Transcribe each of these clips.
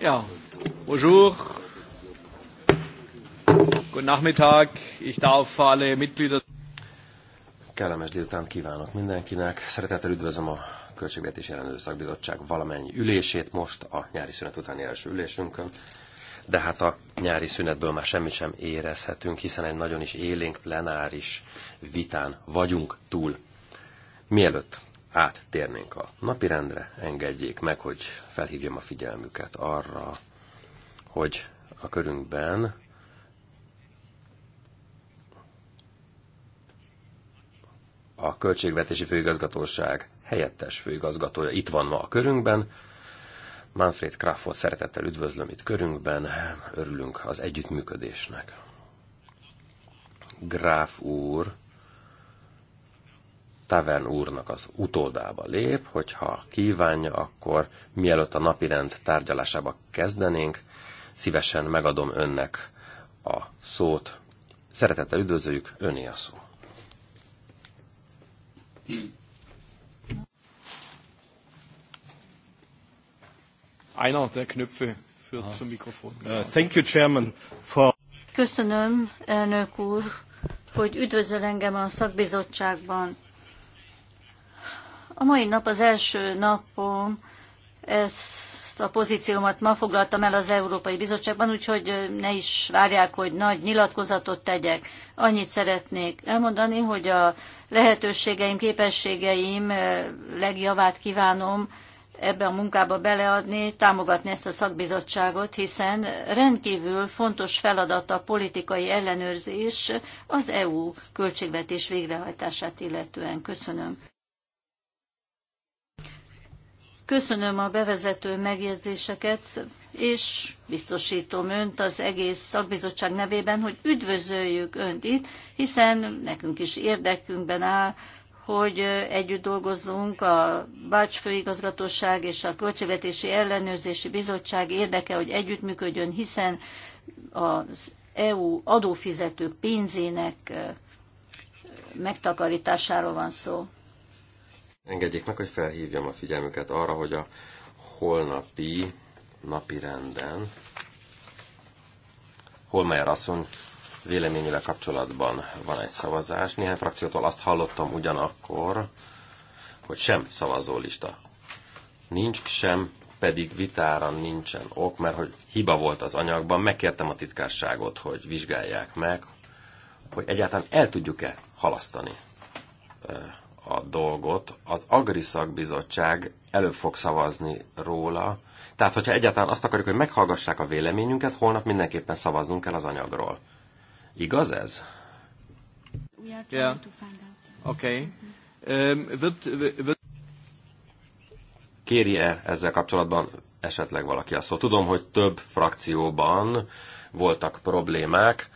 Ja, bonjour. Guten Nachmittag. Ich darf alle Mitglieder... Kellemes délután kívánok mindenkinek. Szeretettel üdvözlöm a Költségvetési Ellenőrző Szakbizottság valamennyi ülését most a nyári szünet utáni első ülésünkön. De hát a nyári szünetből már semmit sem érezhetünk, hiszen egy nagyon is élénk plenáris vitán vagyunk túl. Mielőtt áttérnénk a napirendre, engedjék meg, hogy felhívjam a figyelmüket arra, hogy a körünkben a Költségvetési Főigazgatóság helyettes főigazgatója itt van ma a körünkben. Manfred Kraftot szeretettel üdvözlöm itt körünkben, örülünk az együttműködésnek. Graf úr Taven úrnak az utódába lép, hogyha kívánja, akkor mielőtt a napirend tárgyalásába kezdenénk, szívesen megadom önnek a szót. Szeretettel üdvözöljük, öné a szó. Einer der zum Mikrofon. Uh, thank you, Chairman, Köszönöm, elnök úr, hogy üdvözöl engem a szakbizottságban. A mai nap az első napom, ezt a pozíciómat ma foglaltam el az Európai Bizottságban, úgyhogy ne is várják, hogy nagy nyilatkozatot tegyek. Annyit szeretnék elmondani, hogy a lehetőségeim, képességeim legjavát kívánom ebbe a munkába beleadni, támogatni ezt a szakbizottságot, hiszen rendkívül fontos feladat a politikai ellenőrzés az EU költségvetés végrehajtását illetően. Köszönöm. Köszönöm a bevezető megjegyzéseket, és biztosítom Önt az egész szakbizottság nevében, hogy üdvözöljük Önt itt, hiszen nekünk is érdekünkben áll, hogy együtt dolgozzunk a Bács főigazgatóság és a Költségvetési Ellenőrzési Bizottság érdeke, hogy együttműködjön, hiszen az EU adófizetők pénzének megtakarításáról van szó. Engedjék meg, hogy felhívjam a figyelmüket arra, hogy a holnapi napi renden Holmeyer asszony véleményével kapcsolatban van egy szavazás. Néhány frakciótól azt hallottam ugyanakkor, hogy sem szavazólista nincs, sem pedig vitára nincsen ok, mert hogy hiba volt az anyagban, megkértem a titkárságot, hogy vizsgálják meg, hogy egyáltalán el tudjuk-e halasztani a dolgot, az Agriszak bizottság előbb fog szavazni róla. Tehát, hogyha egyáltalán azt akarjuk, hogy meghallgassák a véleményünket, holnap mindenképpen szavaznunk kell az anyagról. Igaz ez? Yeah. Um, Kéri-e ezzel kapcsolatban esetleg valaki a szó? Tudom, hogy több frakcióban voltak problémák,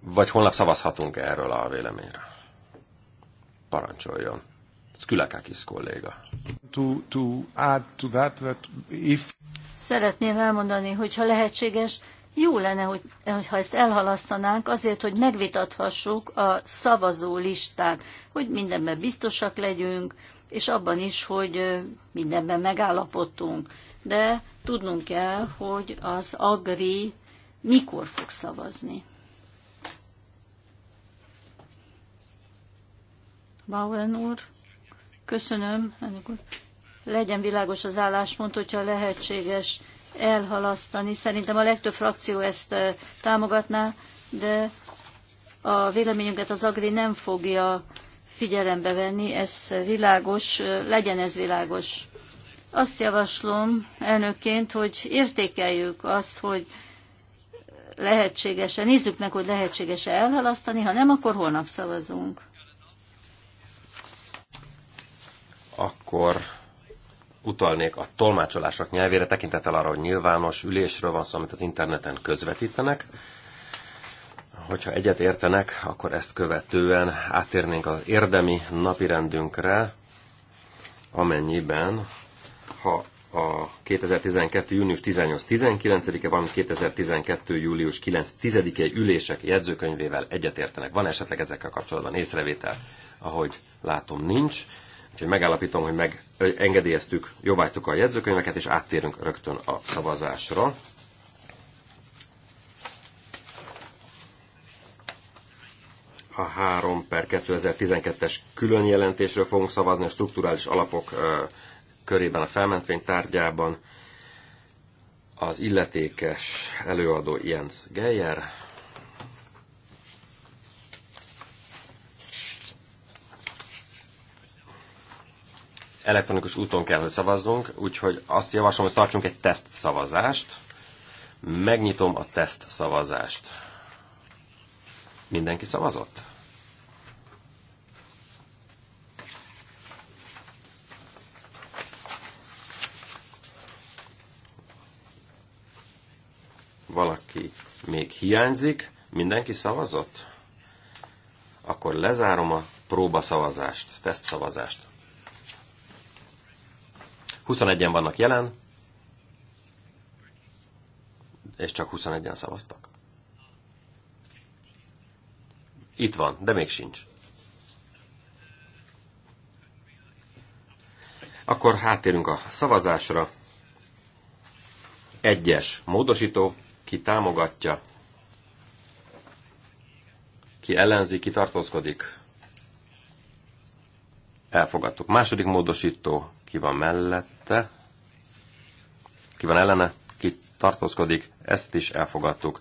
vagy holnap szavazhatunk erről a véleményről? Parancsoljon. Skülakakis kolléga. To, to add to that, that if... Szeretném elmondani, hogy ha lehetséges, jó lenne, hogy, ha ezt elhalasztanánk azért, hogy megvitathassuk a szavazó listát, hogy mindenben biztosak legyünk, és abban is, hogy mindenben megállapodtunk. De tudnunk kell, hogy az Agri mikor fog szavazni. Bauen úr. Köszönöm, Legyen világos az álláspont, hogyha lehetséges elhalasztani. Szerintem a legtöbb frakció ezt támogatná, de a véleményünket az Agri nem fogja figyelembe venni, ez világos, legyen ez világos. Azt javaslom elnökként, hogy értékeljük azt, hogy lehetséges-e, nézzük meg, hogy lehetséges-e elhalasztani, ha nem, akkor holnap szavazunk. akkor utalnék a tolmácsolások nyelvére, tekintettel arra, hogy nyilvános ülésről van szó, amit az interneten közvetítenek. Hogyha egyet értenek, akkor ezt követően átérnénk az érdemi napirendünkre, amennyiben, ha a 2012. június 18-19-e, van 2012. július 9-10-e ülések jegyzőkönyvével egyetértenek. Van esetleg ezekkel kapcsolatban észrevétel? Ahogy látom, nincs. Úgyhogy megállapítom, hogy meg engedélyeztük, jóvágytuk a jegyzőkönyveket, és áttérünk rögtön a szavazásra. A 3 per 2012-es külön jelentésről fogunk szavazni a strukturális alapok körében a felmentvény tárgyában. Az illetékes előadó Jens Geyer, elektronikus úton kell, hogy szavazzunk, úgyhogy azt javaslom, hogy tartsunk egy teszt szavazást. Megnyitom a teszt szavazást. Mindenki szavazott? Valaki még hiányzik, mindenki szavazott? Akkor lezárom a próbaszavazást, tesztszavazást. 21-en vannak jelen, és csak 21-en szavaztak. Itt van, de még sincs. Akkor háttérünk a szavazásra. Egyes módosító, ki támogatja, ki ellenzi, ki tartózkodik. Elfogadtuk. Második módosító, ki van mellett, mellette, ki van ellene, ki tartózkodik, ezt is elfogadtuk.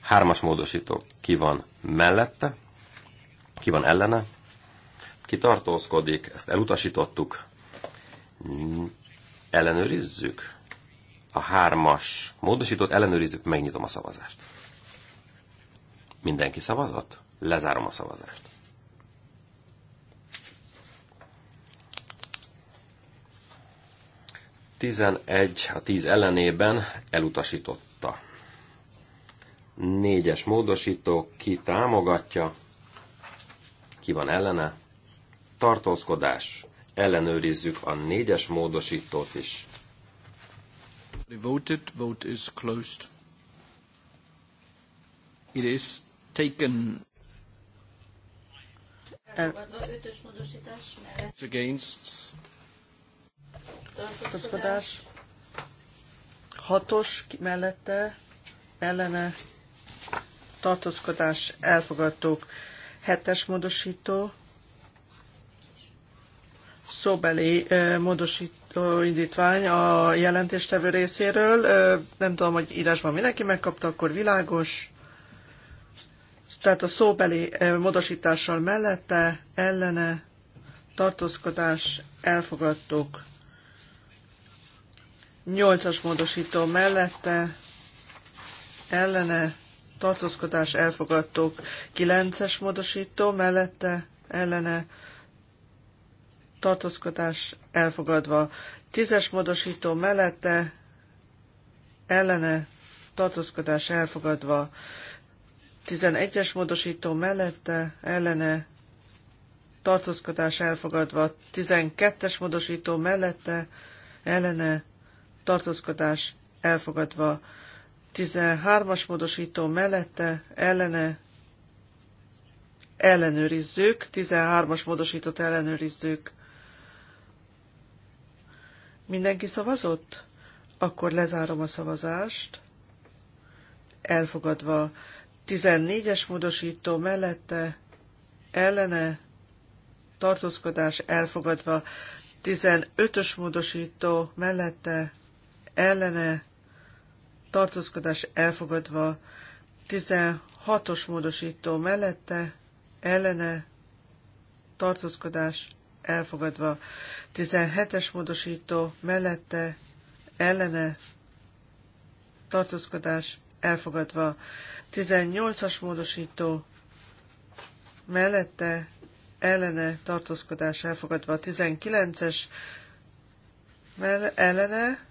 Hármas módosító, ki van mellette, ki van ellene, ki tartózkodik, ezt elutasítottuk, ellenőrizzük. A hármas módosítót ellenőrizzük, megnyitom a szavazást. Mindenki szavazott? Lezárom a szavazást. 11 a 10 ellenében elutasította. Négyes módosító, ki támogatja, ki van ellene. Tartózkodás, ellenőrizzük a négyes módosítót is. Voted, vote is closed. It is taken. Against tartózkodás. Hatos mellette ellene tartózkodás elfogadtuk. Hetes módosító szóbeli módosító indítvány a jelentéstevő részéről. Nem tudom, hogy írásban mindenki megkapta, akkor világos. Tehát a szóbeli módosítással mellette, ellene, tartózkodás, elfogadtuk. Nyolcas módosító mellette ellene tartózkodás elfogadtuk. Kilences módosító mellette ellene tartózkodás elfogadva. Tízes módosító mellette ellene tartózkodás elfogadva. 11-es módosító mellette ellene tartózkodás elfogadva, 12-es módosító mellette ellene tartózkodás elfogadva. 13-as módosító mellette ellene ellenőrizzük, 13-as módosítót ellenőrizzük. Mindenki szavazott? Akkor lezárom a szavazást. Elfogadva. 14-es módosító mellette ellene tartózkodás elfogadva. 15-ös módosító mellette ellene tartózkodás elfogadva, 16-os módosító mellette ellene tartózkodás elfogadva, 17-es módosító mellette ellene tartózkodás elfogadva, 18-as módosító mellette ellene tartózkodás elfogadva, 19-es mell- ellene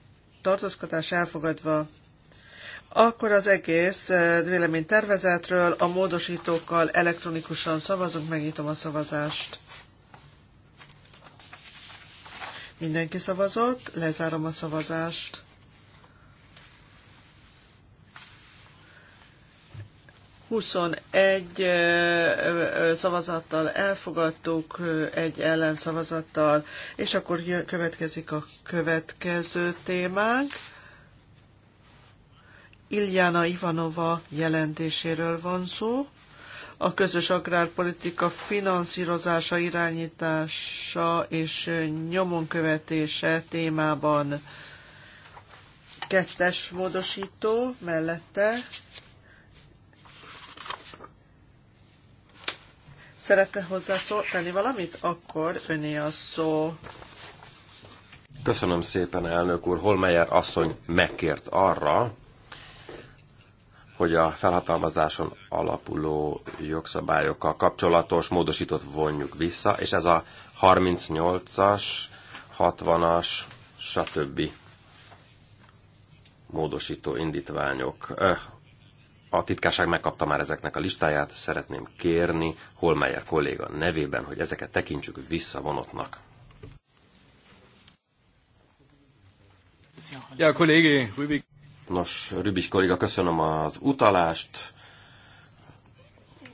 tartózkodás elfogadva. Akkor az egész eh, véleménytervezetről a módosítókkal elektronikusan szavazunk, megnyitom a szavazást. Mindenki szavazott, lezárom a szavazást. 21 szavazattal elfogadtuk, egy ellenszavazattal, és akkor következik a következő témánk. Iljana Ivanova jelentéséről van szó. A közös agrárpolitika finanszírozása, irányítása és nyomon követése témában kettes módosító mellette Szeretne hozzászólni valamit? Akkor öné a szó. Köszönöm szépen, elnök úr. Holmeyer asszony megkért arra, hogy a felhatalmazáson alapuló jogszabályokkal kapcsolatos módosítót vonjuk vissza, és ez a 38-as, 60-as, stb. módosító indítványok a titkárság megkapta már ezeknek a listáját, szeretném kérni Holmeyer kolléga nevében, hogy ezeket tekintsük visszavonottnak. Ja, kollégé, Rübik. Nos, Rübik kolléga, köszönöm az utalást,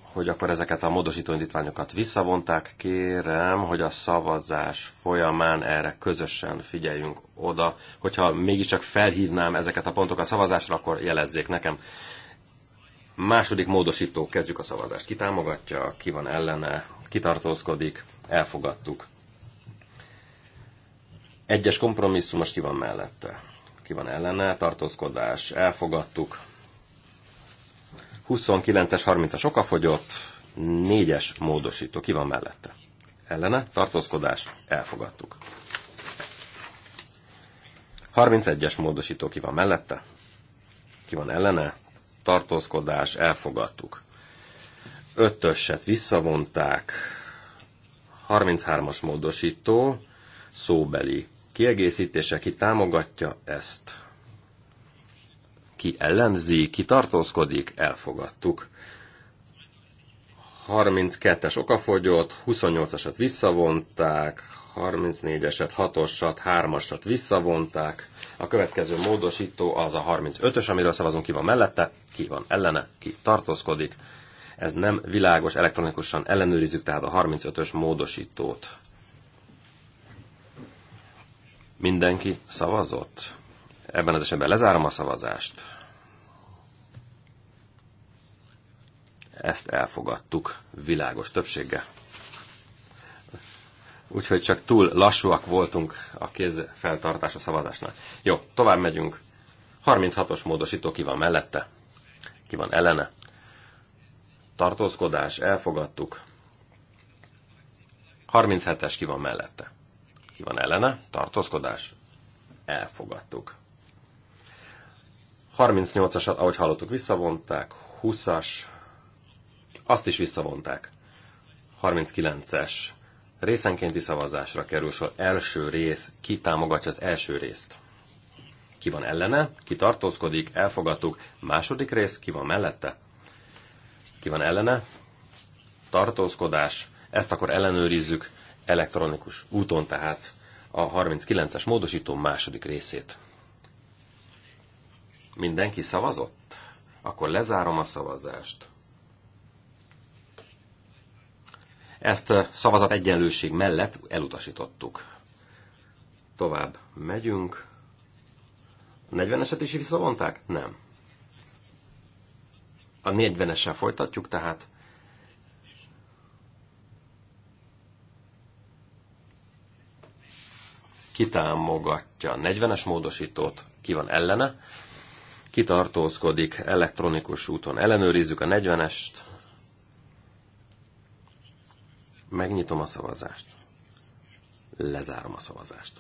hogy akkor ezeket a módosító indítványokat visszavonták. Kérem, hogy a szavazás folyamán erre közösen figyeljünk oda. Hogyha mégiscsak felhívnám ezeket a pontokat szavazásra, akkor jelezzék nekem. Második módosító, kezdjük a szavazást. Ki támogatja, ki van ellene, ki tartózkodik, elfogadtuk. Egyes most ki van mellette, ki van ellene, tartózkodás, elfogadtuk. 29-es, 30-as okafogyott, 4-es módosító, ki van mellette? Ellene, tartózkodás, elfogadtuk. 31-es módosító ki van mellette, ki van ellene, tartózkodás, elfogadtuk. Ötöset visszavonták, 33-as módosító, szóbeli kiegészítése, ki támogatja ezt. Ki ellenzi, ki tartózkodik, elfogadtuk. 32-es okafogyott, 28-asat visszavonták, 34-eset, 6-osat, 3-asat visszavonták, a következő módosító az a 35-ös, amiről szavazunk, ki van mellette, ki van ellene, ki tartózkodik. Ez nem világos, elektronikusan ellenőrizzük tehát a 35-ös módosítót. Mindenki szavazott? Ebben az esetben lezárom a szavazást. Ezt elfogadtuk világos többséggel úgyhogy csak túl lassúak voltunk a kézfeltartás a szavazásnál. Jó, tovább megyünk. 36-os módosító ki van mellette, ki van ellene. Tartózkodás, elfogadtuk. 37-es ki van mellette, ki van ellene. Tartózkodás, elfogadtuk. 38-asat, ahogy hallottuk, visszavonták. 20-as, azt is visszavonták. 39-es Részenkénti szavazásra kerül sor első rész. Ki támogatja az első részt? Ki van ellene? Ki tartózkodik? Elfogadtuk. Második rész. Ki van mellette? Ki van ellene? Tartózkodás. Ezt akkor ellenőrizzük elektronikus úton, tehát a 39-es módosító második részét. Mindenki szavazott? Akkor lezárom a szavazást. Ezt a szavazat egyenlőség mellett elutasítottuk. Tovább megyünk. A 40-eset is visszavonták? Nem. A 40-essel folytatjuk, tehát kitámogatja a 40-es módosítót, ki van ellene, kitartózkodik elektronikus úton. Ellenőrizzük a 40-est, Megnyitom a szavazást. Lezárom a szavazást.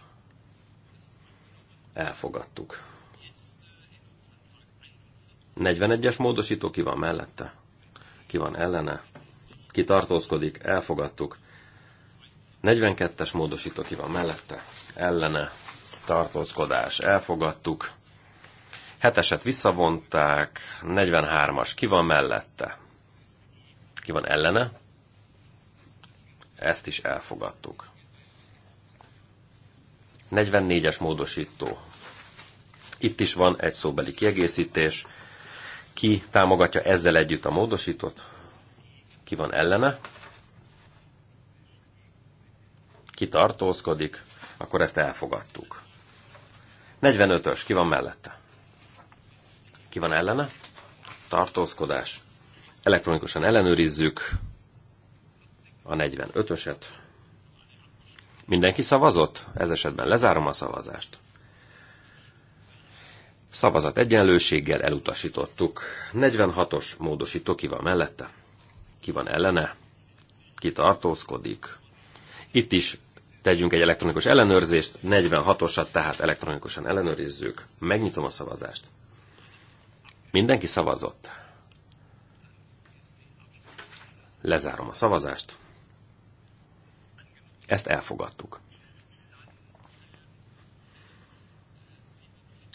Elfogadtuk. 41-es módosító ki van mellette? Ki van ellene? Ki tartózkodik? Elfogadtuk. 42-es módosító ki van mellette? Ellene. Tartózkodás. Elfogadtuk. 7-eset visszavonták. 43-as ki van mellette? Ki van ellene? Ezt is elfogadtuk. 44-es módosító. Itt is van egy szóbeli kiegészítés. Ki támogatja ezzel együtt a módosítót? Ki van ellene? Ki tartózkodik? Akkor ezt elfogadtuk. 45-ös, ki van mellette? Ki van ellene? Tartózkodás. Elektronikusan ellenőrizzük a 45-öset. Mindenki szavazott? Ez esetben lezárom a szavazást. Szavazat egyenlőséggel elutasítottuk. 46-os módosító ki van mellette? Ki van ellene? Ki tartózkodik? Itt is tegyünk egy elektronikus ellenőrzést, 46-osat tehát elektronikusan ellenőrizzük. Megnyitom a szavazást. Mindenki szavazott. Lezárom a szavazást. Ezt elfogadtuk.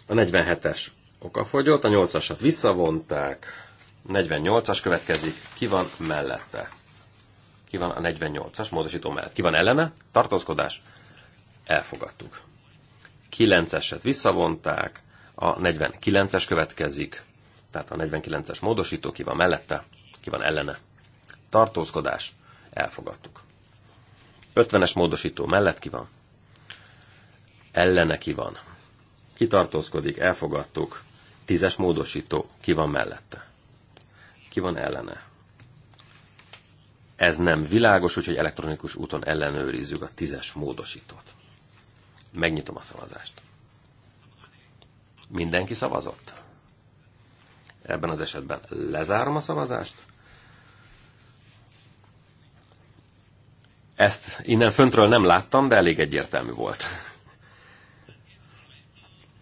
A 47-es okafogyott, a 8-asat visszavonták, 48-as következik, ki van mellette? Ki van a 48-as módosító mellett? Ki van ellene? Tartózkodás? Elfogadtuk. 9-eset visszavonták, a 49-es következik, tehát a 49-es módosító ki van mellette, ki van ellene. Tartózkodás? Elfogadtuk. 50-es módosító mellett ki van? Ellene ki van? Kitartózkodik, elfogadtuk. Tízes módosító ki van mellette? Ki van ellene? Ez nem világos, úgyhogy elektronikus úton ellenőrizzük a tízes módosítót. Megnyitom a szavazást. Mindenki szavazott? Ebben az esetben lezárom a szavazást, Ezt innen föntről nem láttam, de elég egyértelmű volt.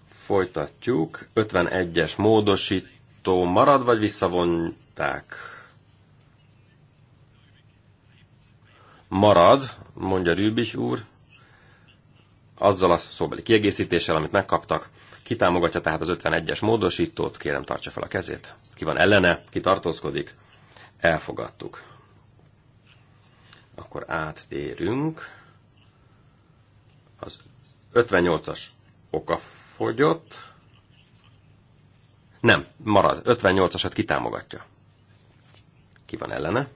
Folytatjuk. 51-es módosító marad, vagy visszavonták? Marad, mondja Rübis úr, azzal a szóbeli kiegészítéssel, amit megkaptak. Kitámogatja tehát az 51-es módosítót? Kérem, tartsa fel a kezét. Ki van ellene? Ki tartózkodik? Elfogadtuk akkor áttérünk. Az 58-as oka fogyott. Nem, marad. 58-asat kitámogatja. Ki van ellene?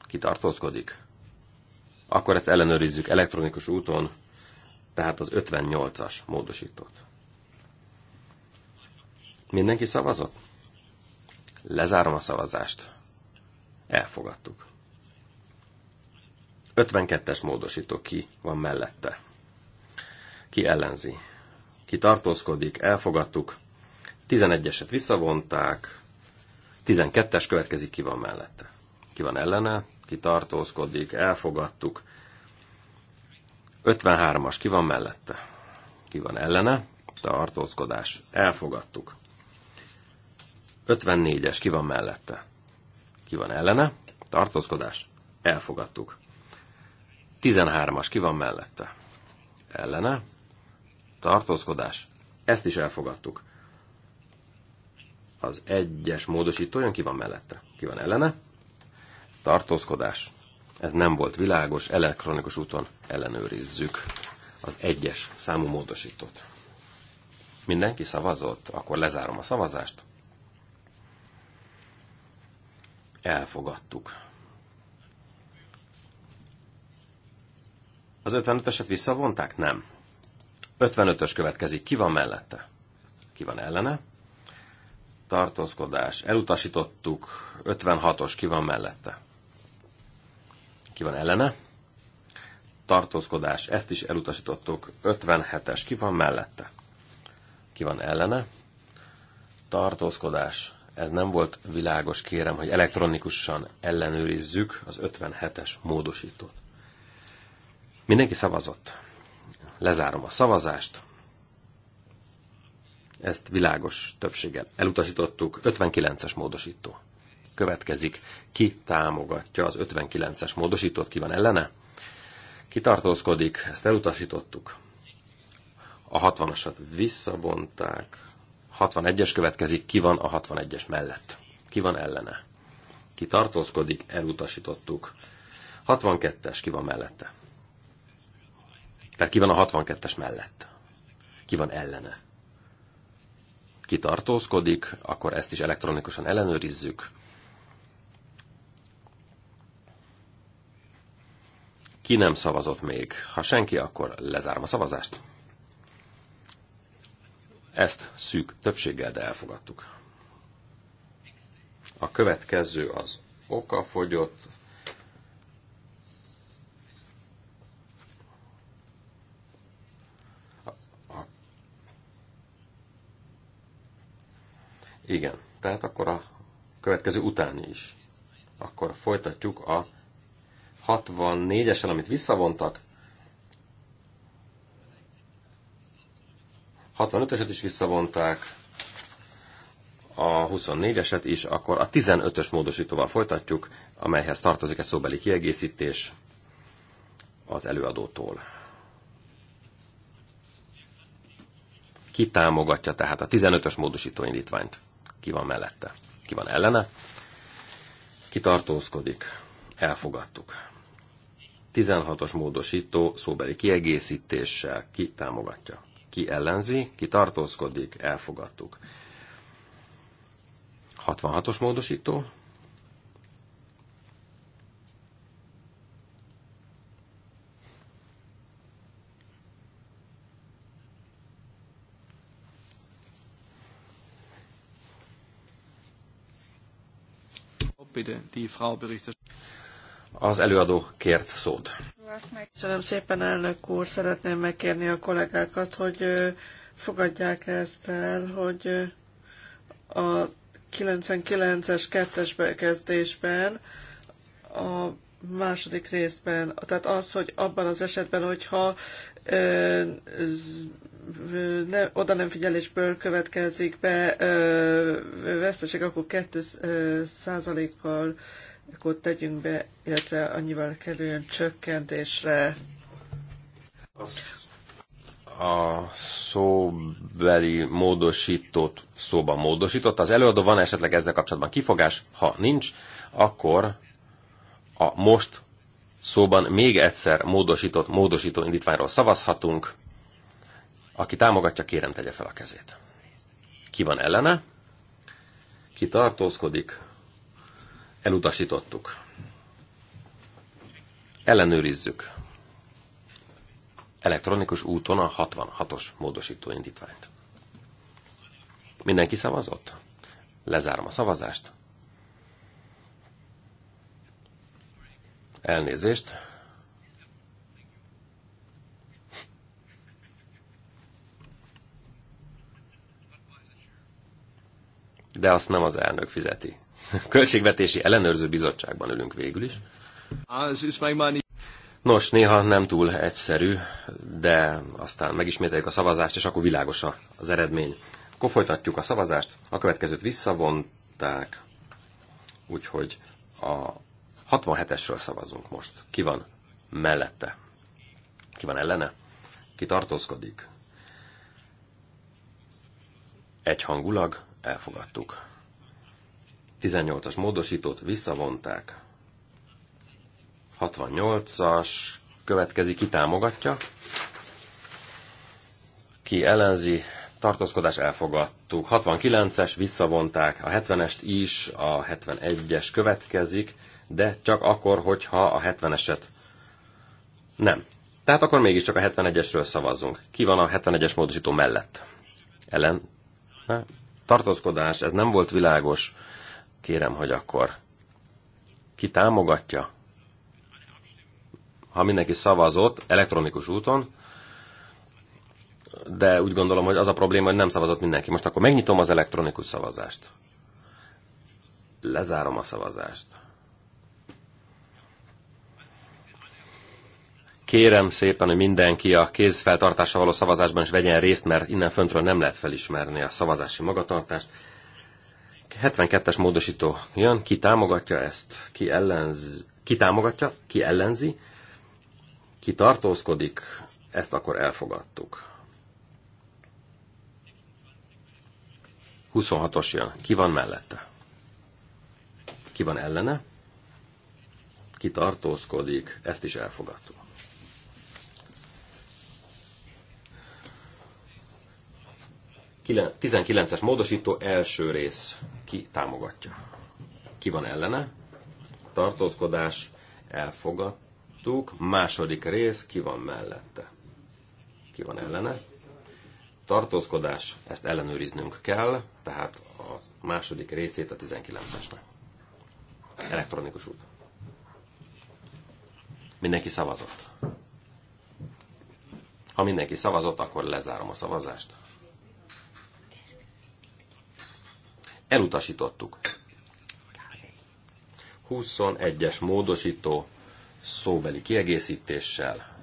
Kitartózkodik. Akkor ezt ellenőrizzük elektronikus úton, tehát az 58-as módosított. Mindenki szavazott? Lezárom a szavazást. Elfogadtuk. 52-es módosító ki van mellette. Ki ellenzi? Ki tartózkodik? Elfogadtuk. 11-eset visszavonták. 12-es következik, ki van mellette. Ki van ellene? Ki tartózkodik? Elfogadtuk. 53-as ki van mellette? Ki van ellene? Tartózkodás. Elfogadtuk. 54-es ki van mellette? Ki van ellene? Tartózkodás. Elfogadtuk. 13-as. Ki van mellette? Ellene. Tartózkodás. Ezt is elfogadtuk. Az egyes módosító jön, ki van mellette? Ki van ellene? Tartózkodás. Ez nem volt világos, elektronikus úton ellenőrizzük az egyes számú módosítót. Mindenki szavazott, akkor lezárom a szavazást. elfogadtuk. Az 55-eset visszavonták? Nem. 55-ös következik. Ki van mellette? Ki van ellene? Tartózkodás. Elutasítottuk. 56-os. Ki van mellette? Ki van ellene? Tartózkodás. Ezt is elutasítottuk. 57-es. Ki van mellette? Ki van ellene? Tartózkodás ez nem volt világos, kérem, hogy elektronikusan ellenőrizzük az 57-es módosítót. Mindenki szavazott. Lezárom a szavazást. Ezt világos többséggel elutasítottuk. 59-es módosító. Következik, ki támogatja az 59-es módosítót, ki van ellene? Ki tartózkodik, ezt elutasítottuk. A 60-asat visszavonták, 61-es következik, ki van a 61-es mellett? Ki van ellene? Ki tartózkodik, elutasítottuk. 62-es ki van mellette? Tehát ki van a 62-es mellett? Ki van ellene? Ki tartózkodik, akkor ezt is elektronikusan ellenőrizzük. Ki nem szavazott még? Ha senki, akkor lezárom a szavazást. Ezt szűk többséggel, de elfogadtuk. A következő az okafogyott, Igen, tehát akkor a következő utáni is. Akkor folytatjuk a 64-esen, amit visszavontak, 65-eset is visszavonták, a 24-eset is, akkor a 15-ös módosítóval folytatjuk, amelyhez tartozik egy szóbeli kiegészítés az előadótól. Ki támogatja tehát a 15-ös módosító indítványt? Ki van mellette? Ki van ellene? Ki tartózkodik? Elfogadtuk. 16-os módosító szóbeli kiegészítéssel ki támogatja? ki ellenzi, ki tartózkodik, elfogadtuk. 66-os módosító. Bitte, die Frau Berichterstatterin. Az előadó kért szót. Köszönöm szépen, elnök úr. Szeretném megkérni a kollégákat, hogy fogadják ezt el, hogy a 99-es kettes bekezdésben a második részben, tehát az, hogy abban az esetben, hogyha ö, ne, oda nem figyelésből következik be ö, veszteség, akkor 2 százalékkal akkor tegyünk be, illetve annyival kerüljön csökkentésre. A szóbeli módosítót szóban módosított. Az előadó van esetleg ezzel kapcsolatban kifogás? Ha nincs, akkor a most szóban még egyszer módosított módosító indítványról szavazhatunk. Aki támogatja, kérem tegye fel a kezét. Ki van ellene? Ki tartózkodik? Elutasítottuk. Ellenőrizzük. Elektronikus úton a 66-os módosító indítványt. Mindenki szavazott? Lezárom a szavazást. Elnézést. De azt nem az elnök fizeti. Költségvetési ellenőrző bizottságban ülünk végül is. Ah, Nos, néha nem túl egyszerű, de aztán megismételjük a szavazást, és akkor világos az eredmény. Akkor folytatjuk a szavazást, a következőt visszavonták, úgyhogy a 67-esről szavazunk most. Ki van mellette? Ki van ellene? Ki tartózkodik? Egyhangulag elfogadtuk. 18-as módosítót visszavonták. 68-as következik, ki támogatja, ki ellenzi, tartózkodás elfogadtuk. 69-es visszavonták, a 70-est is, a 71-es következik, de csak akkor, hogyha a 70-eset nem. Tehát akkor mégiscsak a 71-esről szavazzunk. Ki van a 71-es módosító mellett? Ellen? Ne? Tartózkodás, ez nem volt világos. Kérem, hogy akkor ki támogatja? Ha mindenki szavazott elektronikus úton, de úgy gondolom, hogy az a probléma, hogy nem szavazott mindenki. Most akkor megnyitom az elektronikus szavazást. Lezárom a szavazást. Kérem szépen, hogy mindenki a kézfeltartása való szavazásban is vegyen részt, mert innen föntről nem lehet felismerni a szavazási magatartást. 72-es módosító jön, ki támogatja ezt, ki, ellenz, ki támogatja, ki ellenzi, ki tartózkodik, ezt akkor elfogadtuk. 26-os jön, ki van mellette? Ki van ellene? Ki tartózkodik, ezt is elfogadtuk. 19-es módosító első rész. Ki támogatja? Ki van ellene? Tartózkodás. Elfogadtuk. Második rész. Ki van mellette? Ki van ellene? Tartózkodás. Ezt ellenőriznünk kell. Tehát a második részét a 19-esnek. Elektronikus út. Mindenki szavazott. Ha mindenki szavazott, akkor lezárom a szavazást. Elutasítottuk. 21-es módosító szóbeli kiegészítéssel.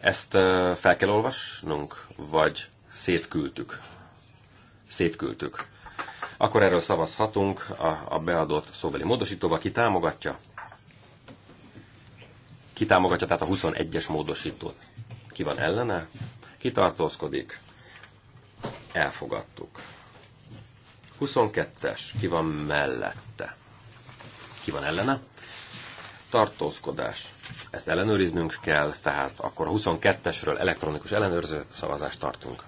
Ezt fel kell olvasnunk, vagy szétküldtük? Szétküldtük. Akkor erről szavazhatunk a, a beadott szóbeli módosítóba. Ki támogatja? Ki támogatja tehát a 21-es módosítót? Ki van ellene? Ki tartózkodik? Elfogadtuk. 22-es, ki van mellette? Ki van ellene? Tartózkodás. Ezt ellenőriznünk kell, tehát akkor a 22-esről elektronikus ellenőrző szavazást tartunk.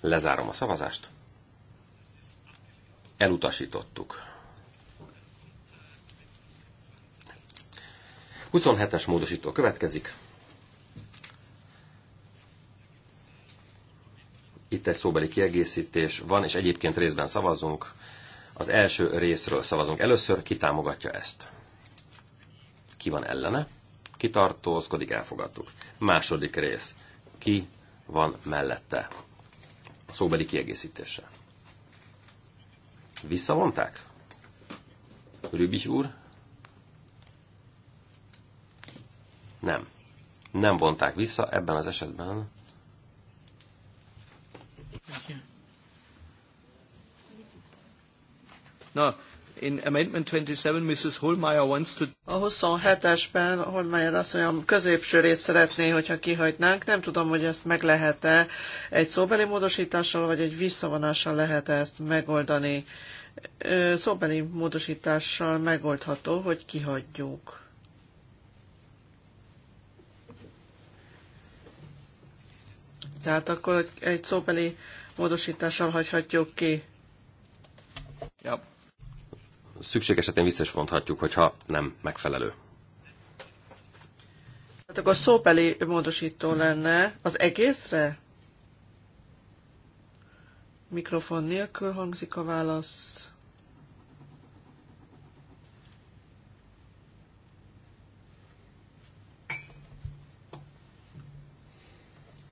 Lezárom a szavazást. Elutasítottuk. 27-es módosító következik. Itt egy szóbeli kiegészítés van, és egyébként részben szavazunk. Az első részről szavazunk először, ki támogatja ezt? Ki van ellene? Ki tartózkodik, elfogadtuk. Második rész. Ki van mellette? A szóbeli kiegészítése. Visszavonták? Rübis úr? Nem. Nem vonták vissza ebben az esetben. No, in Amendment 27, Mrs. Holmeyer wants to... A 27-esben Holmeyer azt mondja, a középső részt szeretné, hogyha kihagynánk. Nem tudom, hogy ezt meg lehet-e egy szóbeli módosítással, vagy egy visszavonással lehet -e ezt megoldani. Szóbeli módosítással megoldható, hogy kihagyjuk. Tehát akkor egy szóbeli módosítással hagyhatjuk ki. Ja. Szükség esetén vissza is vonthatjuk, hogyha nem megfelelő. Hát akkor szóbeli módosító lenne az egészre? Mikrofon nélkül hangzik a válasz.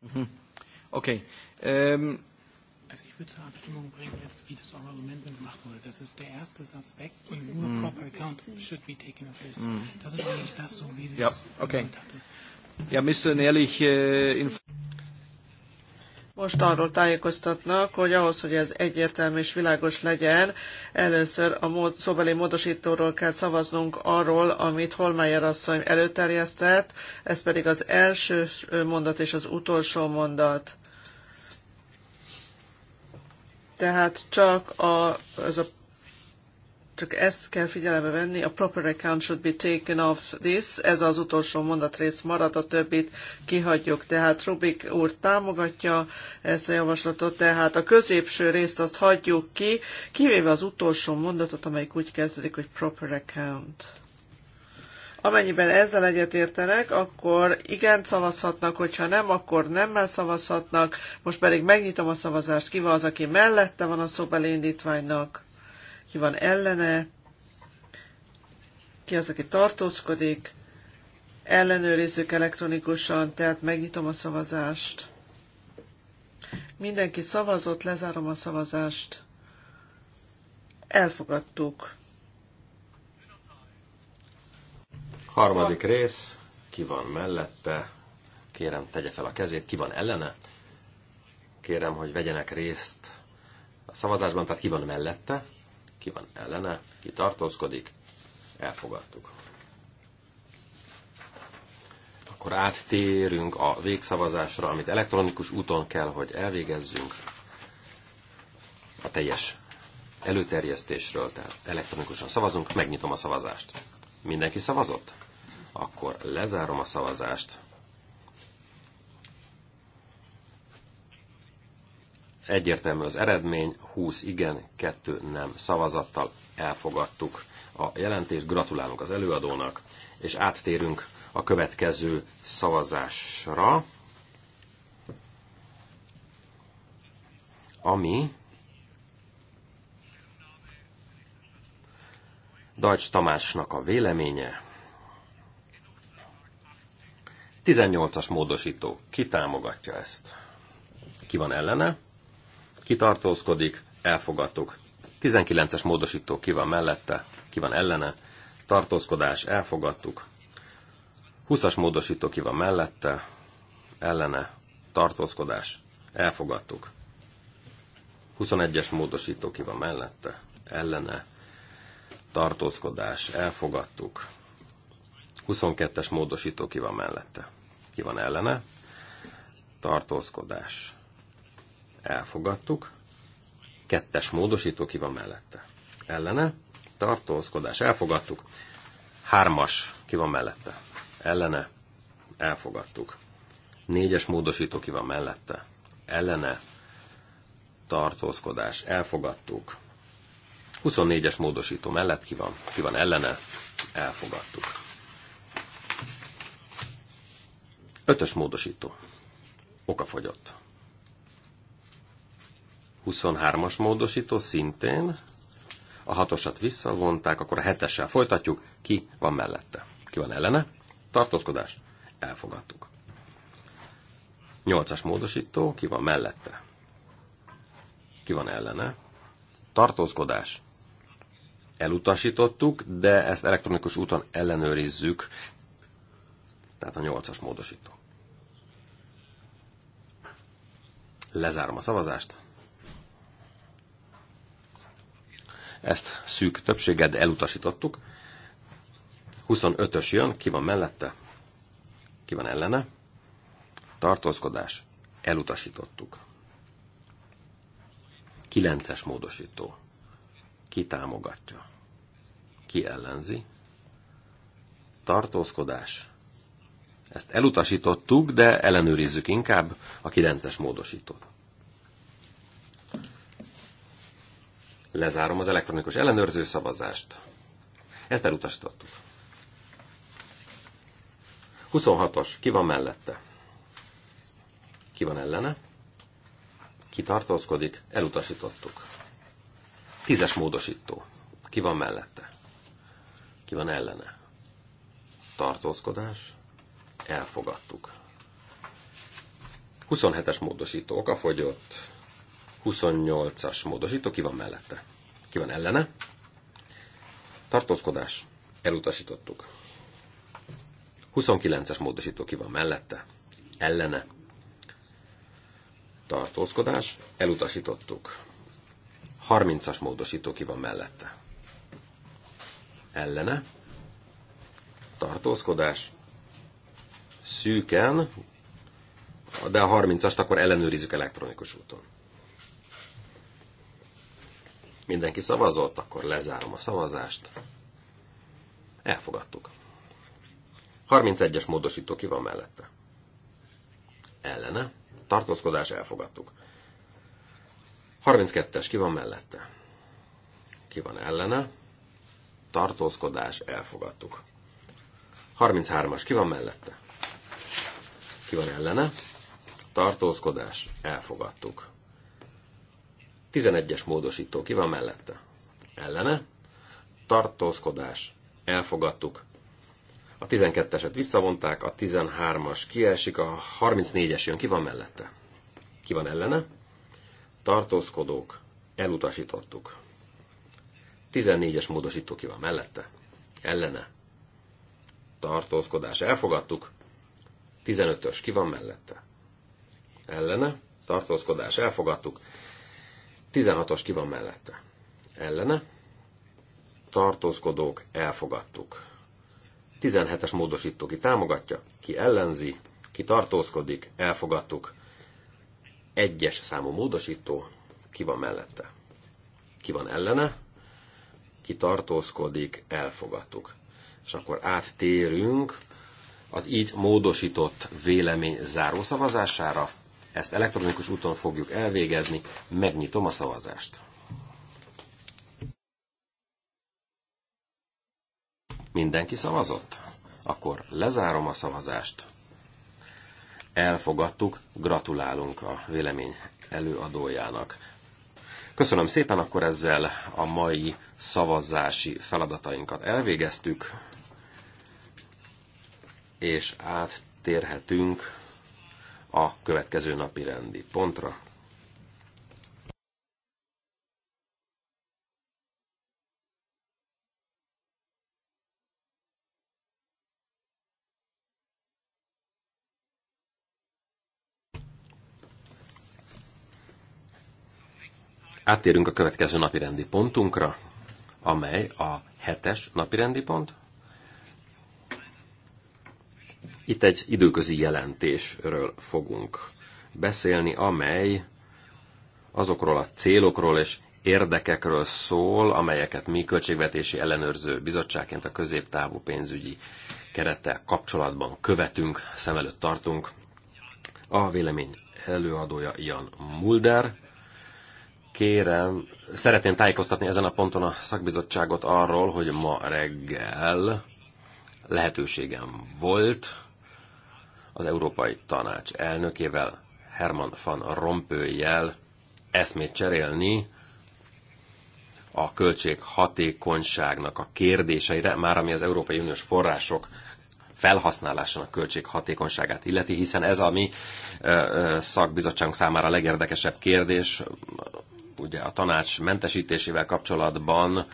Mhm. Oké. Okay. Um, Also ich würde zur Abstimmung bringen, jetzt, wie das auch Amendment gemacht wurde. Das ist der erste Satz weg und mhm. nur mm. proper account should be taken of this. Mm. Das ist eigentlich das, so wie Sie ja, es okay. hatte. Ja, Mr. Ehrlich, äh, most arról tájékoztatnak, hogy ahhoz, hogy ez egyértelmű és világos legyen, először a mód, szóbeli módosítóról kell szavaznunk arról, amit Holmeyer asszony előterjesztett, ez pedig az első mondat és az utolsó mondat. Tehát csak a, ez a csak ezt kell figyelembe venni, a proper account should be taken off this, ez az utolsó mondatrész marad, a többit kihagyjuk. Tehát Rubik úr támogatja ezt a javaslatot, tehát a középső részt azt hagyjuk ki, kivéve az utolsó mondatot, amelyik úgy kezdődik, hogy proper account. Amennyiben ezzel egyetértenek, akkor igen szavazhatnak, hogyha nem, akkor nemmel szavazhatnak. Most pedig megnyitom a szavazást. Ki van az, aki mellette van a szóbeli indítványnak? Ki van ellene? Ki az, aki tartózkodik? Ellenőrizzük elektronikusan, tehát megnyitom a szavazást. Mindenki szavazott, lezárom a szavazást. Elfogadtuk. Harmadik rész, ki van mellette, kérem tegye fel a kezét, ki van ellene, kérem, hogy vegyenek részt a szavazásban, tehát ki van mellette, ki van ellene, ki tartózkodik, elfogadtuk. Akkor áttérünk a végszavazásra, amit elektronikus úton kell, hogy elvégezzünk a teljes előterjesztésről, tehát elektronikusan szavazunk, megnyitom a szavazást. Mindenki szavazott? Akkor lezárom a szavazást. Egyértelmű az eredmény, 20 igen, 2 nem szavazattal elfogadtuk a jelentést. Gratulálunk az előadónak, és áttérünk a következő szavazásra, ami Dajcs Tamásnak a véleménye 18-as módosító. Ki támogatja ezt? Ki van ellene? Ki tartózkodik? Elfogadtuk. 19-es módosító ki van mellette? Ki van ellene? Tartózkodás, elfogadtuk. 20-as módosító ki van mellette? Ellene? Tartózkodás, elfogadtuk. 21-es módosító ki van mellette? Ellene? Tartózkodás, elfogadtuk. 22-es módosító ki van mellette? Ki van ellene? Tartózkodás. Elfogadtuk. Kettes módosító ki van mellette? Ellene? Tartózkodás. Elfogadtuk. Hármas ki van mellette? Ellene? Elfogadtuk. Négyes módosító ki van mellette? Ellene? Tartózkodás. Elfogadtuk. 24-es módosító mellett ki van, ki van ellene, elfogadtuk. Ötös módosító. fogyott. 23-as módosító szintén. A hatosat visszavonták, akkor a hetessel folytatjuk. Ki van mellette? Ki van ellene? Tartózkodás. Elfogadtuk. 8-as módosító. Ki van mellette? Ki van ellene? Tartózkodás. Elutasítottuk, de ezt elektronikus úton ellenőrizzük. Tehát a nyolcas módosító. Lezárom a szavazást. Ezt szűk többséged elutasítottuk. 25-ös jön, ki van mellette, ki van ellene. Tartózkodás, elutasítottuk. 9-es módosító. Ki támogatja? Ki ellenzi? Tartózkodás, ezt elutasítottuk, de ellenőrizzük inkább a 9-es módosítót. Lezárom az elektronikus ellenőrző szavazást. Ezt elutasítottuk. 26-os. Ki van mellette? Ki van ellene? Ki tartózkodik? Elutasítottuk. 10-es módosító. Ki van mellette? Ki van ellene? Tartózkodás? elfogadtuk. 27-es módosító fogyott. 28-as módosító ki van mellette? Ki van ellene? Tartózkodás, elutasítottuk. 29-es módosító ki van mellette? Ellene? Tartózkodás, elutasítottuk. 30-as módosító ki van mellette? Ellene? Tartózkodás, szűken, de a 30-ast akkor ellenőrizzük elektronikus úton. Mindenki szavazott, akkor lezárom a szavazást. Elfogadtuk. 31-es módosító ki van mellette? Ellene. Tartózkodás elfogadtuk. 32-es ki van mellette? Ki van ellene? Tartózkodás elfogadtuk. 33-as ki van mellette? ki van ellene. Tartózkodás, elfogadtuk. 11-es módosító, ki van mellette? Ellene. Tartózkodás, elfogadtuk. A 12-eset visszavonták, a 13-as kiesik, a 34-es jön, ki van mellette? Ki van ellene? Tartózkodók, elutasítottuk. 14-es módosító ki van mellette. Ellene. Tartózkodás elfogadtuk. 15-ös, ki van mellette? Ellene, tartózkodás, elfogadtuk. 16-os ki van mellette? Ellene, tartózkodók, elfogadtuk. 17-es módosító ki támogatja, ki ellenzi, ki tartózkodik, elfogadtuk. Egyes számú módosító, ki van mellette? Ki van ellene? Ki tartózkodik, elfogadtuk. És akkor áttérünk az így módosított vélemény zárószavazására. Ezt elektronikus úton fogjuk elvégezni. Megnyitom a szavazást. Mindenki szavazott? Akkor lezárom a szavazást. Elfogadtuk, gratulálunk a vélemény előadójának. Köszönöm szépen, akkor ezzel a mai szavazási feladatainkat elvégeztük és áttérhetünk a következő napi rendi pontra. Áttérünk a következő napi rendi pontunkra, amely a hetes napi rendi pont. Itt egy időközi jelentésről fogunk beszélni, amely azokról a célokról és érdekekről szól, amelyeket mi költségvetési ellenőrző bizottságként a középtávú pénzügyi kerettel kapcsolatban követünk, szem előtt tartunk. A vélemény előadója Jan Mulder. Kérem, szeretném tájékoztatni ezen a ponton a szakbizottságot arról, hogy ma reggel lehetőségem volt az Európai Tanács elnökével, Herman van Rompőjel eszmét cserélni a költség hatékonyságnak a kérdéseire, már ami az Európai Uniós források felhasználásának költség hatékonyságát illeti, hiszen ez a mi szakbizottságunk számára a legérdekesebb kérdés, ugye a tanács mentesítésével kapcsolatban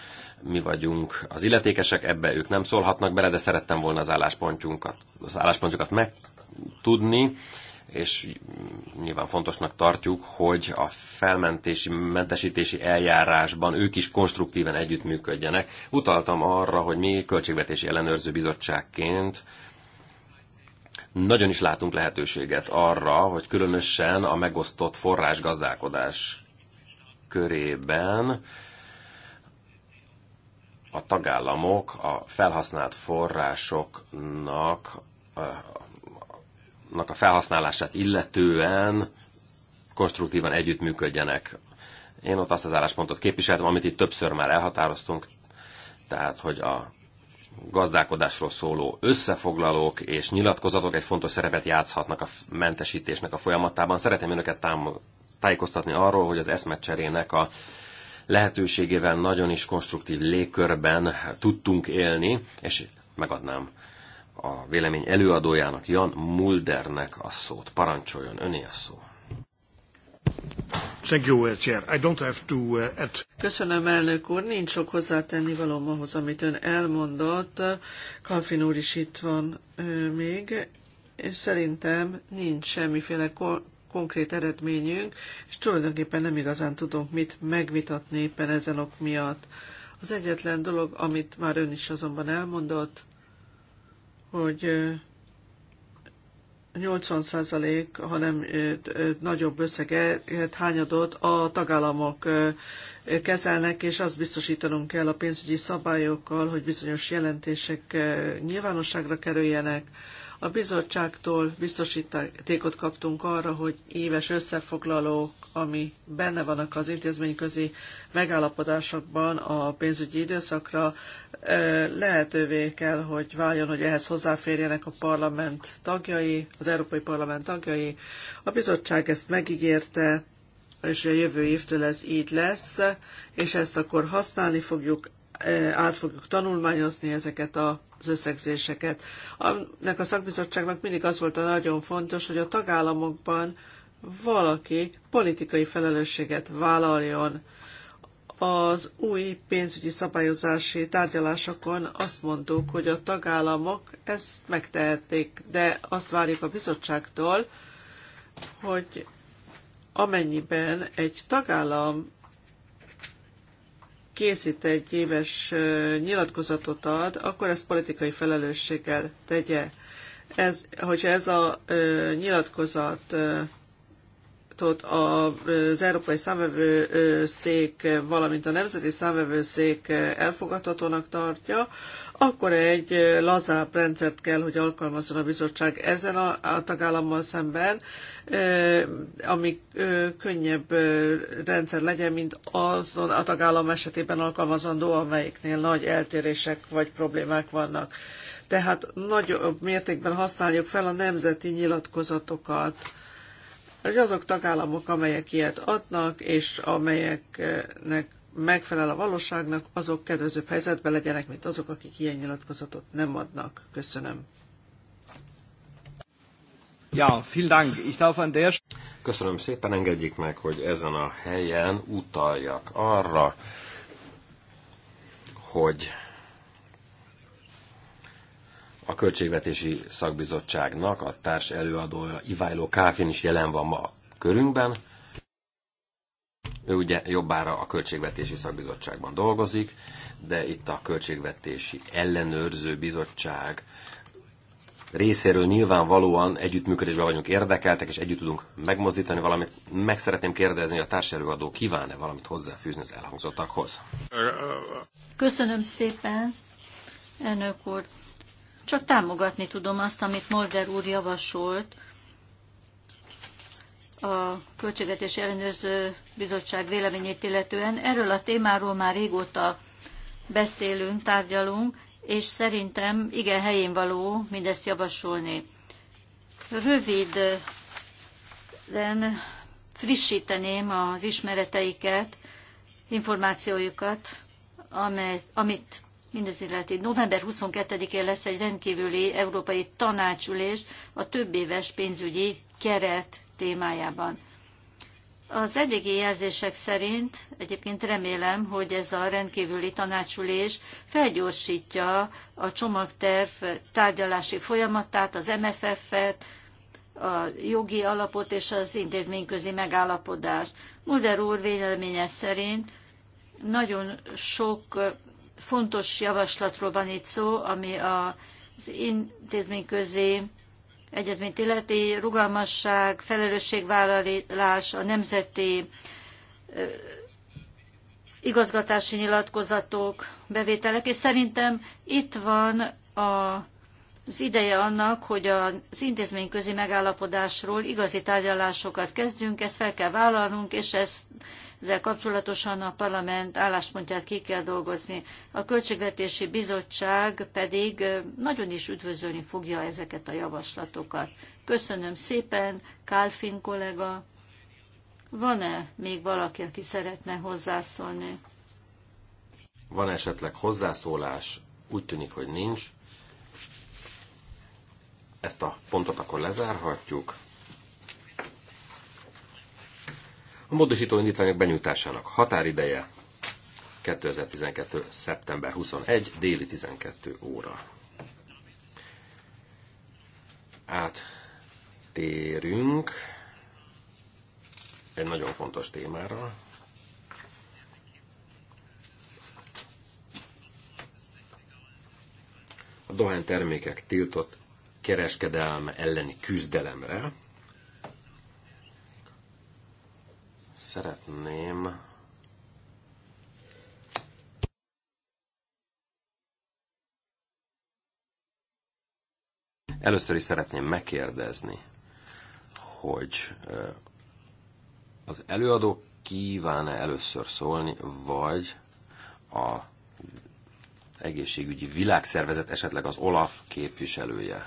mi vagyunk az illetékesek, ebbe ők nem szólhatnak bele, de szerettem volna az álláspontjukat, az álláspontjukat tudni, és nyilván fontosnak tartjuk, hogy a felmentési, mentesítési eljárásban ők is konstruktíven együttműködjenek. Utaltam arra, hogy mi Költségvetési Ellenőrző Bizottságként nagyon is látunk lehetőséget arra, hogy különösen a megosztott forrásgazdálkodás körében a tagállamok a felhasznált forrásoknak eh, a felhasználását illetően konstruktívan együttműködjenek. Én ott azt az álláspontot képviseltem, amit itt többször már elhatároztunk, tehát hogy a gazdálkodásról szóló összefoglalók és nyilatkozatok egy fontos szerepet játszhatnak a mentesítésnek a folyamatában. Szeretném önöket tájékoztatni arról, hogy az eszmecserének a lehetőségével nagyon is konstruktív légkörben tudtunk élni, és megadnám a vélemény előadójának, Jan Muldernek a szót. Parancsoljon, öné a szó. Thank you, uh, Chair. I don't have to uh, add. Köszönöm, elnök úr. Nincs sok hozzátenni valóm ahhoz, amit ön elmondott. Kalfin úr is itt van uh, még, és szerintem nincs semmiféle konkrét eredményünk, és tulajdonképpen nem igazán tudunk mit megvitatni éppen ezen ok miatt. Az egyetlen dolog, amit már ön is azonban elmondott, hogy 80% százalék, hanem nagyobb összeget, hányadot a tagállamok kezelnek, és azt biztosítanunk kell a pénzügyi szabályokkal, hogy bizonyos jelentések nyilvánosságra kerüljenek, a bizottságtól biztosítékot kaptunk arra, hogy éves összefoglalók, ami benne vannak az intézményközi megállapodásokban a pénzügyi időszakra, lehetővé kell, hogy váljon, hogy ehhez hozzáférjenek a parlament tagjai, az Európai Parlament tagjai. A bizottság ezt megígérte, és a jövő évtől ez így lesz, és ezt akkor használni fogjuk, át fogjuk tanulmányozni ezeket a az összegzéseket. Annak a szakbizottságnak mindig az volt a nagyon fontos, hogy a tagállamokban valaki politikai felelősséget vállaljon. Az új pénzügyi szabályozási tárgyalásokon azt mondtuk, hogy a tagállamok ezt megtehették, de azt várjuk a bizottságtól, hogy amennyiben egy tagállam készít egy éves nyilatkozatot ad, akkor ezt politikai felelősséggel tegye. Ez, hogyha ez a nyilatkozatot az Európai Számvevőszék, valamint a Nemzeti Számvevőszék elfogadhatónak tartja, akkor egy lazább rendszert kell, hogy alkalmazzon a bizottság ezen a, a tagállammal szemben, ami könnyebb rendszer legyen, mint azon a tagállam esetében alkalmazandó, amelyiknél nagy eltérések vagy problémák vannak. Tehát nagyobb mértékben használjuk fel a nemzeti nyilatkozatokat hogy azok tagállamok, amelyek ilyet adnak, és amelyeknek megfelel a valóságnak, azok kedvezőbb helyzetben legyenek, mint azok, akik ilyen nyilatkozatot nem adnak. Köszönöm. Ja, vielen Dank. Ich darf an der... Köszönöm szépen, engedjék meg, hogy ezen a helyen utaljak arra, hogy a Költségvetési Szakbizottságnak a társ előadója Iváló Káfin is jelen van ma körünkben, ő ugye jobbára a Költségvetési Szakbizottságban dolgozik, de itt a Költségvetési Ellenőrző Bizottság részéről nyilvánvalóan együttműködésben vagyunk érdekeltek, és együtt tudunk megmozdítani valamit. Meg szeretném kérdezni, hogy a társelőadó kíván-e valamit hozzáfűzni az elhangzottakhoz. Köszönöm szépen, elnök úr. Csak támogatni tudom azt, amit Molder úr javasolt, a Költségvetés Ellenőrző Bizottság véleményét illetően. Erről a témáról már régóta beszélünk, tárgyalunk, és szerintem igen helyén való mindezt javasolni. Röviden frissíteném az ismereteiket, információjukat, amely, amit mindez illeti. November 22-én lesz egy rendkívüli európai tanácsülés a több éves pénzügyi keret témájában. Az eddigi jelzések szerint egyébként remélem, hogy ez a rendkívüli tanácsülés felgyorsítja a csomagterv tárgyalási folyamatát, az MFF-et, a jogi alapot és az intézményközi megállapodást. Mulder úr véleménye szerint nagyon sok fontos javaslatról van itt szó, ami az intézményközi egyezményt illeti, rugalmasság, felelősségvállalás, a nemzeti igazgatási nyilatkozatok, bevételek, és szerintem itt van a az ideje annak, hogy az intézményközi megállapodásról igazi tárgyalásokat kezdjünk, ezt fel kell vállalnunk, és ezt ezzel kapcsolatosan a parlament álláspontját ki kell dolgozni. A Költségvetési Bizottság pedig nagyon is üdvözölni fogja ezeket a javaslatokat. Köszönöm szépen, Kálfin kollega. Van-e még valaki, aki szeretne hozzászólni? Van -e esetleg hozzászólás? Úgy tűnik, hogy nincs. Ezt a pontot akkor lezárhatjuk. A módosító indítványok benyújtásának határideje 2012. szeptember 21. déli 12 óra. Áttérünk egy nagyon fontos témára. A dohány termékek tiltott kereskedelme elleni küzdelemre, szeretném Először is szeretném megkérdezni, hogy az előadó kíván-e először szólni, vagy a egészségügyi világszervezet, esetleg az OLAF képviselője.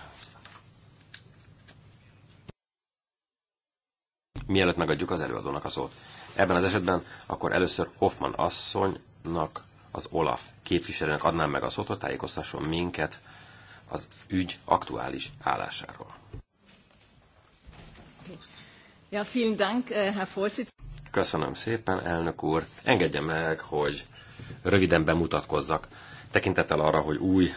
Mielőtt megadjuk az előadónak a szót. Ebben az esetben akkor először Hoffman asszonynak, az Olaf képviselőnek adnám meg a szót, hogy tájékoztasson minket az ügy aktuális állásáról. Ja, vielen Dank, äh, Herr Vorsitz. Köszönöm szépen, elnök úr. Engedje meg, hogy röviden bemutatkozzak. Tekintettel arra, hogy új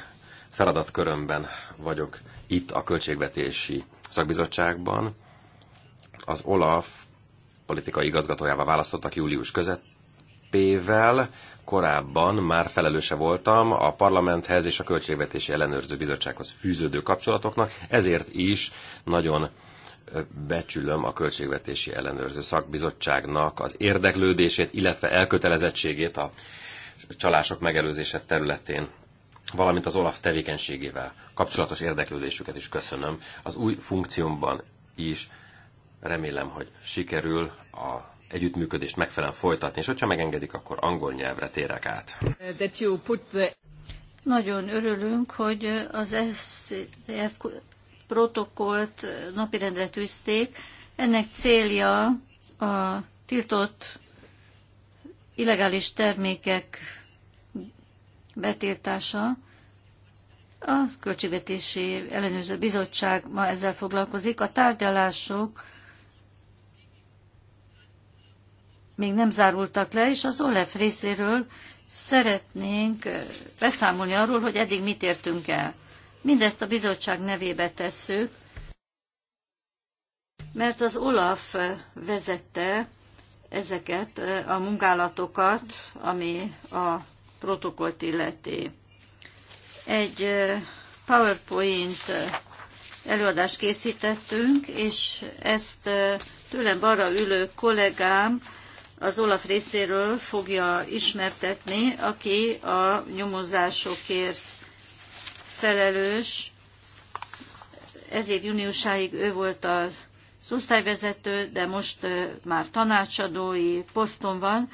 feladatkörömben vagyok itt a Költségvetési Szakbizottságban, az OLAF politikai igazgatójává választottak július közepével. Korábban már felelőse voltam a parlamenthez és a Költségvetési Ellenőrző Bizottsághoz fűződő kapcsolatoknak, ezért is nagyon becsülöm a Költségvetési Ellenőrző Szakbizottságnak az érdeklődését, illetve elkötelezettségét a csalások megelőzése területén valamint az Olaf tevékenységével kapcsolatos érdeklődésüket is köszönöm. Az új funkciómban is Remélem, hogy sikerül a együttműködést megfelelően folytatni, és hogyha megengedik, akkor angol nyelvre térek át. Nagyon örülünk, hogy az SZDF protokollt napirendre tűzték. Ennek célja a tiltott illegális termékek betiltása. A Költségvetési Ellenőrző Bizottság ma ezzel foglalkozik. A tárgyalások még nem zárultak le, és az OLEF részéről szeretnénk beszámolni arról, hogy eddig mit értünk el. Mindezt a bizottság nevébe tesszük, mert az Olaf vezette ezeket a munkálatokat, ami a protokollt illeti. Egy PowerPoint előadást készítettünk, és ezt tőlem balra ülő kollégám az Olaf részéről fogja ismertetni, aki a nyomozásokért felelős. Ezért júniusáig ő volt az osztályvezető, de most már tanácsadói poszton van.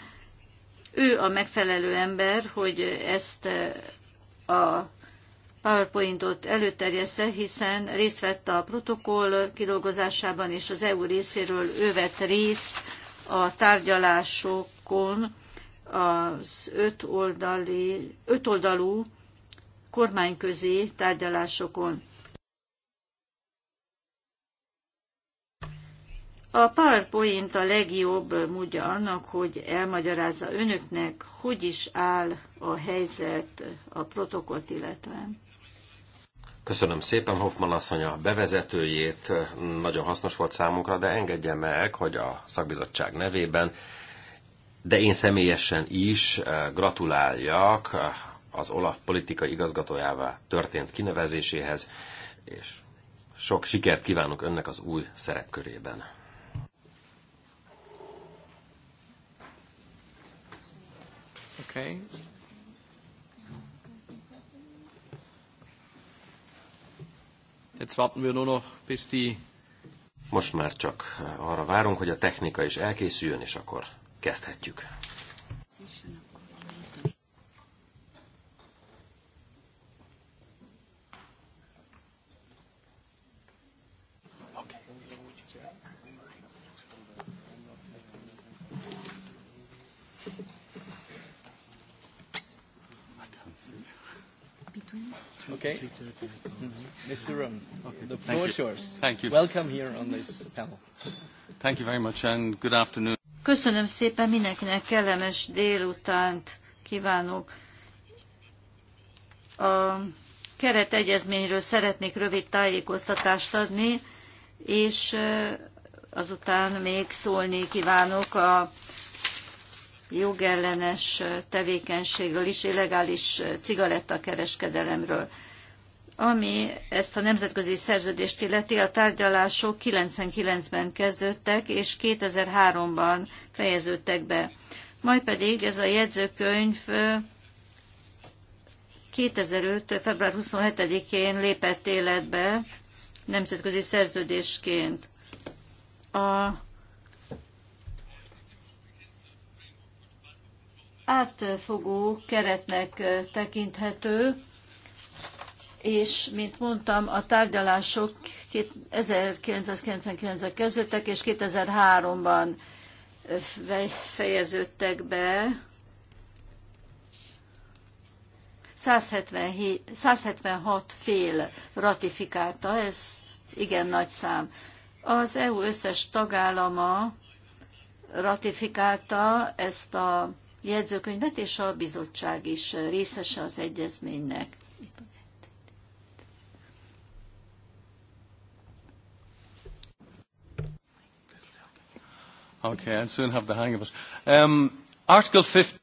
Ő a megfelelő ember, hogy ezt a PowerPointot előterjeszte, hiszen részt vett a protokoll kidolgozásában, és az EU részéről ő vett részt a tárgyalásokon az ötoldali, ötoldalú kormányközi tárgyalásokon. A PowerPoint a legjobb módja annak, hogy elmagyarázza önöknek, hogy is áll a helyzet a protokollt illetően. Köszönöm szépen Hoffman asszony a bevezetőjét, nagyon hasznos volt számunkra, de engedje meg, hogy a szakbizottság nevében, de én személyesen is eh, gratuláljak az Olaf politikai igazgatójává történt kinevezéséhez, és sok sikert kívánok önnek az új szerepkörében. Okay. Jetzt warten wir nur noch, bis die... Most már csak arra várunk, hogy a technika is elkészüljön, és akkor kezdhetjük. Okay. Mr. Rung, okay. the floor is yours. Thank you. Welcome here on this panel. Thank you very much and good afternoon. Köszönöm szépen mindenkinek, kellemes délutánt kívánok. A keretegyezményről szeretnék rövid tájékoztatást adni, és azután még szólni kívánok a jogellenes tevékenységről is, illegális cigarettakereskedelemről. Ami ezt a nemzetközi szerződést illeti, a tárgyalások 99-ben kezdődtek, és 2003-ban fejeződtek be. Majd pedig ez a jegyzőkönyv 2005. február 27-én lépett életbe nemzetközi szerződésként. A átfogó keretnek tekinthető, és mint mondtam, a tárgyalások 1999-ben kezdődtek, és 2003-ban fejeződtek be. 176 fél ratifikálta, ez igen nagy szám. Az EU összes tagállama ratifikálta ezt a jegyzőkönyvet, és a bizottság is részese az egyezménynek. Okay, I'll soon have the hang of it. Um, article 50.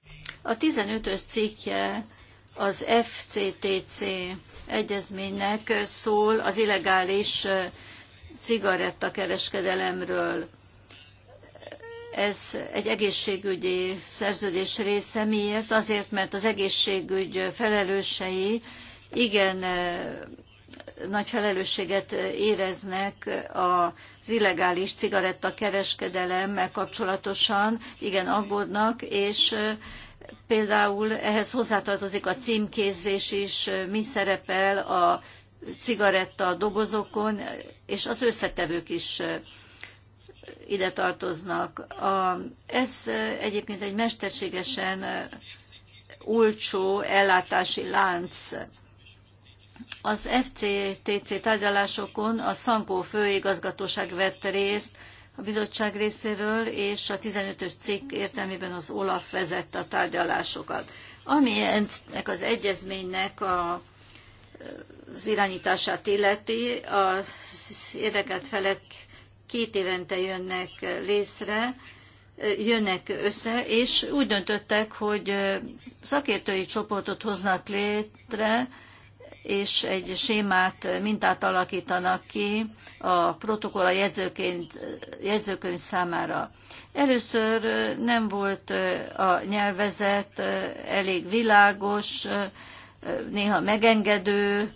A 15-ös cikke az FCTC egyezménynek szól az illegális cigarettakereskedelemről. Ez egy egészségügyi szerződés része. Miért? Azért, mert az egészségügy felelősei igen nagy felelősséget éreznek az illegális kereskedelemmel kapcsolatosan, igen aggódnak, és például ehhez hozzátartozik a címkézés is, mi szerepel a cigaretta dobozokon, és az összetevők is ide tartoznak. A, ez egyébként egy mesterségesen olcsó ellátási lánc az FCTC tárgyalásokon a Szankó főigazgatóság vett részt a bizottság részéről, és a 15-ös cikk értelmében az OLAF vezette a tárgyalásokat. Ami ennek az egyezménynek a az irányítását illeti, az érdekelt felek két évente jönnek létre, jönnek össze, és úgy döntöttek, hogy szakértői csoportot hoznak létre, és egy sémát, mintát alakítanak ki a protokoll a jegyzőkönyv számára. Először nem volt a nyelvezet elég világos, néha megengedő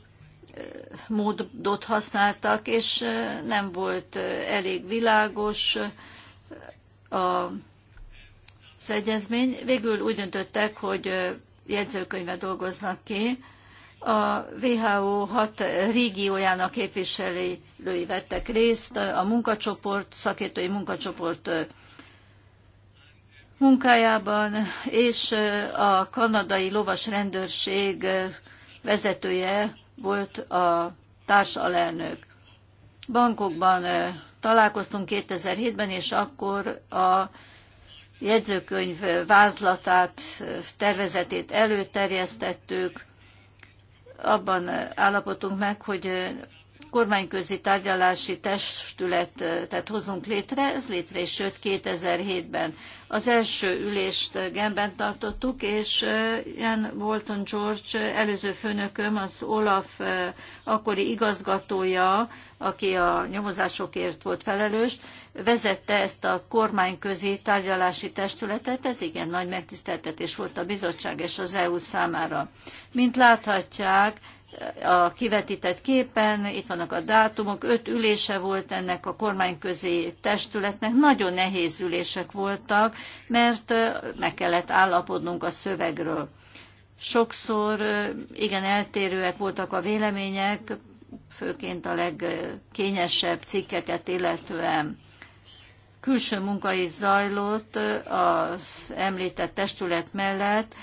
módot használtak, és nem volt elég világos a az Végül úgy döntöttek, hogy jegyzőkönyvet dolgoznak ki, a WHO hat régiójának képviselői vettek részt, a munkacsoport, szakértői munkacsoport munkájában, és a kanadai lovas rendőrség vezetője volt a társalelnök. Bankokban találkoztunk 2007-ben, és akkor a jegyzőkönyv vázlatát, tervezetét előterjesztettük, abban állapotunk meg, hogy kormányközi tárgyalási testületet hozunk létre, ez létre is jött 2007-ben. Az első ülést Genben tartottuk, és Jan Walton George előző főnököm, az Olaf akkori igazgatója, aki a nyomozásokért volt felelős, vezette ezt a kormányközi tárgyalási testületet, ez igen nagy megtiszteltetés volt a bizottság és az EU számára. Mint láthatják, a kivetített képen, itt vannak a dátumok, öt ülése volt ennek a kormányközi testületnek, nagyon nehéz ülések voltak, mert meg kellett állapodnunk a szövegről. Sokszor igen eltérőek voltak a vélemények, főként a legkényesebb cikkeket illetően külső munka is zajlott az említett testület mellett,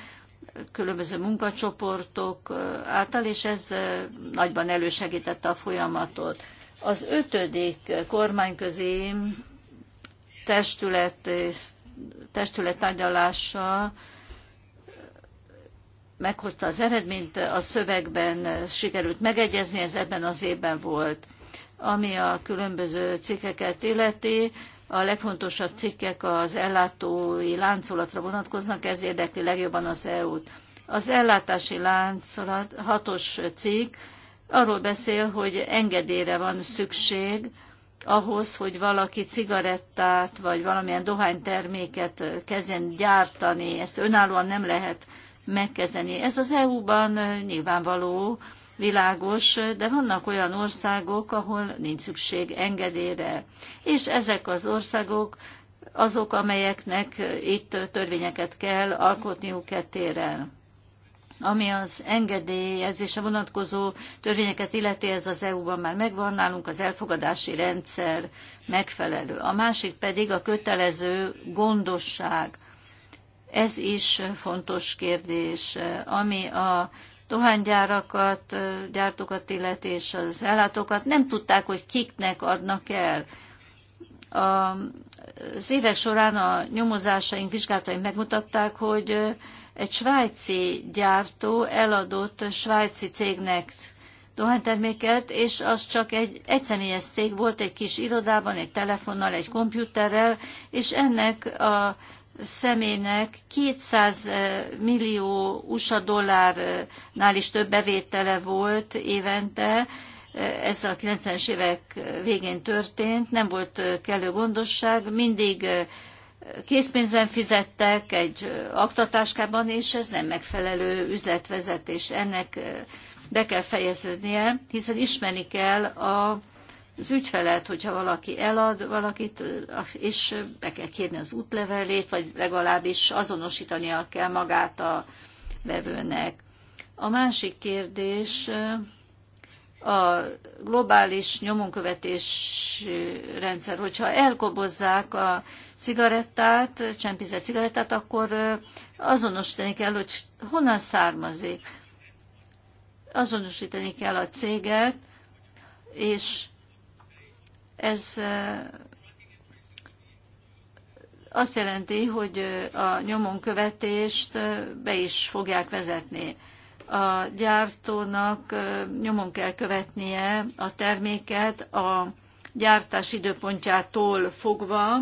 különböző munkacsoportok által, és ez nagyban elősegítette a folyamatot. Az ötödik kormányközi testület, testület tárgyalása meghozta az eredményt, a szövegben sikerült megegyezni, ez ebben az évben volt. Ami a különböző cikkeket illeti, a legfontosabb cikkek az ellátói láncolatra vonatkoznak, ez érdekli legjobban az EU-t. Az ellátási láncolat hatos cikk arról beszél, hogy engedélyre van szükség ahhoz, hogy valaki cigarettát vagy valamilyen dohányterméket kezdjen gyártani. Ezt önállóan nem lehet megkezdeni. Ez az EU-ban nyilvánvaló, világos, de vannak olyan országok, ahol nincs szükség engedélyre. És ezek az országok azok, amelyeknek itt törvényeket kell alkotniuk kettéren ami az engedélyezésre vonatkozó törvényeket illeti, ez az EU-ban már megvan nálunk, az elfogadási rendszer megfelelő. A másik pedig a kötelező gondosság. Ez is fontos kérdés, ami a dohánygyárakat, gyártókat illeti és az ellátókat, nem tudták, hogy kiknek adnak el. A, az évek során a nyomozásaink, vizsgálataink megmutatták, hogy egy svájci gyártó eladott svájci cégnek dohányterméket, és az csak egy egyszemélyes cég volt egy kis irodában, egy telefonnal, egy komputerrel, és ennek a személynek 200 eh, millió USA dollárnál is több bevétele volt évente, eh, ez a 90-es évek végén történt, nem volt eh, kellő gondosság, mindig készpénzben fizettek, egy aktatáskában, és ez nem megfelelő üzletvezetés. Ennek be kell fejeződnie, hiszen ismerni kell a az ügyfelet, hogyha valaki elad valakit, és be kell kérni az útlevelét, vagy legalábbis azonosítania kell magát a vevőnek. A másik kérdés a globális nyomonkövetés rendszer, hogyha elkobozzák a cigarettát, csempizett cigarettát, akkor azonosítani kell, hogy honnan származik. Azonosítani kell a céget, és ez azt jelenti, hogy a nyomon követést be is fogják vezetni. A gyártónak nyomon kell követnie a terméket a gyártás időpontjától fogva,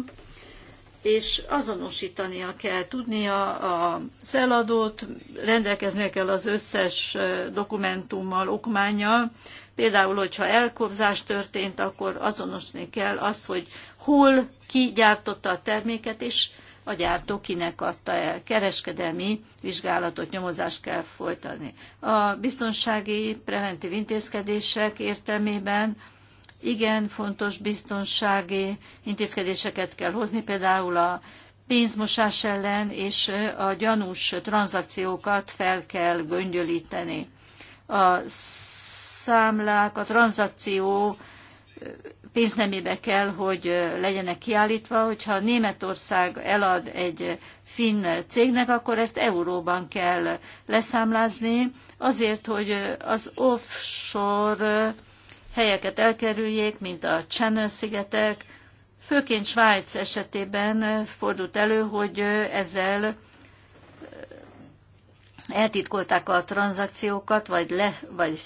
és azonosítania kell tudnia az eladót, rendelkeznie kell az összes dokumentummal, okmányjal. Például, hogyha elkobzás történt, akkor azonosítani kell azt, hogy hol ki gyártotta a terméket, és a gyártó kinek adta el. Kereskedelmi vizsgálatot, nyomozást kell folytatni. A biztonsági preventív intézkedések értelmében igen fontos biztonsági intézkedéseket kell hozni, például a pénzmosás ellen és a gyanús tranzakciókat fel kell göngyölíteni. A számlák, a tranzakció pénznemébe kell, hogy legyenek kiállítva, hogyha Németország elad egy finn cégnek, akkor ezt euróban kell leszámlázni, azért, hogy az offshore helyeket elkerüljék, mint a Channel-szigetek. Főként Svájc esetében fordult elő, hogy ezzel eltitkolták a tranzakciókat, vagy, le, vagy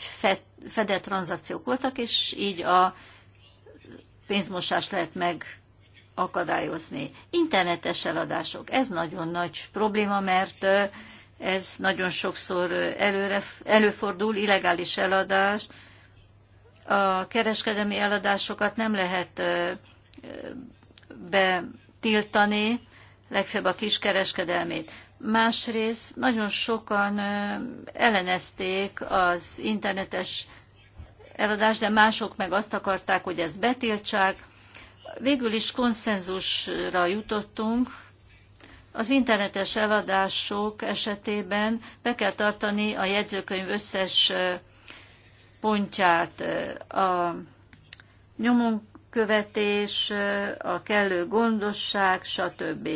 fedett tranzakciók voltak, és így a pénzmosást lehet megakadályozni. Internetes eladások, ez nagyon nagy probléma, mert ez nagyon sokszor előre, előfordul, illegális eladás, a kereskedelmi eladásokat nem lehet betiltani, legfőbb a kiskereskedelmét. Másrészt nagyon sokan ellenezték az internetes eladást, de mások meg azt akarták, hogy ezt betiltsák. Végül is konszenzusra jutottunk. Az internetes eladások esetében be kell tartani a jegyzőkönyv összes pontját a nyomon követés, a kellő gondosság, stb.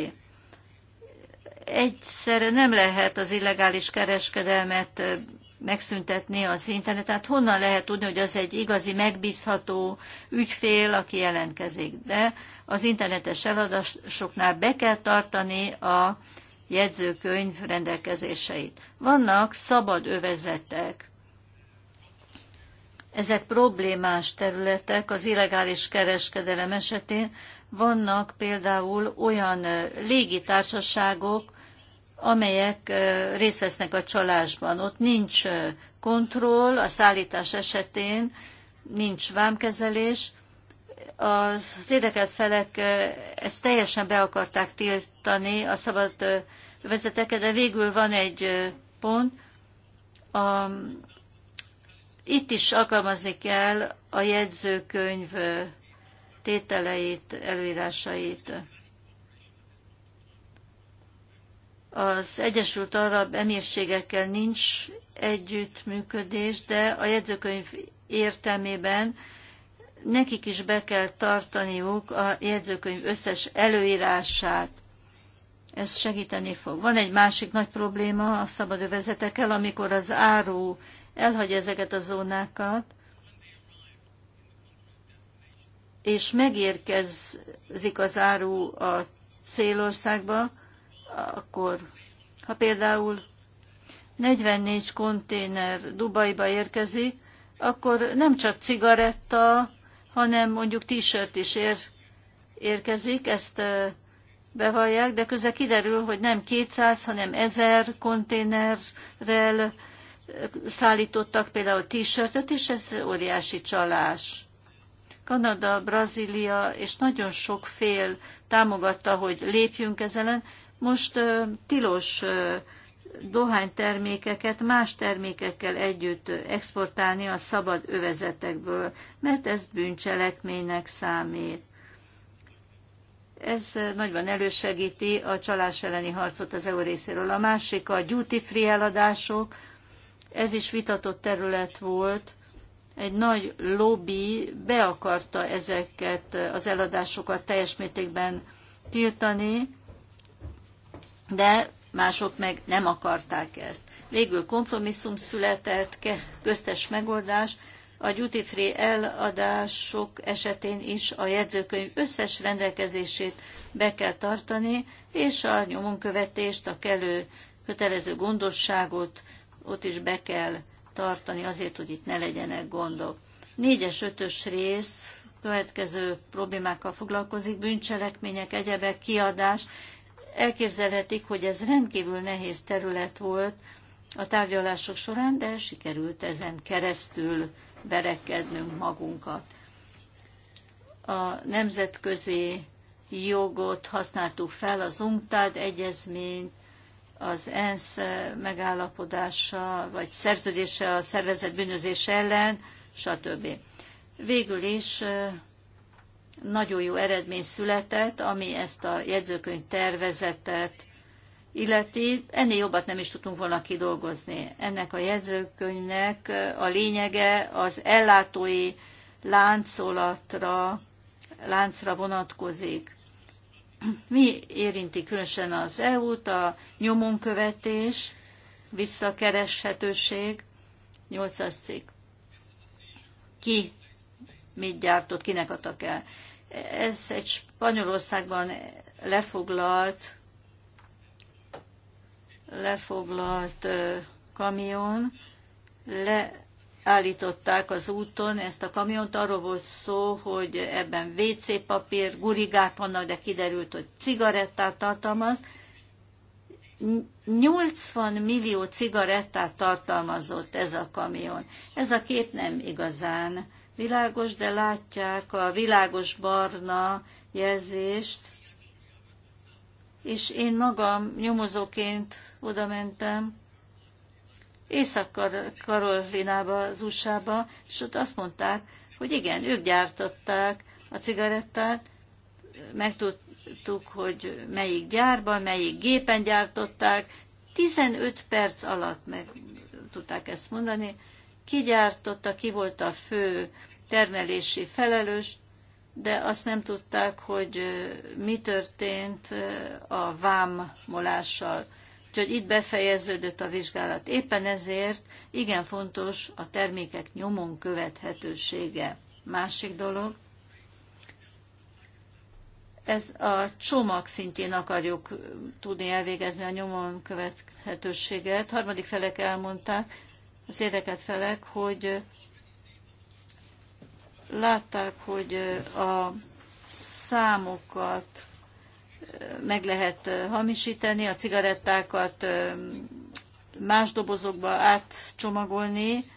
Egyszerre nem lehet az illegális kereskedelmet megszüntetni az interneten. Tehát honnan lehet tudni, hogy az egy igazi, megbízható ügyfél, aki jelentkezik. De az internetes eladásoknál be kell tartani a jegyzőkönyv rendelkezéseit. Vannak szabad övezetek, ezek problémás területek az illegális kereskedelem esetén. Vannak például olyan légitársaságok, amelyek részt vesznek a csalásban. Ott nincs kontroll, a szállítás esetén nincs vámkezelés. Az érdekelt felek ezt teljesen be akarták tiltani a szabad vezeteket, de végül van egy pont, a itt is alkalmazni kell a jegyzőkönyv tételeit, előírásait. Az Egyesült Arab Emírségekkel nincs együttműködés, de a jegyzőkönyv értelmében nekik is be kell tartaniuk a jegyzőkönyv összes előírását. Ez segíteni fog. Van egy másik nagy probléma a szabadövezetekkel, amikor az áru elhagyja ezeket a zónákat, és megérkezik az áru a célországba, akkor ha például 44 konténer Dubajba érkezik, akkor nem csak cigaretta, hanem mondjuk t-shirt is ér, érkezik, ezt bevallják, de közel kiderül, hogy nem 200, hanem 1000 konténerrel szállítottak például t-shirtet, és ez óriási csalás. Kanada, Brazília és nagyon sok fél támogatta, hogy lépjünk ezen Most ö, tilos ö, dohánytermékeket más termékekkel együtt exportálni a szabad övezetekből, mert ez bűncselekménynek számít. Ez nagyban elősegíti a csalás elleni harcot az EU részéről. A másik a duty free eladások, ez is vitatott terület volt, egy nagy lobby be akarta ezeket az eladásokat teljes mértékben tiltani, de mások meg nem akarták ezt. Végül kompromisszum született, köztes megoldás, a duty free eladások esetén is a jegyzőkönyv összes rendelkezését be kell tartani, és a nyomonkövetést, a kellő kötelező gondosságot ott is be kell tartani azért, hogy itt ne legyenek gondok. Négyes, ötös rész következő problémákkal foglalkozik, bűncselekmények, egyebek, kiadás. Elképzelhetik, hogy ez rendkívül nehéz terület volt a tárgyalások során, de sikerült ezen keresztül berekednünk magunkat. A nemzetközi jogot használtuk fel, az UNCTAD egyezményt, az ENSZ eh, megállapodása, vagy szerződése a szervezet bűnözés ellen, stb. Végül is eh, nagyon jó eredmény született, ami ezt a jegyzőkönyv tervezetet illeti. Ennél jobbat nem is tudtunk volna kidolgozni. Ennek a jegyzőkönyvnek eh, a lényege az ellátói láncolatra, láncra vonatkozik. Mi érinti különösen az EU-t? A nyomonkövetés, visszakereshetőség, 8-as cikk. Ki mit gyártott, kinek adtak el. Ez egy Spanyolországban lefoglalt lefoglalt kamion, le állították az úton ezt a kamiont. Arról volt szó, hogy ebben WC papír, gurigák vannak, de kiderült, hogy cigarettát tartalmaz. 80 millió cigarettát tartalmazott ez a kamion. Ez a kép nem igazán világos, de látják a világos barna jelzést, és én magam nyomozóként oda mentem, Észak-Karolinába, az usa és ott azt mondták, hogy igen, ők gyártották a cigarettát, megtudtuk, hogy melyik gyárban, melyik gépen gyártották, 15 perc alatt meg tudták ezt mondani, ki gyártotta, ki volt a fő termelési felelős, de azt nem tudták, hogy mi történt a vámmolással. Úgyhogy itt befejeződött a vizsgálat. Éppen ezért igen fontos a termékek nyomon követhetősége. Másik dolog, ez a csomag szintjén akarjuk tudni elvégezni a nyomon követhetőséget. Harmadik felek elmondták, az érdekelt felek, hogy látták, hogy a számokat meg lehet hamisítani, a cigarettákat más dobozokba átcsomagolni.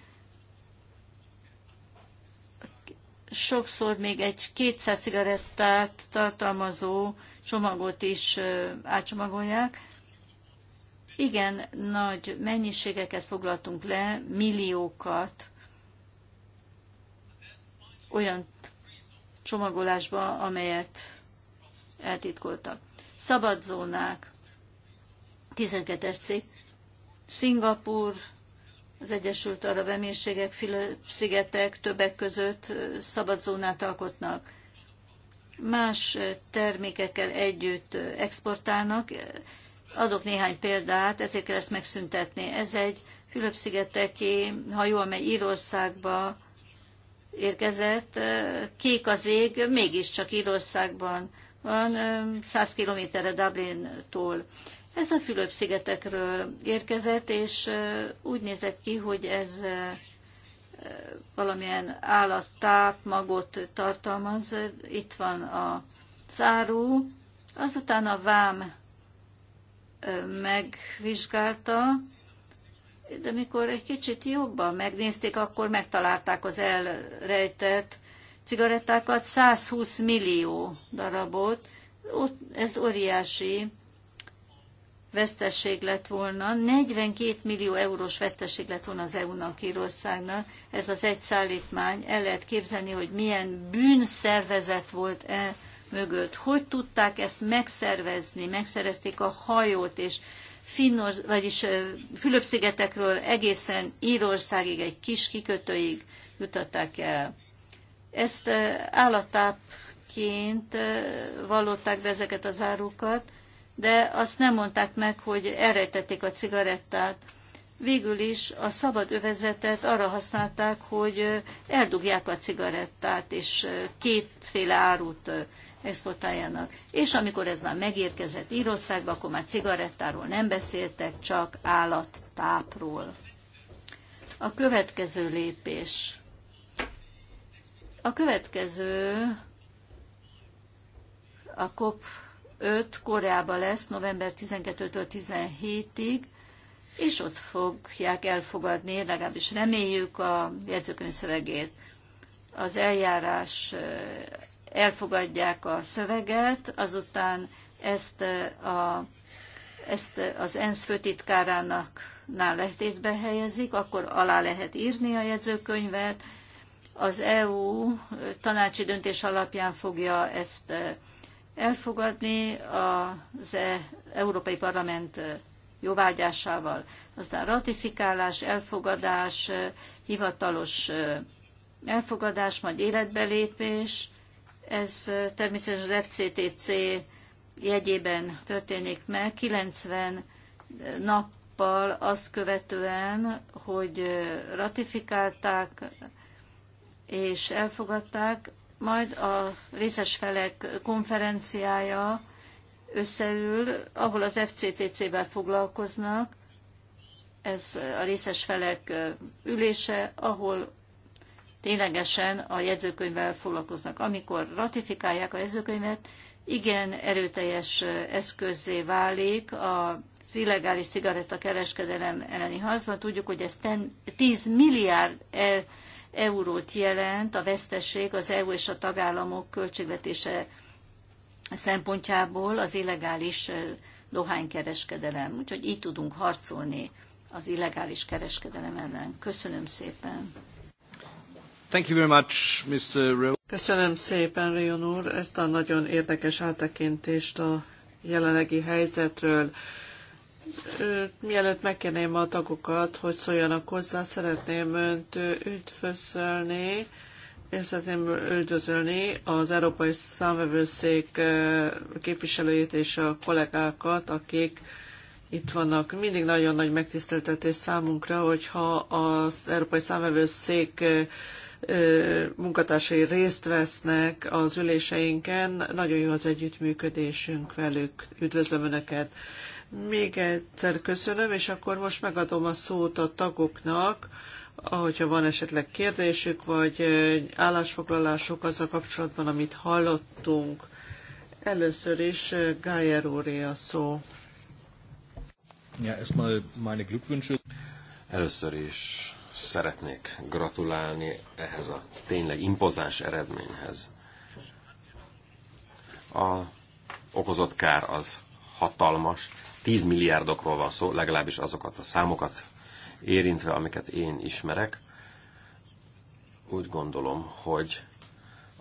Sokszor még egy 200 cigarettát tartalmazó csomagot is átcsomagolják. Igen, nagy mennyiségeket foglaltunk le, milliókat olyan csomagolásba, amelyet eltitkoltak. Szabad zónák, 12-es cikk, Szingapur, az Egyesült Arab Emírségek, Fülöp-szigetek többek között szabad zónát alkotnak. Más termékekkel együtt exportálnak. Adok néhány példát, ezért kell ezt megszüntetni. Ez egy Fülöp-szigeteki hajó, amely Írországba érkezett. Kék az ég, mégiscsak Írországban van, 100 kilométerre Dublintól. Ez a Fülöp-szigetekről érkezett, és úgy nézett ki, hogy ez valamilyen állattáp, magot tartalmaz. Itt van a cáru, azután a vám megvizsgálta, de mikor egy kicsit jobban megnézték, akkor megtalálták az elrejtett cigarettákat, 120 millió darabot. Ez óriási vesztesség lett volna, 42 millió eurós vesztesség lett volna az EU-nak, Írországnak. Ez az egy szállítmány. El lehet képzelni, hogy milyen bűnszervezet volt e mögött. Hogy tudták ezt megszervezni? Megszerezték a hajót, és Finnos, vagyis Fülöp-szigetekről egészen Írországig, egy kis kikötőig jutatták el. Ezt állatápként vallották be ezeket az árukat, de azt nem mondták meg, hogy elrejtették a cigarettát. Végül is a szabad övezetet arra használták, hogy eldugják a cigarettát, és kétféle árut exportáljanak. És amikor ez már megérkezett Írországba, akkor már cigarettáról nem beszéltek, csak állattápról. A következő lépés. A következő a COP5 Koreában lesz november 12-től 17-ig, és ott fogják elfogadni, legalábbis reméljük a jegyzőkönyv szövegét. Az eljárás eh, elfogadják a szöveget, azután ezt, eh, a, ezt az ENSZ főtitkárának lehetétbe helyezik, akkor alá lehet írni a jegyzőkönyvet, az EU tanácsi döntés alapján fogja ezt eh, elfogadni az e Európai Parlament eh, jóvágyásával. Aztán ratifikálás, elfogadás, eh, hivatalos elfogadás, majd életbelépés. Ez természetesen az FCTC jegyében történik meg. 90 nappal azt követően, hogy ratifikálták és elfogadták, majd a részes felek konferenciája összeül, ahol az FCTC-vel foglalkoznak, ez a részes felek ülése, ahol ténylegesen a jegyzőkönyvvel foglalkoznak. Amikor ratifikálják a jegyzőkönyvet, igen erőteljes eszközé válik az illegális cigarettakereskedelem elleni harcban. Tudjuk, hogy ez 10 milliárd eurót jelent a veszteség az EU és a tagállamok költségvetése szempontjából az illegális dohánykereskedelem. Úgyhogy így tudunk harcolni az illegális kereskedelem ellen. Köszönöm szépen. Thank you very much, Mr. Köszönöm szépen, Rion úr, ezt a nagyon érdekes áttekintést a jelenlegi helyzetről. Mielőtt megkérném a tagokat, hogy szóljanak hozzá, szeretném önt üdvözölni, és szeretném üdvözölni az Európai Számvevőszék képviselőjét és a kollégákat, akik itt vannak. Mindig nagyon nagy megtiszteltetés számunkra, hogyha az Európai Számvevőszék munkatársai részt vesznek az üléseinken. Nagyon jó az együttműködésünk velük. Üdvözlöm Önöket! Még egyszer köszönöm, és akkor most megadom a szót a tagoknak, hogyha van esetleg kérdésük, vagy állásfoglalásuk azzal kapcsolatban, amit hallottunk. Először is Gájer úré a szó. Ja, erstmal meine Glückwünsche. Először is szeretnék gratulálni ehhez a tényleg impozáns eredményhez. A okozott kár az hatalmas, 10 milliárdokról van szó, legalábbis azokat a számokat érintve, amiket én ismerek. Úgy gondolom, hogy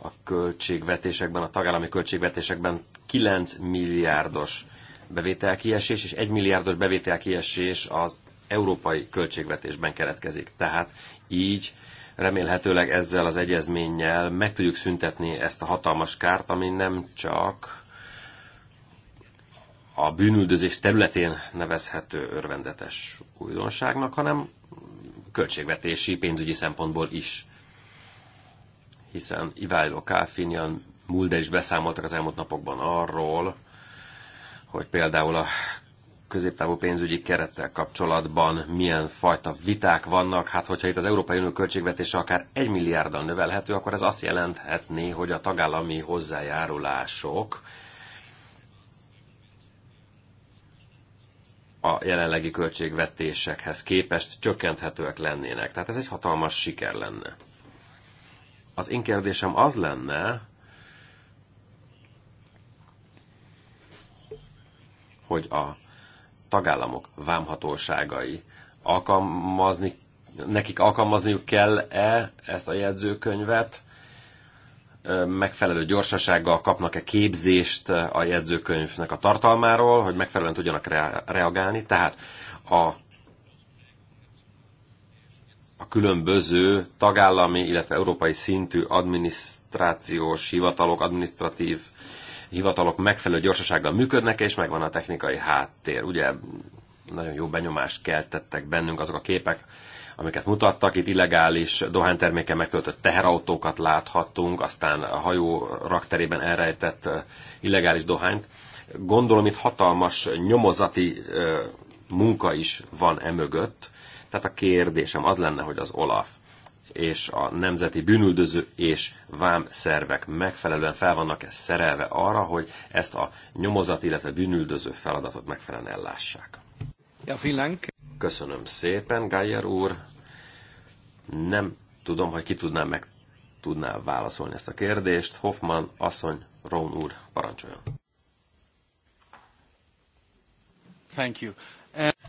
a költségvetésekben, a tagállami költségvetésekben 9 milliárdos bevételkiesés, és 1 milliárdos bevételkiesés az európai költségvetésben keletkezik. Tehát így remélhetőleg ezzel az egyezménnyel meg tudjuk szüntetni ezt a hatalmas kárt, ami nem csak a bűnüldözés területén nevezhető örvendetes újdonságnak, hanem költségvetési, pénzügyi szempontból is. Hiszen iváló Káfinyan, múlde is beszámoltak az elmúlt napokban arról, hogy például a középtávú pénzügyi kerettel kapcsolatban milyen fajta viták vannak. Hát, hogyha itt az Európai Unió költségvetése akár egy milliárdan növelhető, akkor ez azt jelenthetné, hogy a tagállami hozzájárulások a jelenlegi költségvetésekhez képest csökkenthetőek lennének. Tehát ez egy hatalmas siker lenne. Az én kérdésem az lenne, hogy a tagállamok vámhatóságai alkalmazni, nekik alkalmazniuk kell-e ezt a jegyzőkönyvet, megfelelő gyorsasággal kapnak-e képzést a jegyzőkönyvnek a tartalmáról, hogy megfelelően tudjanak reagálni. Tehát a a különböző tagállami, illetve európai szintű adminisztrációs hivatalok, adminisztratív hivatalok megfelelő gyorsasággal működnek, és megvan a technikai háttér. Ugye nagyon jó benyomást keltettek bennünk azok a képek, amiket mutattak. Itt illegális dohányterméken megtöltött teherautókat láthattunk, aztán a hajó rakterében elrejtett illegális dohányt. Gondolom itt hatalmas nyomozati munka is van emögött. Tehát a kérdésem az lenne, hogy az Olaf és a nemzeti bűnüldöző és vám szervek megfelelően fel vannak -e szerelve arra, hogy ezt a nyomozat, illetve bűnüldöző feladatot megfelelően ellássák. Ja, vielen Dank. Köszönöm szépen, Gájer úr. Nem tudom, hogy ki tudná meg tudná válaszolni ezt a kérdést. Hoffman, asszony, Rón úr, parancsoljon. Thank you.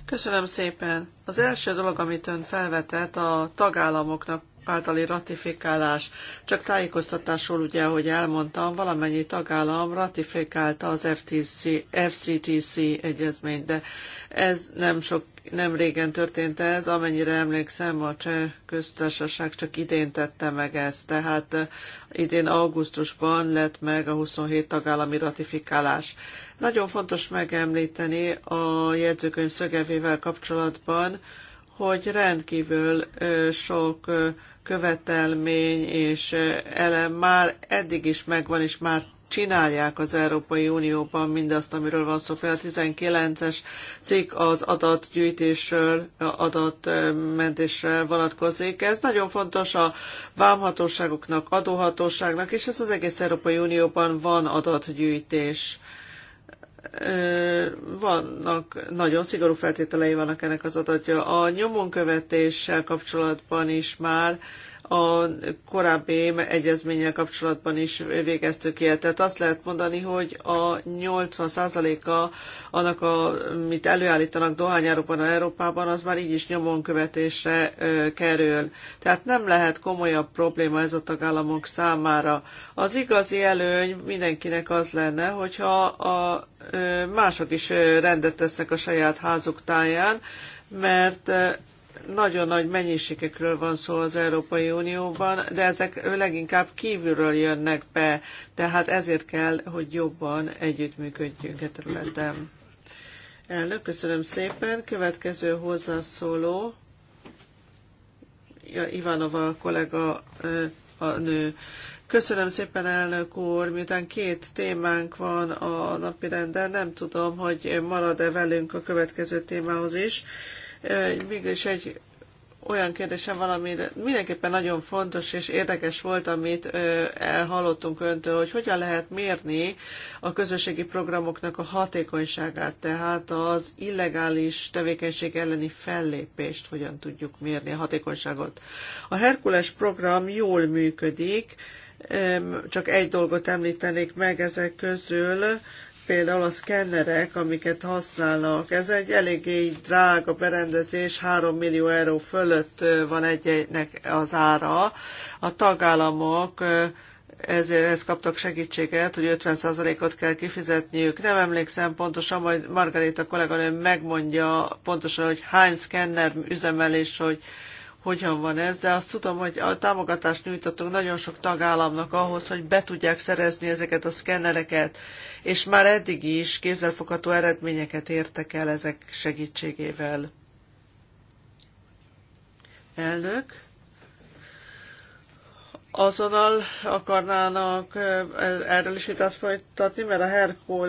Köszönöm szépen. Az első dolog, amit ön felvetett, a tagállamoknak általi ratifikálás. Csak tájékoztatásról ugye, ahogy elmondtam, valamennyi tagállam ratifikálta az FTC, FCTC egyezményt, de ez nem sok nem régen történt ez, amennyire emlékszem, a cseh köztársaság csak idén tette meg ezt, tehát eh, idén augusztusban lett meg a 27 tagállami ratifikálás. Nagyon fontos megemlíteni a jegyzőkönyv szögevével kapcsolatban, hogy rendkívül sok követelmény és elem már eddig is megvan, és már csinálják az Európai Unióban mindazt, amiről van szó. Például a 19-es cikk az adatgyűjtésről, adatmentésről vonatkozik. Ez nagyon fontos a vámhatóságoknak, adóhatóságnak, és ez az egész Európai Unióban van adatgyűjtés vannak, nagyon szigorú feltételei vannak ennek az adatja. A nyomonkövetéssel kapcsolatban is már a korábbi egyezménnyel kapcsolatban is végeztük ilyet. Tehát azt lehet mondani, hogy a 80%-a annak, amit előállítanak dohányárokban Európában, az már így is nyomon követésre kerül. Tehát nem lehet komolyabb probléma ez a tagállamok számára. Az igazi előny mindenkinek az lenne, hogyha a, mások is rendet tesznek a saját házuk táján, mert nagyon nagy mennyiségekről van szó az Európai Unióban, de ezek leginkább kívülről jönnek be, tehát ezért kell, hogy jobban együttműködjünk e területen. Elnök, köszönöm szépen. Következő hozzászóló, Ivanova kollega a nő. Köszönöm szépen, elnök úr. Miután két témánk van a napirenden, nem tudom, hogy marad-e velünk a következő témához is végül is egy olyan kérdésem van, ami mindenképpen nagyon fontos és érdekes volt, amit hallottunk öntől, hogy hogyan lehet mérni a közösségi programoknak a hatékonyságát, tehát az illegális tevékenység elleni fellépést hogyan tudjuk mérni, a hatékonyságot. A Herkules program jól működik, csak egy dolgot említenék meg ezek közül, például a szkennerek, amiket használnak, ez egy eléggé drága berendezés, 3 millió euró fölött van egynek az ára. A tagállamok ezért ezt kaptak segítséget, hogy 50%-ot kell kifizetniük. Nem emlékszem pontosan, majd Margarita kolléganőm megmondja pontosan, hogy hány szkenner üzemelés, hogy hogyan van ez, de azt tudom, hogy a támogatást nyújtottunk nagyon sok tagállamnak ahhoz, hogy be tudják szerezni ezeket a szkennereket, és már eddig is kézzelfogható eredményeket értek el ezek segítségével. Elnök azonnal akarnának erről is vitát folytatni, mert a Herpol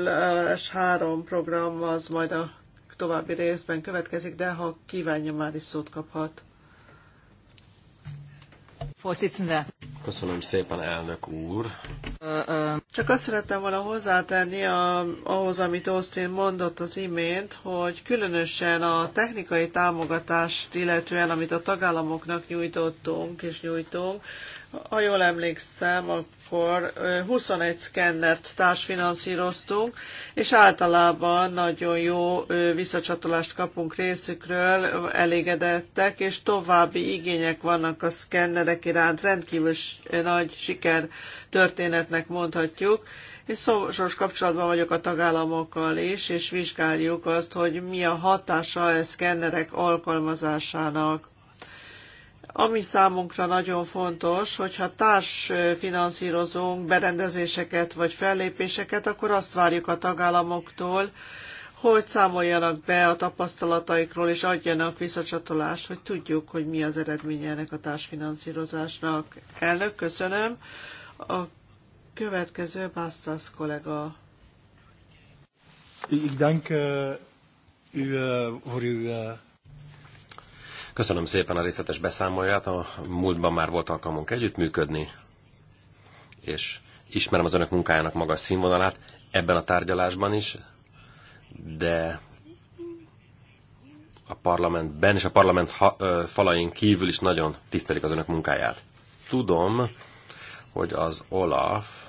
S3 program az majd a további részben következik, de ha kívánja, már is szót kaphat. Köszönöm szépen, elnök úr. Csak azt szerettem volna hozzátenni a, ahhoz, amit Austin mondott az imént, hogy különösen a technikai támogatást illetően, amit a tagállamoknak nyújtottunk és nyújtunk, ha jól emlékszem, a akkor 21 szkennert társfinanszíroztunk, és általában nagyon jó visszacsatolást kapunk részükről, elégedettek, és további igények vannak a szkennerek iránt, rendkívül nagy siker történetnek mondhatjuk, és szoros kapcsolatban vagyok a tagállamokkal is, és vizsgáljuk azt, hogy mi a hatása a e szkennerek alkalmazásának ami számunkra nagyon fontos, hogyha társfinanszírozunk berendezéseket vagy fellépéseket, akkor azt várjuk a tagállamoktól, hogy számoljanak be a tapasztalataikról, és adjanak visszacsatolást, hogy tudjuk, hogy mi az eredménye ennek a társfinanszírozásnak. Elnök, köszönöm. A következő Bastas kollega. Ik dank eh, eh, Köszönöm szépen a részletes beszámolját, a múltban már volt alkalmunk együttműködni, és ismerem az önök munkájának magas színvonalát ebben a tárgyalásban is, de a parlamentben és a parlament falain kívül is nagyon tisztelik az önök munkáját. Tudom, hogy az Olaf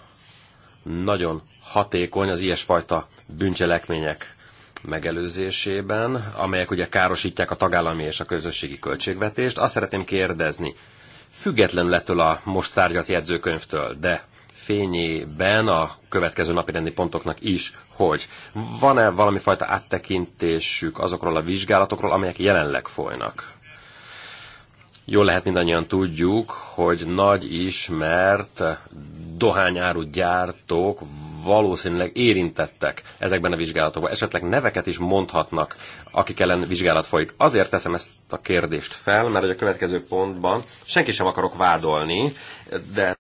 nagyon hatékony az ilyesfajta bűncselekmények megelőzésében, amelyek ugye károsítják a tagállami és a közösségi költségvetést. Azt szeretném kérdezni, függetlenül ettől a most tárgyat jegyzőkönyvtől, de fényében a következő napi rendi pontoknak is, hogy van-e valami fajta áttekintésük azokról a vizsgálatokról, amelyek jelenleg folynak? Jól lehet mindannyian tudjuk, hogy nagy ismert dohányáru gyártók valószínűleg érintettek ezekben a vizsgálatokban. Esetleg neveket is mondhatnak, akik ellen vizsgálat folyik. Azért teszem ezt a kérdést fel, mert hogy a következő pontban senki sem akarok vádolni, de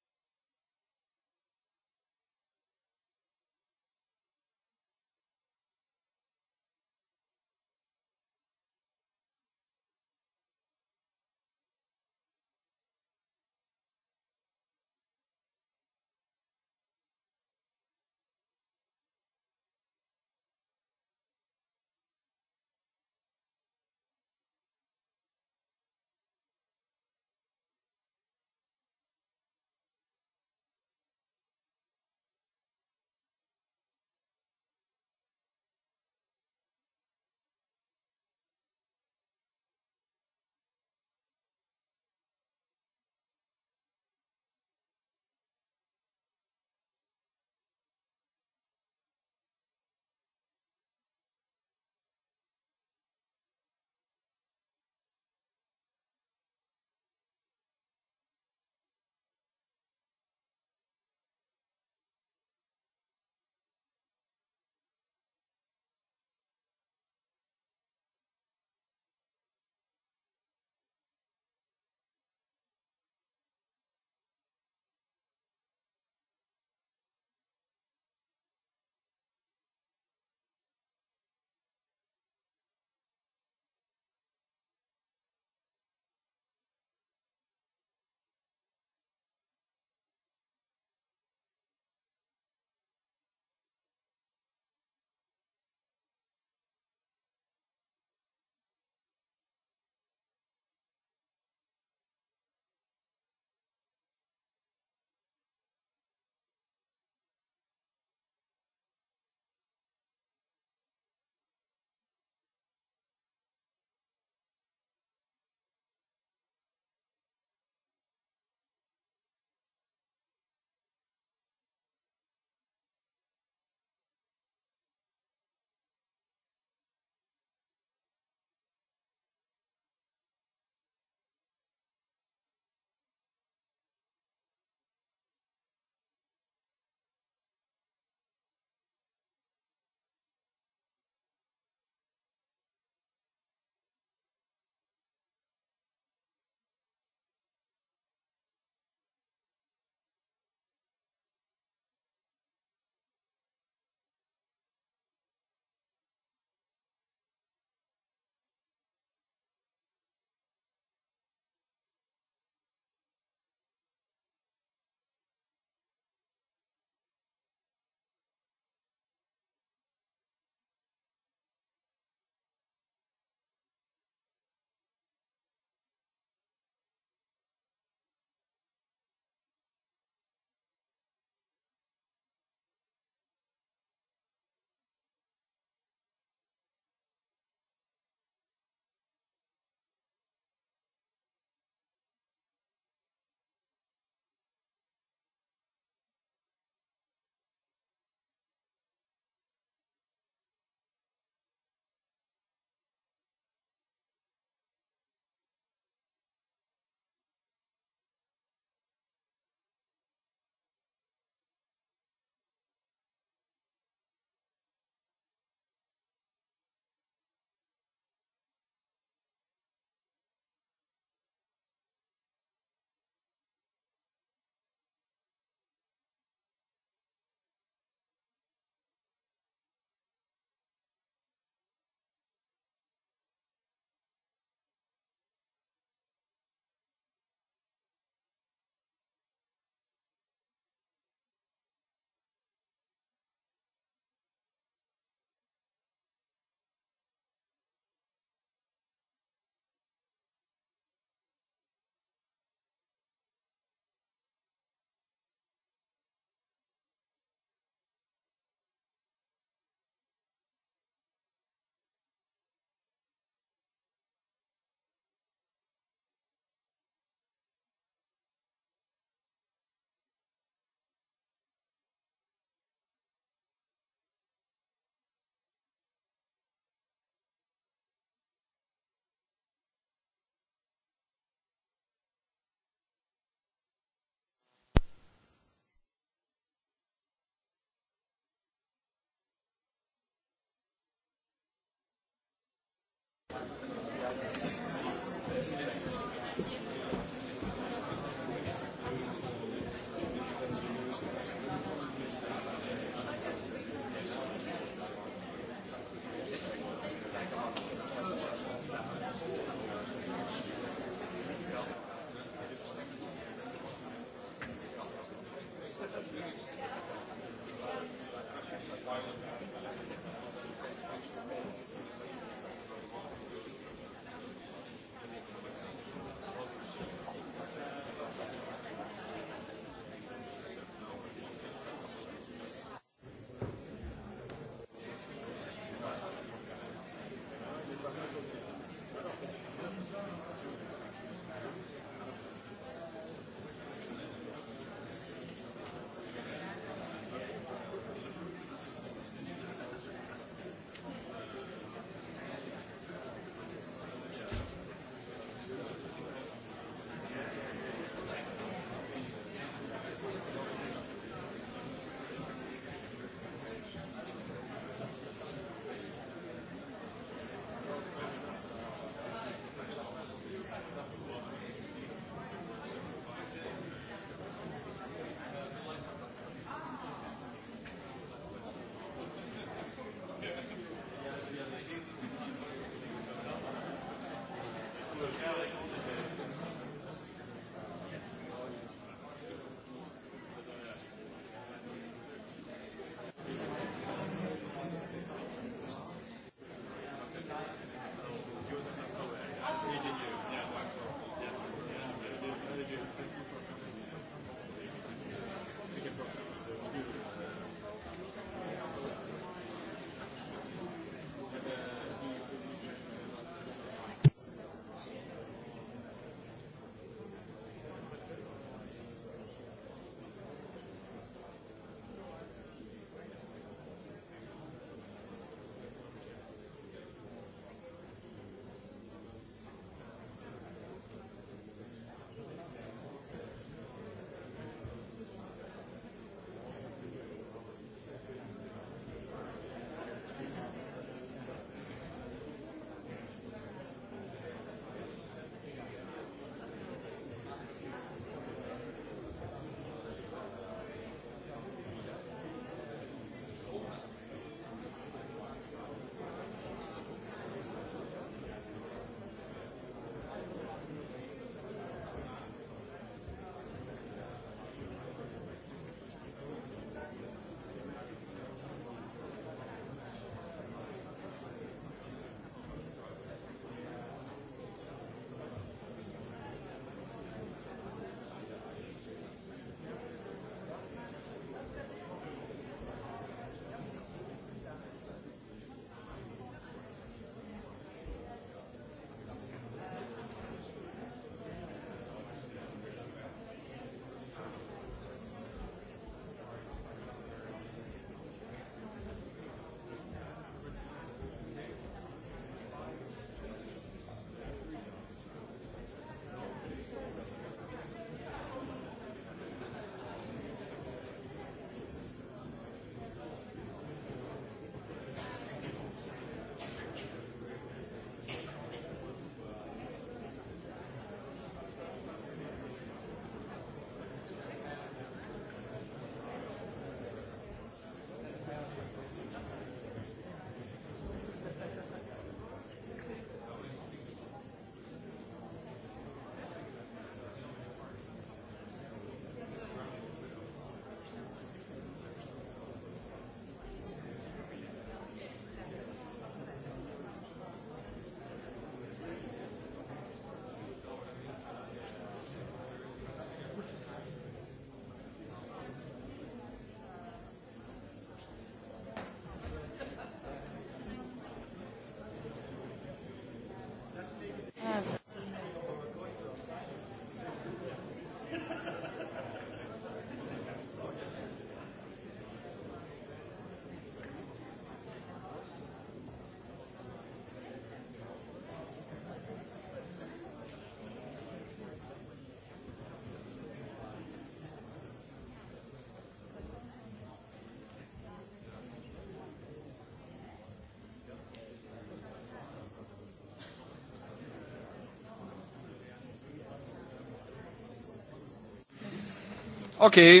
Okay.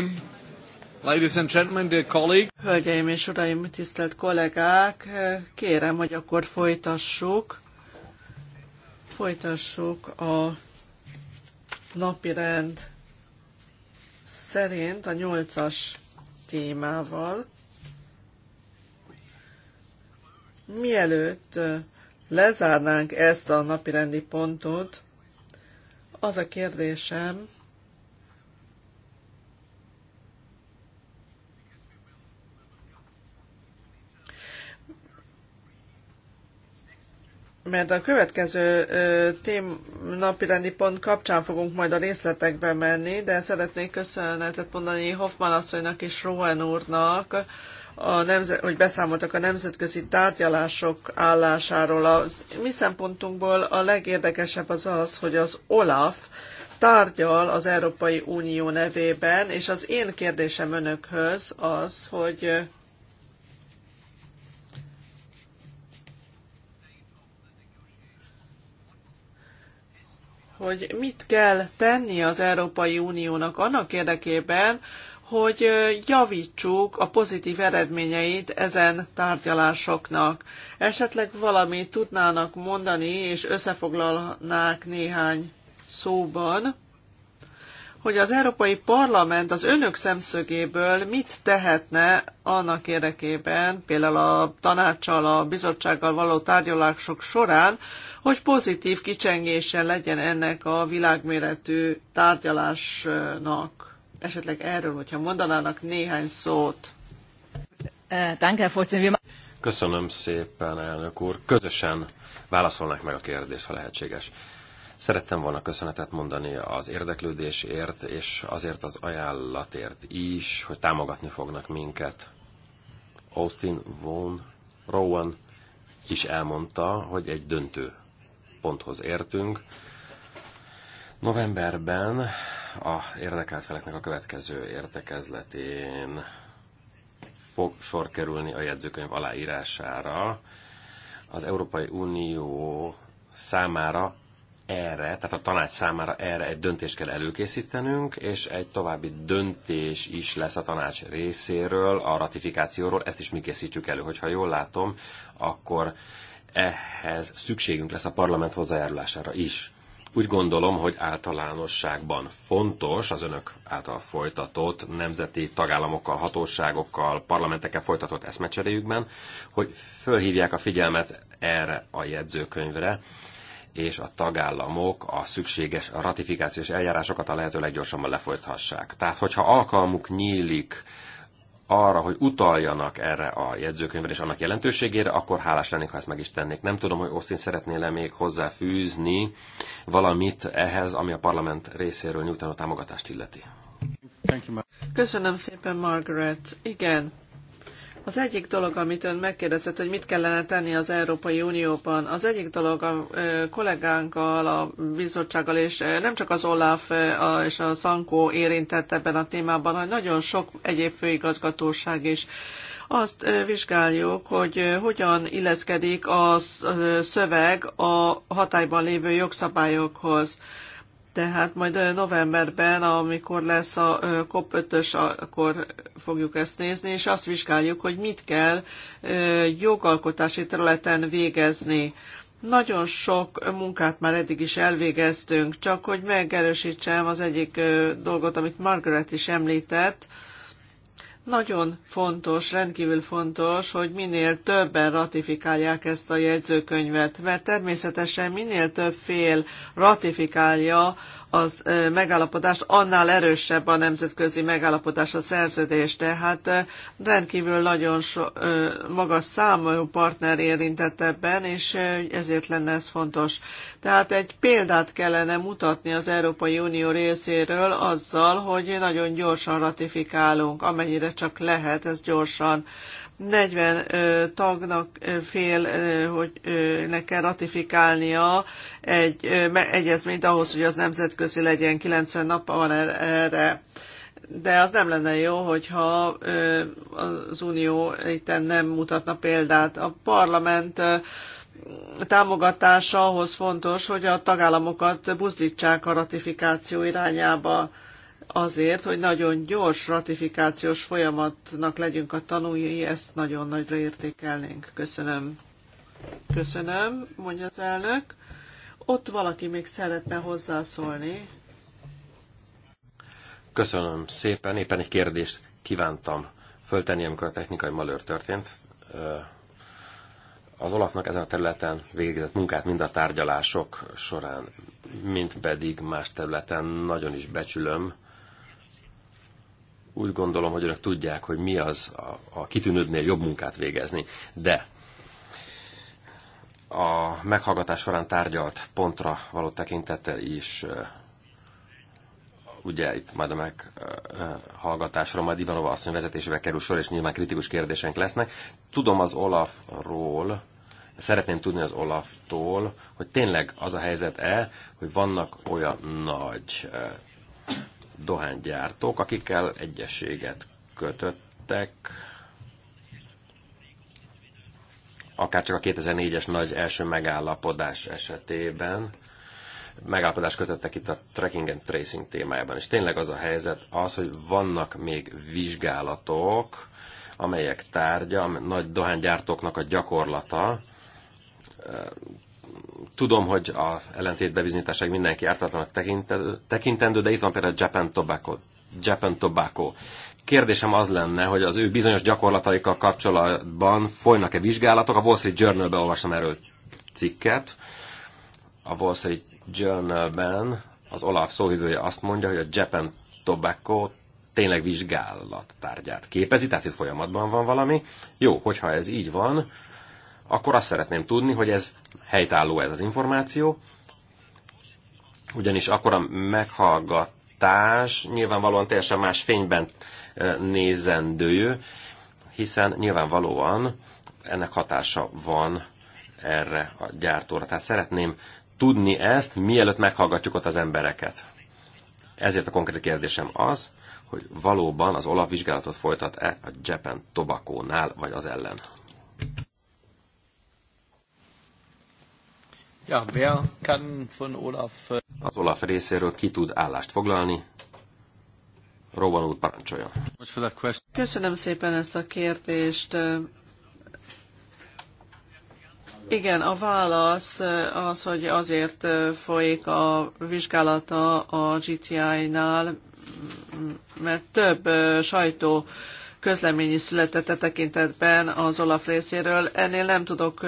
Ladies and gentlemen, dear colleague. Hölgyeim és uraim, tisztelt kollégák, kérem, hogy akkor folytassuk. Folytassuk a napirend szerint a nyolcas témával. Mielőtt lezárnánk ezt a napirendi pontot, az a kérdésem, mert a következő tém, napirendi pont kapcsán fogunk majd a részletekbe menni, de szeretnék köszönetet mondani Hoffman asszonynak és Rowan úrnak, a nemzet, hogy beszámoltak a nemzetközi tárgyalások állásáról. Az mi szempontunkból a legérdekesebb az az, hogy az OLAF tárgyal az Európai Unió nevében, és az én kérdésem önökhöz az, hogy hogy mit kell tenni az Európai Uniónak annak érdekében, hogy javítsuk a pozitív eredményeit ezen tárgyalásoknak. Esetleg valamit tudnának mondani, és összefoglalnák néhány szóban, hogy az Európai Parlament az önök szemszögéből mit tehetne annak érdekében, például a tanácssal, a bizottsággal való tárgyalások során, hogy pozitív kicsengése legyen ennek a világméretű tárgyalásnak. Esetleg erről, hogyha mondanának néhány szót. Köszönöm szépen, elnök úr. Közösen válaszolnak meg a kérdés, ha lehetséges. Szerettem volna köszönetet mondani az érdeklődésért, és azért az ajánlatért is, hogy támogatni fognak minket. Austin Von Rowan is elmondta, hogy egy döntő ponthoz értünk. Novemberben a érdekelt feleknek a következő értekezletén fog sor kerülni a jegyzőkönyv aláírására. Az Európai Unió számára erre, tehát a tanács számára erre egy döntést kell előkészítenünk, és egy további döntés is lesz a tanács részéről, a ratifikációról, ezt is mi készítjük elő. Hogyha jól látom, akkor ehhez szükségünk lesz a parlament hozzájárulására is. Úgy gondolom, hogy általánosságban fontos az önök által folytatott nemzeti tagállamokkal, hatóságokkal, parlamentekkel folytatott eszmecseréjükben, hogy fölhívják a figyelmet erre a jegyzőkönyvre, és a tagállamok a szükséges ratifikációs eljárásokat a lehető leggyorsabban lefolythassák. Tehát, hogyha alkalmuk nyílik arra, hogy utaljanak erre a jegyzőkönyvre és annak jelentőségére, akkor hálás lennék, ha ezt meg is tennék. Nem tudom, hogy Osztin szeretnél-e még hozzáfűzni valamit ehhez, ami a parlament részéről nyújtanó támogatást illeti. Köszönöm szépen, Margaret. Igen, az egyik dolog, amit ön megkérdezett, hogy mit kellene tenni az Európai Unióban, az egyik dolog a kollégánkkal, a bizottsággal, és nem csak az Olaf és a Szankó érintett ebben a témában, hanem nagyon sok egyéb főigazgatóság is azt vizsgáljuk, hogy hogyan illeszkedik a szöveg a hatályban lévő jogszabályokhoz. Tehát majd novemberben, amikor lesz a cop 5 akkor fogjuk ezt nézni, és azt vizsgáljuk, hogy mit kell jogalkotási területen végezni. Nagyon sok munkát már eddig is elvégeztünk, csak hogy megerősítsem az egyik dolgot, amit Margaret is említett, nagyon fontos, rendkívül fontos, hogy minél többen ratifikálják ezt a jegyzőkönyvet, mert természetesen minél több fél ratifikálja az megállapodás, annál erősebb a nemzetközi megállapodás, a szerződés. Tehát rendkívül nagyon so, magas számú partner érintett ebben, és ezért lenne ez fontos. Tehát egy példát kellene mutatni az Európai Unió részéről azzal, hogy nagyon gyorsan ratifikálunk, amennyire csak lehet, ez gyorsan. 40 tagnak fél, hogy ne kell ratifikálnia egy egyezményt ahhoz, hogy az nemzetközi legyen, 90 nap van er-, erre. De az nem lenne jó, hogyha az Unió itt nem mutatna példát. A parlament támogatása ahhoz fontos, hogy a tagállamokat buzdítsák a ratifikáció irányába azért, hogy nagyon gyors ratifikációs folyamatnak legyünk a tanúi, ezt nagyon nagyra értékelnénk. Köszönöm. Köszönöm, mondja az elnök. Ott valaki még szeretne hozzászólni. Köszönöm szépen. Éppen egy kérdést kívántam föltenni, amikor a technikai malőr történt. Az Olafnak ezen a területen végzett munkát mind a tárgyalások során, mint pedig más területen nagyon is becsülöm, úgy gondolom, hogy önök tudják, hogy mi az a, a kitűnődnél jobb munkát végezni. De a meghallgatás során tárgyalt pontra való tekintete is ugye itt majd a meghallgatásra majd Ivanova asszony vezetésével kerül sor, és nyilván kritikus kérdésenk lesznek. Tudom az Olafról, szeretném tudni az Olaftól, hogy tényleg az a helyzet-e, hogy vannak olyan nagy dohánygyártók, akikkel egyességet kötöttek, akár csak a 2004-es nagy első megállapodás esetében megállapodást kötöttek itt a tracking and tracing témájában. És tényleg az a helyzet az, hogy vannak még vizsgálatok, amelyek tárgya, nagy dohánygyártóknak a gyakorlata, Tudom, hogy a ellentét bebizonyításág mindenki ártatlanak tekintendő, de itt van például Japan Tobacco. Japan Tobacco. Kérdésem az lenne, hogy az ő bizonyos gyakorlataikkal kapcsolatban folynak-e vizsgálatok. A Wall Street Journal-be olvastam erről cikket. A Wall Street Journal-ben az Olaf szóhívője azt mondja, hogy a Japan Tobacco tényleg vizsgálat tárgyát képezi, tehát itt folyamatban van valami. Jó, hogyha ez így van, akkor azt szeretném tudni, hogy ez helytálló ez az információ, ugyanis akkor a meghallgatás nyilvánvalóan teljesen más fényben nézendő, hiszen nyilvánvalóan ennek hatása van erre a gyártóra. Tehát szeretném tudni ezt, mielőtt meghallgatjuk ott az embereket. Ezért a konkrét kérdésem az, hogy valóban az olapvizsgálatot folytat-e a Japan Tobacco-nál, vagy az ellen. Ja, wer kann von Olaf... Äh, az Olaf részéről ki tud állást foglalni? Rovan úr parancsolja. Köszönöm szépen ezt a kérdést. Igen, a válasz az, hogy azért folyik a vizsgálata a GCI-nál, mert több sajtó közlemény is született a e tekintetben az Olaf részéről. Ennél nem tudok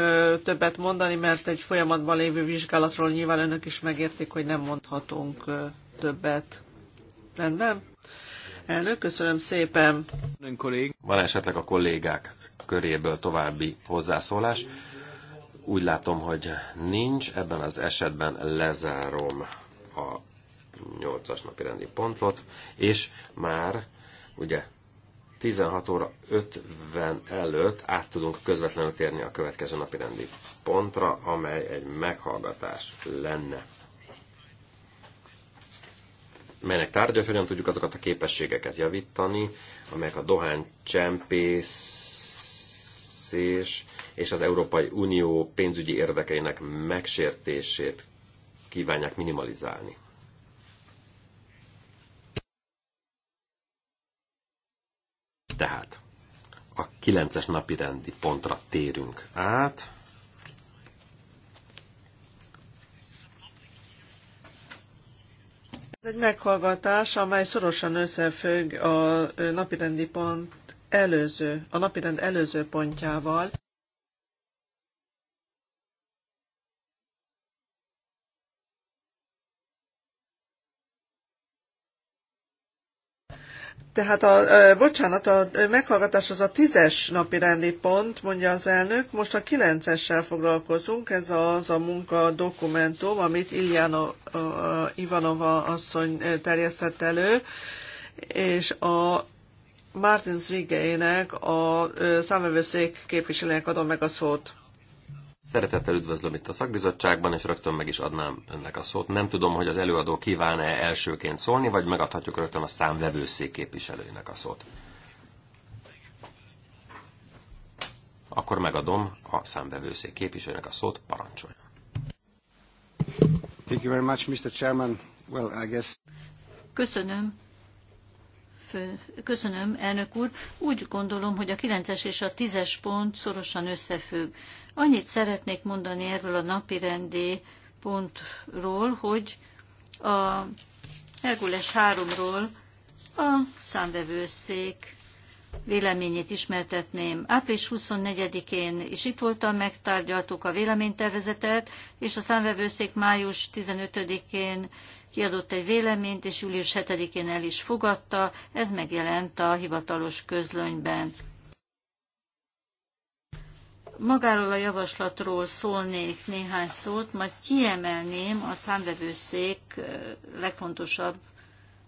többet mondani, mert egy folyamatban lévő vizsgálatról nyilván önök is megértik, hogy nem mondhatunk többet. Rendben? Elnök, köszönöm szépen. Van esetleg a kollégák köréből további hozzászólás? Úgy látom, hogy nincs. Ebben az esetben lezárom a 8-as napi rendi pontot, és már ugye 16 óra 50 előtt át tudunk közvetlenül térni a következő napi rendi pontra, amely egy meghallgatás lenne melynek tárgya, hogyan tudjuk azokat a képességeket javítani, amelyek a dohány csempészés és az Európai Unió pénzügyi érdekeinek megsértését kívánják minimalizálni. Tehát a 9-es napi rendi pontra térünk át. Ez egy meghallgatás, amely szorosan összefügg a napirendi pont előző, a napirend előző pontjával. Tehát a, bocsánat, a meghallgatás az a tízes napi rendi pont, mondja az elnök. Most a kilencessel foglalkozunk, ez az a munka dokumentum, amit Iljana Ivanova asszony terjesztett elő, és a Martin Zrigeinek, a számövőszék képviselőnek adom meg a szót. Szeretettel üdvözlöm itt a szakbizottságban, és rögtön meg is adnám önnek a szót. Nem tudom, hogy az előadó kíván-e elsőként szólni, vagy megadhatjuk rögtön a számvevőszék képviselőinek a szót. Akkor megadom a számvevőszék képviselőnek a szót, parancsoljon. Thank you very much, Mr. Chairman. Well, I guess... Köszönöm, köszönöm, elnök úr. Úgy gondolom, hogy a 9-es és a 10-es pont szorosan összefügg. Annyit szeretnék mondani erről a napirendi pontról, hogy a Hergules 3-ról a számvevőszék véleményét ismertetném. Április 24-én is itt voltam, megtárgyaltuk a véleménytervezetet, és a számvevőszék május 15-én kiadott egy véleményt, és július 7-én el is fogadta, ez megjelent a hivatalos közlönyben. Magáról a javaslatról szólnék néhány szót, majd kiemelném a számvevőszék legfontosabb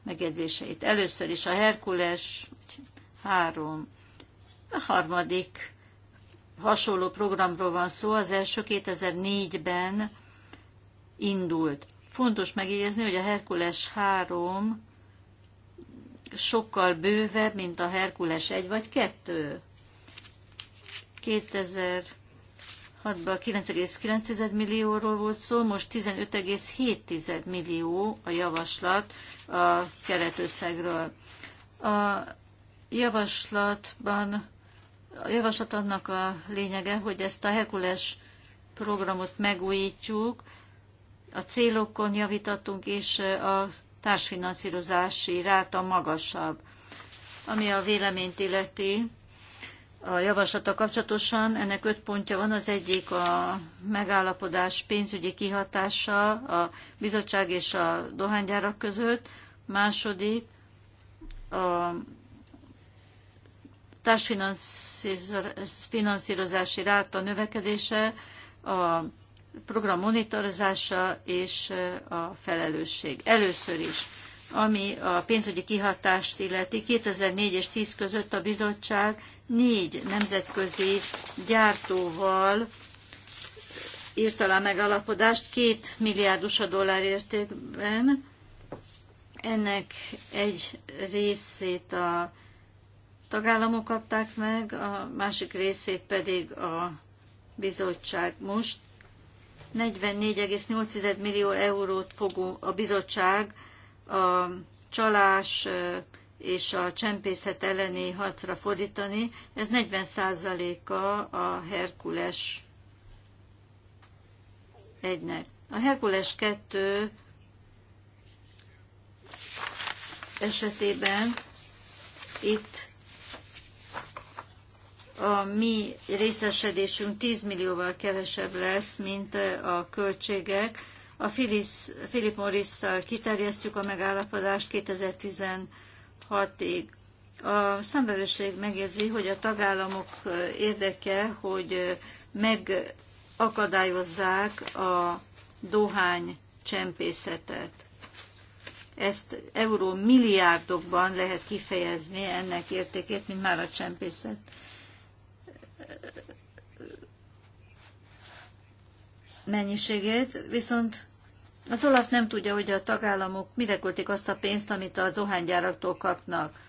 megjegyzéseit. Először is a Herkules 3, a harmadik hasonló programról van szó, az első 2004-ben indult. Fontos megjegyezni, hogy a Herkules 3 sokkal bővebb, mint a Herkules 1 vagy 2. 2006-ban 9,9 millióról volt szó, most 15,7 millió a javaslat a keretösszegről. A javaslatban a javaslat annak a lényege, hogy ezt a Herkules programot megújítjuk, a célokon javítottunk, és a társfinanszírozási ráta magasabb. Ami a véleményt illeti, a javaslata kapcsolatosan ennek öt pontja van. Az egyik a megállapodás pénzügyi kihatása a bizottság és a dohánygyárak között. Második a társfinanszírozási ráta növekedése a program monitorozása és a felelősség. Először is, ami a pénzügyi kihatást illeti, 2004 és 10 között a bizottság négy nemzetközi gyártóval írt alá megalapodást két milliárdus a dollár értékben. Ennek egy részét a tagállamok kapták meg, a másik részét pedig a bizottság most 44,8 millió eurót fog a bizottság a csalás és a csempészet elleni harcra fordítani. Ez 40%-a a Herkules egynek. A Herkules 2 esetében itt a mi részesedésünk 10 millióval kevesebb lesz, mint a költségek. A Philip Morris-szal kiterjesztjük a megállapodást 2016-ig. A számbevőség megjegyzi, hogy a tagállamok érdeke, hogy megakadályozzák a dohány csempészetet. Ezt euró milliárdokban lehet kifejezni ennek értékét, mint már a csempészet mennyiségét, viszont az Olaf nem tudja, hogy a tagállamok mire költik azt a pénzt, amit a dohánygyáraktól kapnak.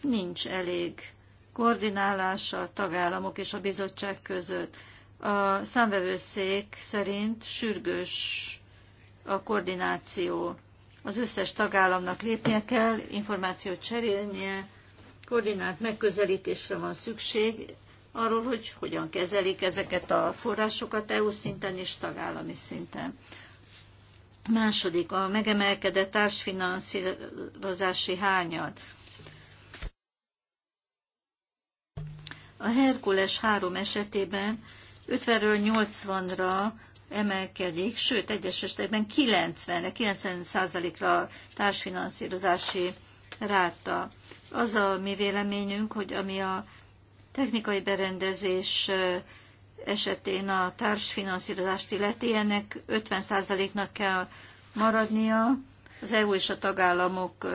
Nincs elég koordinálás a tagállamok és a bizottság között. A számvevőszék szerint sürgős a koordináció. Az összes tagállamnak lépnie kell, információt cserélnie, koordinált megközelítésre van szükség arról, hogy hogyan kezelik ezeket a forrásokat EU szinten és tagállami szinten. Második, a megemelkedett társfinanszírozási hányad. A Herkules 3 esetében 50-ről 80-ra emelkedik, sőt, egyes esetekben 90-re, 90%-ra társfinanszírozási ráta. Az a mi véleményünk, hogy ami a technikai berendezés esetén a társfinanszírozást illeti, ennek 50%-nak kell maradnia az EU és a tagállamok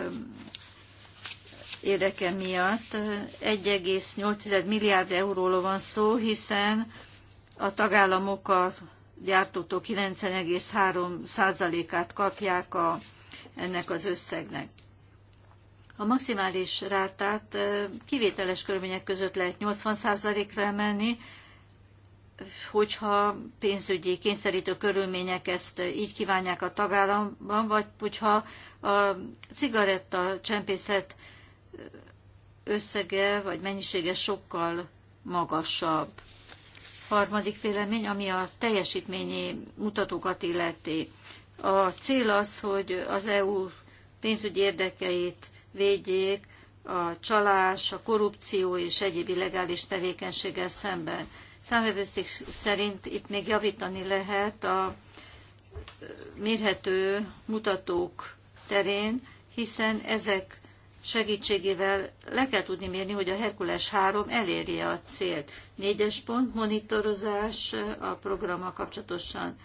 érdeke miatt. 1,8 milliárd euróról van szó, hiszen a tagállamok a gyártótól 9,3%-át kapják a, ennek az összegnek. A maximális rátát kivételes körülmények között lehet 80%-ra emelni, hogyha pénzügyi kényszerítő körülmények ezt így kívánják a tagállamban, vagy hogyha a cigaretta csempészet összege vagy mennyisége sokkal magasabb. Harmadik vélemény, ami a teljesítményi mutatókat illeti. A cél az, hogy az EU pénzügyi érdekeit védjék a csalás, a korrupció és egyéb illegális tevékenységgel szemben. Számvevőszék szerint itt még javítani lehet a mérhető mutatók terén, hiszen ezek segítségével le kell tudni mérni, hogy a Herkules 3 elérje a célt. Négyes pont, monitorozás a programmal kapcsolatosan.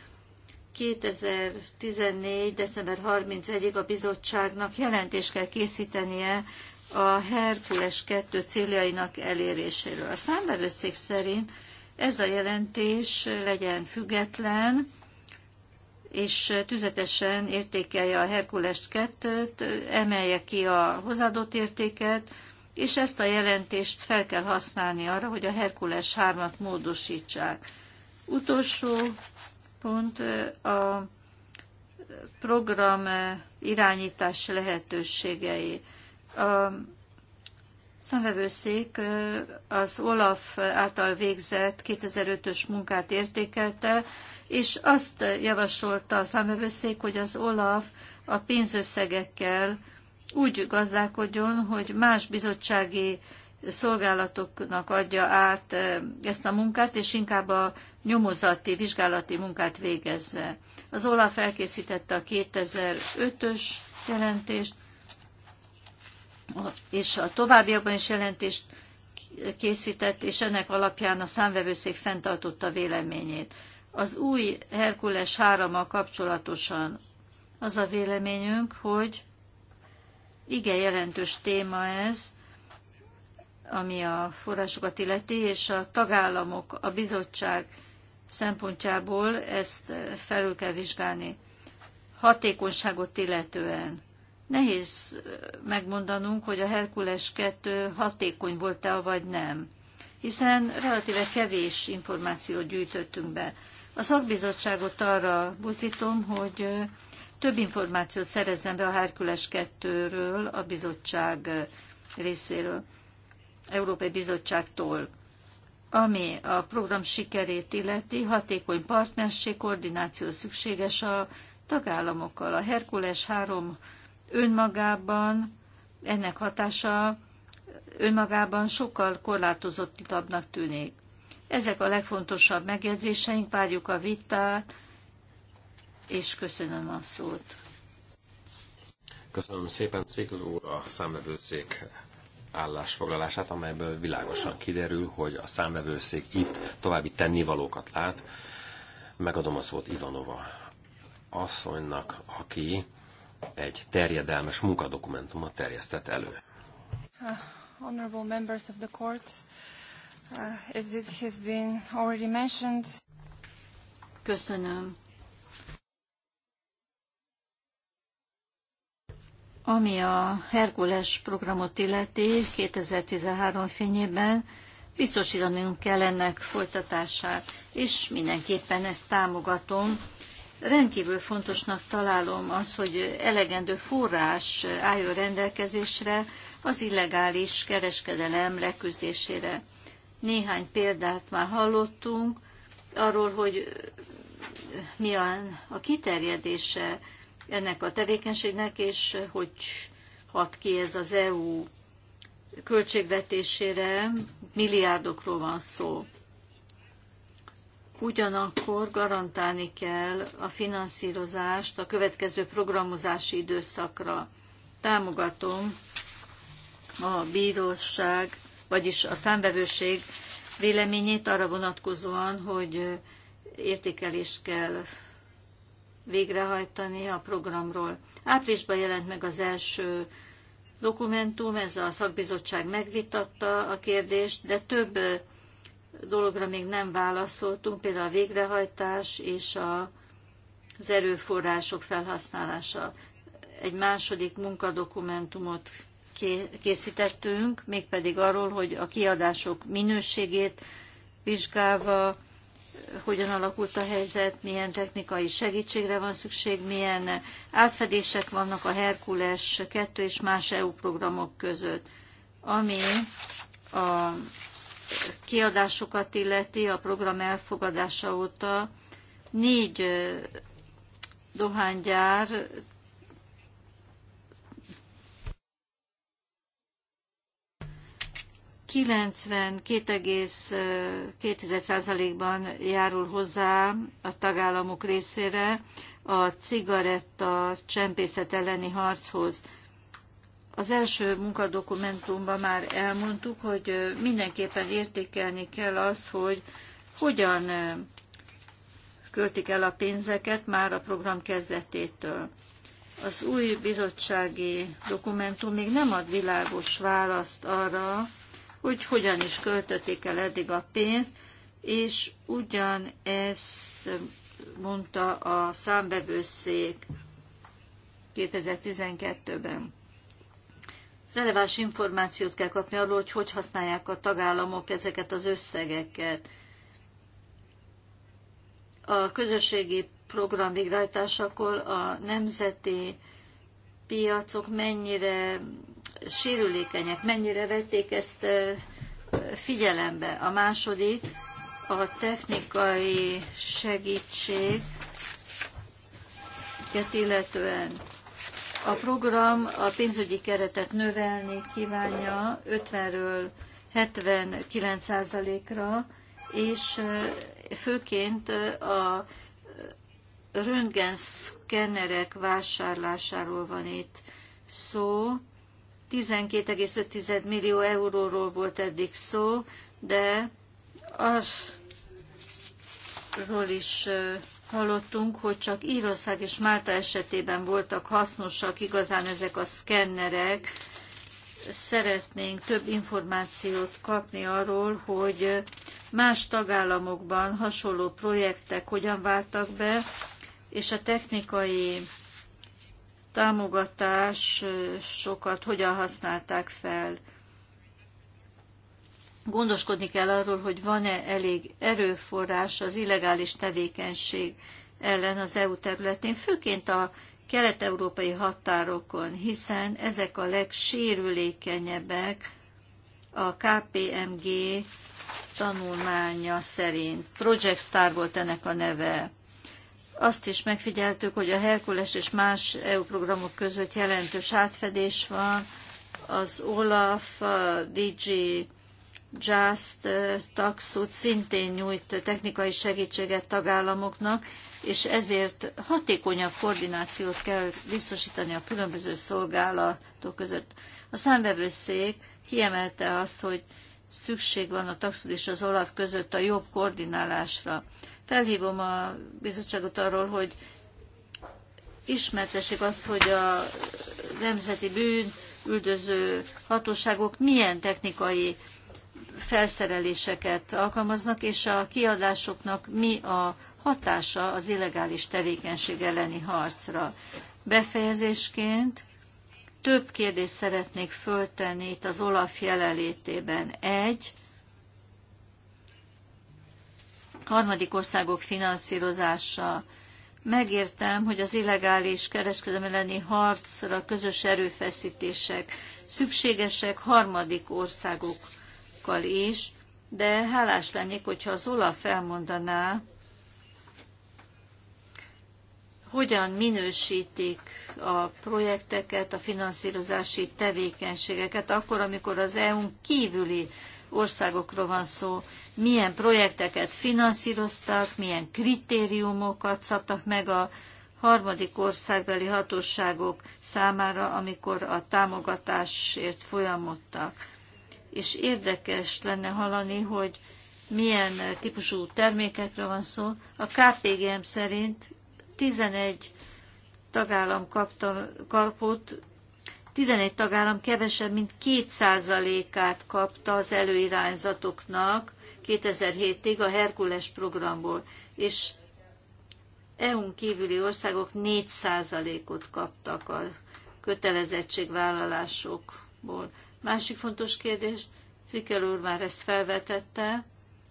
2014. december 31-ig a bizottságnak jelentést kell készítenie a Herkules 2 céljainak eléréséről. A számbevőszék szerint ez a jelentés legyen független, és tüzetesen értékelje a Herkules 2-t, emelje ki a hozadott értéket, és ezt a jelentést fel kell használni arra, hogy a Herkules 3-at módosítsák. Utolsó pont a program irányítás lehetőségei. A szemvevőszék az Olaf által végzett 2005-ös munkát értékelte, és azt javasolta a szemvevőszék, hogy az Olaf a pénzösszegekkel úgy gazdálkodjon, hogy más bizottsági szolgálatoknak adja át ezt a munkát, és inkább a nyomozati, vizsgálati munkát végezze. Az OLAF elkészítette a 2005-ös jelentést, és a továbbiakban is jelentést készített, és ennek alapján a számvevőszék fenntartotta véleményét. Az új Herkules 3 kapcsolatosan az a véleményünk, hogy igen jelentős téma ez, ami a forrásokat illeti, és a tagállamok, a bizottság szempontjából ezt felül kell vizsgálni. Hatékonyságot illetően. Nehéz megmondanunk, hogy a Herkules 2 hatékony volt-e, vagy nem, hiszen relatíve kevés információt gyűjtöttünk be. A szakbizottságot arra buzdítom, hogy több információt szerezzen be a Herkules 2-ről a bizottság részéről. Európai Bizottságtól. Ami a program sikerét illeti, hatékony partnerség, koordináció szükséges a tagállamokkal. A Herkules 3 önmagában ennek hatása önmagában sokkal korlátozottabbnak tűnik. Ezek a legfontosabb megjegyzéseink, várjuk a vitát, és köszönöm a szót. Köszönöm szépen, Trigl úr, a számlevőszék állásfoglalását, amelyből világosan kiderül, hogy a számvevőszék itt további tennivalókat lát. Megadom a szót Ivanova asszonynak, aki egy terjedelmes munkadokumentumot terjesztett elő. Uh, honorable members of the court, uh, as it has been already mentioned. Köszönöm. Ami a Herkules programot illeti 2013 fényében, biztosítanunk kell ennek folytatását, és mindenképpen ezt támogatom. Rendkívül fontosnak találom az, hogy elegendő forrás álljon rendelkezésre az illegális kereskedelem leküzdésére. Néhány példát már hallottunk arról, hogy milyen a kiterjedése ennek a tevékenységnek, és hogy hat ki ez az EU költségvetésére, milliárdokról van szó. Ugyanakkor garantálni kell a finanszírozást a következő programozási időszakra. Támogatom a bíróság, vagyis a számbevőség véleményét arra vonatkozóan, hogy értékelést kell végrehajtani a programról. Áprilisban jelent meg az első dokumentum, ez a szakbizottság megvitatta a kérdést, de több dologra még nem válaszoltunk, például a végrehajtás és a, az erőforrások felhasználása. Egy második munkadokumentumot készítettünk, mégpedig arról, hogy a kiadások minőségét vizsgálva hogyan alakult a helyzet, milyen technikai segítségre van szükség, milyen átfedések vannak a Herkules 2 és más EU programok között, ami a kiadásokat illeti a program elfogadása óta négy dohánygyár 92,2%-ban járul hozzá a tagállamok részére a cigaretta csempészet elleni harchoz. Az első munkadokumentumban már elmondtuk, hogy mindenképpen értékelni kell az, hogy hogyan költik el a pénzeket már a program kezdetétől. Az új bizottsági dokumentum még nem ad világos választ arra, hogy hogyan is költötték el eddig a pénzt, és ugyan ezt mondta a számbevőszék 2012-ben. Releváns információt kell kapni arról, hogy hogy használják a tagállamok ezeket az összegeket. A közösségi program végrehajtásakor a nemzeti piacok mennyire sérülékenyek, mennyire vették ezt figyelembe. A második, a technikai segítség illetően a program a pénzügyi keretet növelni kívánja 50-ről 79%-ra, és főként a röntgenszkennerek vásárlásáról van itt szó, 12,5 millió euróról volt eddig szó, de arról is hallottunk, hogy csak Írország és Málta esetében voltak hasznosak igazán ezek a szkennerek. Szeretnénk több információt kapni arról, hogy más tagállamokban hasonló projektek hogyan váltak be, és a technikai támogatás eh, sokat hogyan használták fel. Gondoskodni kell arról, hogy van-e elég erőforrás az illegális tevékenység ellen az EU területén, főként a kelet-európai határokon, hiszen ezek a legsérülékenyebbek a KPMG tanulmánya szerint. Project Star volt ennek a neve. Azt is megfigyeltük, hogy a Herkules és más EU programok között jelentős átfedés van. Az OLAF, a DG Just Taxut szintén nyújt technikai segítséget tagállamoknak, és ezért hatékonyabb koordinációt kell biztosítani a különböző szolgálatok között. A számvevőszék kiemelte azt, hogy szükség van a taxud és az OLAF között a jobb koordinálásra. Felhívom a bizottságot arról, hogy ismertessék azt, hogy a nemzeti bűn üldöző hatóságok milyen technikai felszereléseket alkalmaznak, és a kiadásoknak mi a hatása az illegális tevékenység elleni harcra. Befejezésként több kérdést szeretnék föltenni itt az Olaf jelenlétében. Egy, harmadik országok finanszírozása. Megértem, hogy az illegális kereskedelmi elleni harcra közös erőfeszítések szükségesek harmadik országokkal is, de hálás lennék, hogyha az Olaf felmondaná, hogyan minősítik a projekteket, a finanszírozási tevékenységeket, akkor, amikor az EU-n kívüli országokról van szó, milyen projekteket finanszíroztak, milyen kritériumokat szabtak meg a harmadik országbeli hatóságok számára, amikor a támogatásért folyamodtak. És érdekes lenne hallani, hogy milyen típusú termékekről van szó. A KPGM szerint 11 tagállam kapta, kapott, 11 tagállam kevesebb, mint 2%-át kapta az előirányzatoknak 2007-ig a Herkules programból, és EU-n kívüli országok 4%-ot kaptak a kötelezettségvállalásokból. Másik fontos kérdés, Cikel úr már ezt felvetette,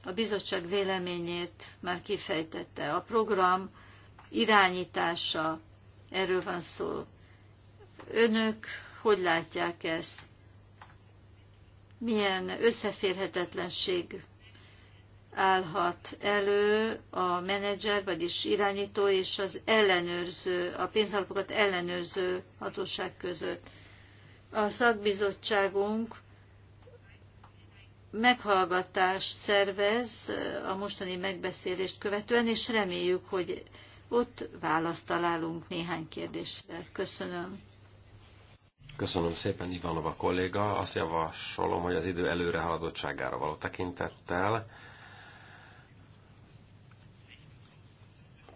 a bizottság véleményét már kifejtette. A program irányítása. Erről van szó. Önök hogy látják ezt? Milyen összeférhetetlenség állhat elő a menedzser, vagyis irányító és az ellenőrző, a pénzalapokat ellenőrző hatóság között. A szakbizottságunk meghallgatást szervez a mostani megbeszélést követően, és reméljük, hogy ott választ találunk néhány kérdésre. Köszönöm. Köszönöm szépen, Ivanova kolléga. Azt javasolom, hogy az idő előre haladottságára való tekintettel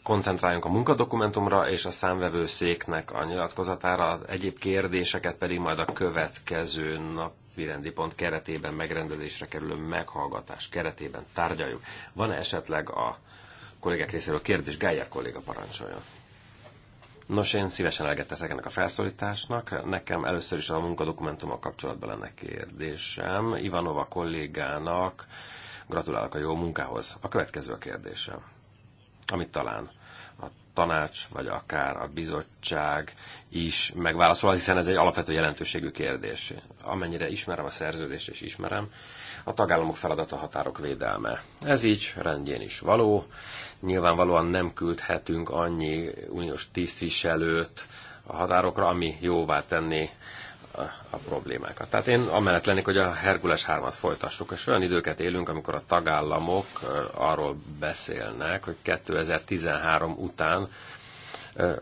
koncentráljunk a munkadokumentumra és a számvevőszéknek a nyilatkozatára, az egyéb kérdéseket pedig majd a következő rendi pont keretében megrendezésre kerülő meghallgatás keretében tárgyaljuk. Van -e esetleg a kollégák részéről kérdés, Gájer kolléga parancsolja. Nos, én szívesen teszek ennek a felszólításnak. Nekem először is a munkadokumentummal kapcsolatban lenne kérdésem. Ivanova kollégának gratulálok a jó munkához. A következő a kérdésem, amit talán a tanács, vagy akár a bizottság is megválaszol, hiszen ez egy alapvető jelentőségű kérdés. Amennyire ismerem a szerződést, és ismerem, a tagállamok feladata határok védelme. Ez így rendjén is való. Nyilvánvalóan nem küldhetünk annyi uniós tisztviselőt a határokra, ami jóvá tenni a problémákat. Tehát én amellett lennék, hogy a Herkules 3-at folytassuk, és olyan időket élünk, amikor a tagállamok arról beszélnek, hogy 2013 után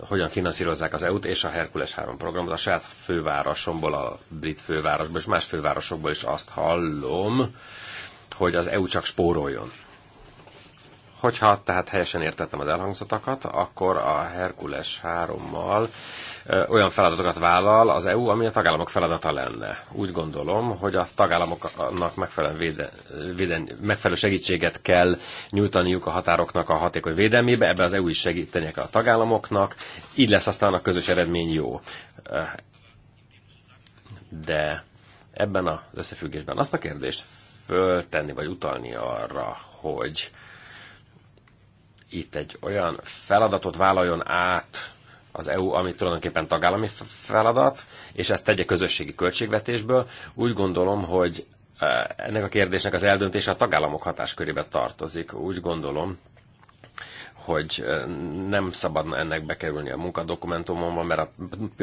hogyan finanszírozzák az EU-t és a Herkules 3 programot. A saját fővárosomból, a brit fővárosból és más fővárosokból is azt hallom, hogy az EU csak spóroljon. Hogyha tehát helyesen értettem az elhangzatokat, akkor a Herkules 3-mal olyan feladatokat vállal az EU, ami a tagállamok feladata lenne. Úgy gondolom, hogy a tagállamoknak megfelelően véde, véde, megfelelő segítséget kell nyújtaniuk a határoknak a hatékony védelmébe, ebbe az EU is segítenie kell a tagállamoknak, így lesz aztán a közös eredmény jó. De ebben az összefüggésben azt a kérdést föltenni, vagy utalni arra, hogy itt egy olyan feladatot vállaljon át az EU, ami tulajdonképpen tagállami feladat, és ezt tegye közösségi költségvetésből. Úgy gondolom, hogy e, ennek a kérdésnek az eldöntése a tagállamok hatáskörébe tartozik. Úgy gondolom, hogy e, nem szabadna ennek bekerülni a munkadokumentumban, mert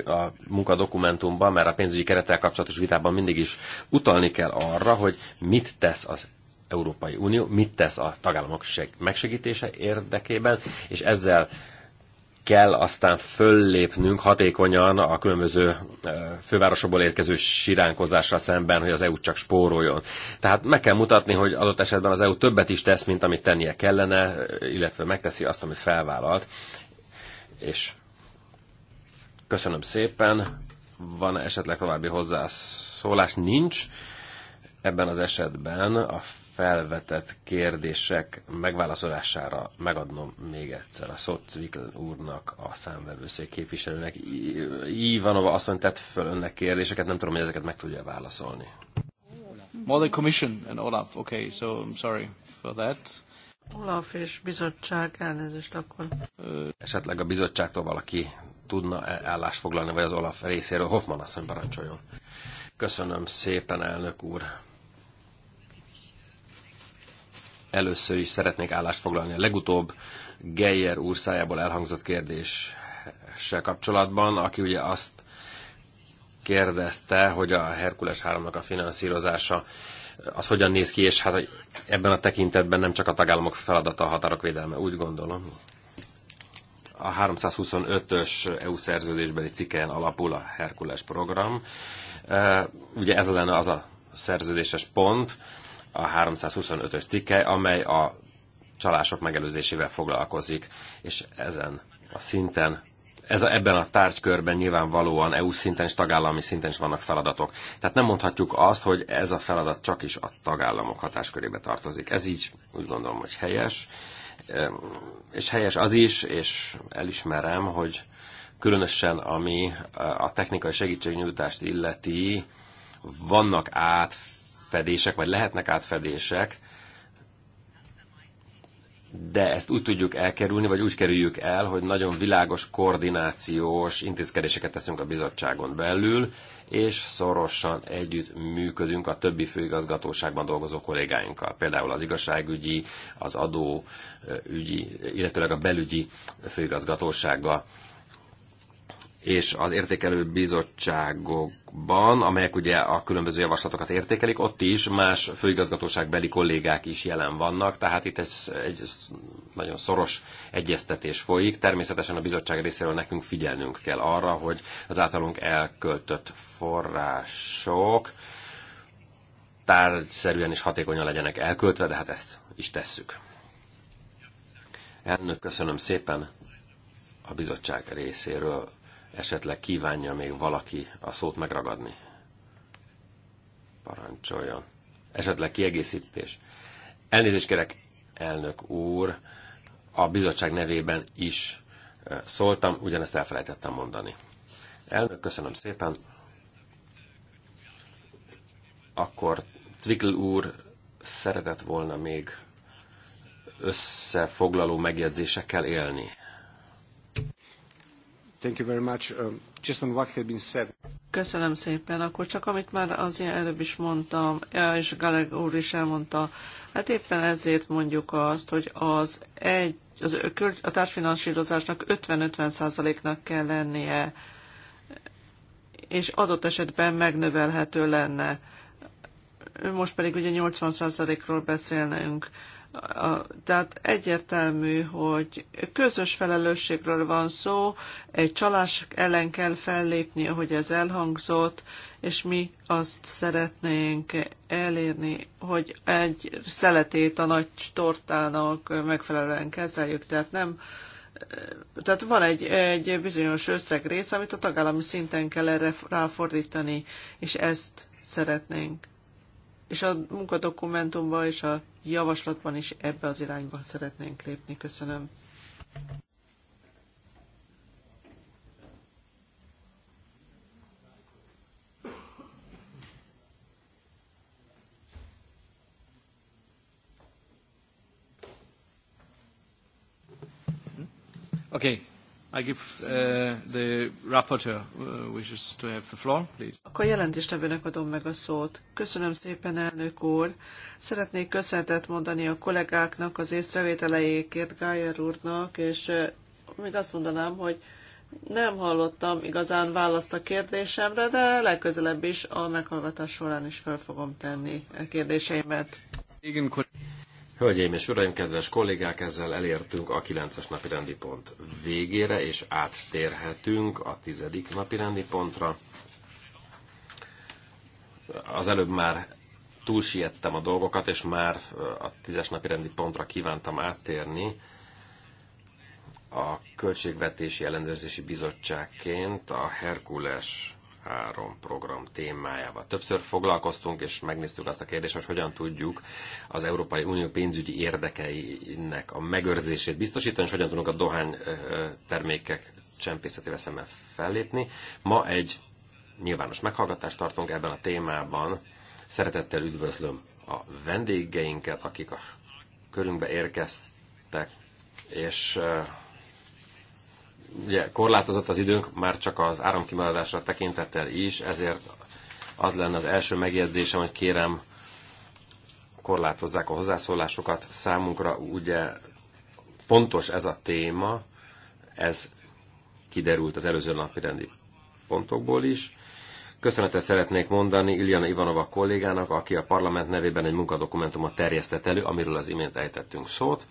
a, a munkadokumentumban, mert a pénzügyi kerettel kapcsolatos vitában mindig is utalni kell arra, hogy mit tesz az Európai Unió mit tesz a tagállamok megsegítése érdekében, és ezzel kell aztán föllépnünk hatékonyan a különböző fővárosokból érkező siránkozással szemben, hogy az EU csak spóroljon. Tehát meg kell mutatni, hogy adott esetben az EU többet is tesz, mint amit tennie kellene, illetve megteszi azt, amit felvállalt. És köszönöm szépen. Van -e esetleg további hozzászólás? Nincs. Ebben az esetben a felvetett kérdések megválaszolására megadnom még egyszer a szót úrnak, a számvevőszék képviselőnek. Ivanova asszony tett föl önnek kérdéseket, nem tudom, hogy ezeket meg tudja válaszolni. Well, the Commission and Olaf, okay, so I'm sorry for that. Olaf és bizottság, elnézést akkor. Esetleg a bizottságtól valaki tudna e- állásfoglalni, vagy az Olaf részéről. Hoffman asszony parancsoljon. Köszönöm szépen, elnök úr először is szeretnék állást foglalni. A legutóbb Geyer úr szájából elhangzott kérdéssel kapcsolatban, aki ugye azt kérdezte, hogy a Herkules 3-nak a finanszírozása az hogyan néz ki, és hát ebben a tekintetben nem csak a tagállamok feladata a határok védelme, úgy gondolom. A 325-ös EU szerződésbeli cikken alapul a Herkules program. Ugye ez lenne az a szerződéses pont, a 325-ös cikke, amely a csalások megelőzésével foglalkozik, és ezen a szinten ez a, ebben a tárgykörben nyilvánvalóan EU szinten és tagállami szinten is vannak feladatok. Tehát nem mondhatjuk azt, hogy ez a feladat csak is a tagállamok hatáskörébe tartozik. Ez így úgy gondolom, hogy helyes. Ehm, és helyes az is, és elismerem, hogy különösen ami a technikai segítségnyújtást illeti, vannak át átfedések, vagy lehetnek átfedések, de ezt úgy tudjuk elkerülni, vagy úgy kerüljük el, hogy nagyon világos koordinációs intézkedéseket teszünk a bizottságon belül, és szorosan együtt működünk a többi főigazgatóságban dolgozó kollégáinkkal, például az igazságügyi, az adóügyi, illetőleg a belügyi főigazgatósággal és az értékelő bizottságokban, amelyek ugye a különböző javaslatokat értékelik, ott is más főigazgatóságbeli kollégák is jelen vannak, tehát itt egy, egy nagyon szoros egyeztetés folyik. Természetesen a bizottság részéről nekünk figyelnünk kell arra, hogy az általunk elköltött források tárgyszerűen és hatékonyan legyenek elköltve, de hát ezt is tesszük. Elnök, köszönöm szépen a bizottság részéről esetleg kívánja még valaki a szót megragadni? Parancsoljon. Esetleg kiegészítés. Elnézést kérek, elnök úr, a bizottság nevében is szóltam, ugyanezt elfelejtettem mondani. Elnök, köszönöm szépen. Akkor Cvikl úr szeretett volna még összefoglaló megjegyzésekkel élni. Thank you very much. Um, just on what had been said. Köszönöm szépen. Akkor csak amit már az előbb is mondtam, és Galeg úr is elmondta, hát éppen ezért mondjuk azt, hogy az egy, az, a társfinanszírozásnak 50-50 százaléknak kell lennie, és adott esetben megnövelhető lenne. Most pedig ugye 80 százalékról beszélnünk tehát egyértelmű, hogy közös felelősségről van szó, egy csalás ellen kell fellépni, ahogy ez elhangzott, és mi azt szeretnénk elérni, hogy egy szeletét a nagy tortának megfelelően kezeljük, tehát nem tehát van egy, egy bizonyos összegrész, amit a tagállami szinten kell erre ráfordítani, és ezt szeretnénk. És a munkadokumentumban és a javaslatban is ebbe az irányba szeretnénk lépni. Köszönöm. Okay. I give uh, the rapporteur uh, wishes to have the floor, please. Akkor jelentéstevőnek adom meg a szót. Köszönöm szépen, elnök úr. Szeretnék köszönetet mondani a kollégáknak az észrevételeikért, Gájer úrnak, és uh, még azt mondanám, hogy nem hallottam igazán választ a kérdésemre, de legközelebb is a meghallgatás során is fel fogom tenni a kérdéseimet. Igen, Hölgyeim és uraim, kedves kollégák, ezzel elértünk a 9-es napirendi pont végére, és áttérhetünk a 10. napirendi pontra. Az előbb már túlsiettem a dolgokat, és már a 10-es napirendi pontra kívántam áttérni, a Költségvetési Ellenőrzési Bizottságként a Herkules három program témájával. Többször foglalkoztunk és megnéztük azt a kérdést, hogy hogyan tudjuk az Európai Unió pénzügyi érdekeinek a megőrzését biztosítani, és hogyan tudunk a dohány termékek csempészetével szemmel fellépni. Ma egy nyilvános meghallgatást tartunk ebben a témában. Szeretettel üdvözlöm a vendégeinket, akik a körünkbe érkeztek, és ugye korlátozott az időnk, már csak az áramkimaradásra tekintettel is, ezért az lenne az első megjegyzésem, hogy kérem, korlátozzák a hozzászólásokat. Számunkra ugye fontos ez a téma, ez kiderült az előző napi rendi pontokból is. Köszönetet szeretnék mondani Iljana Ivanova kollégának, aki a parlament nevében egy munkadokumentumot terjesztett elő, amiről az imént ejtettünk szót,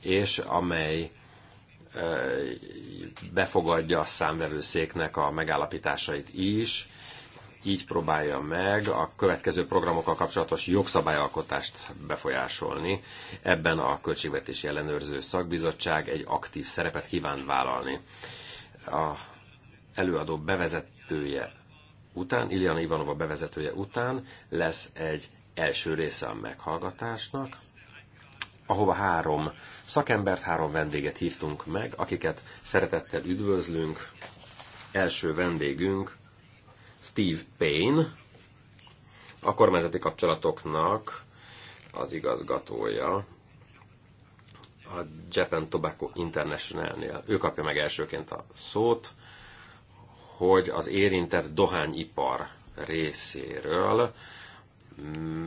és amely befogadja a számvevőszéknek a megállapításait is, így próbálja meg a következő programokkal kapcsolatos jogszabályalkotást befolyásolni. Ebben a Költségvetési Ellenőrző Szakbizottság egy aktív szerepet kíván vállalni. A előadó bevezetője után, Iliana Ivanova bevezetője után lesz egy első része a meghallgatásnak, ahova három szakembert, három vendéget hívtunk meg, akiket szeretettel üdvözlünk. Első vendégünk Steve Payne, a kormányzati kapcsolatoknak az igazgatója, a Japan Tobacco International-nél. Ő kapja meg elsőként a szót, hogy az érintett dohányipar részéről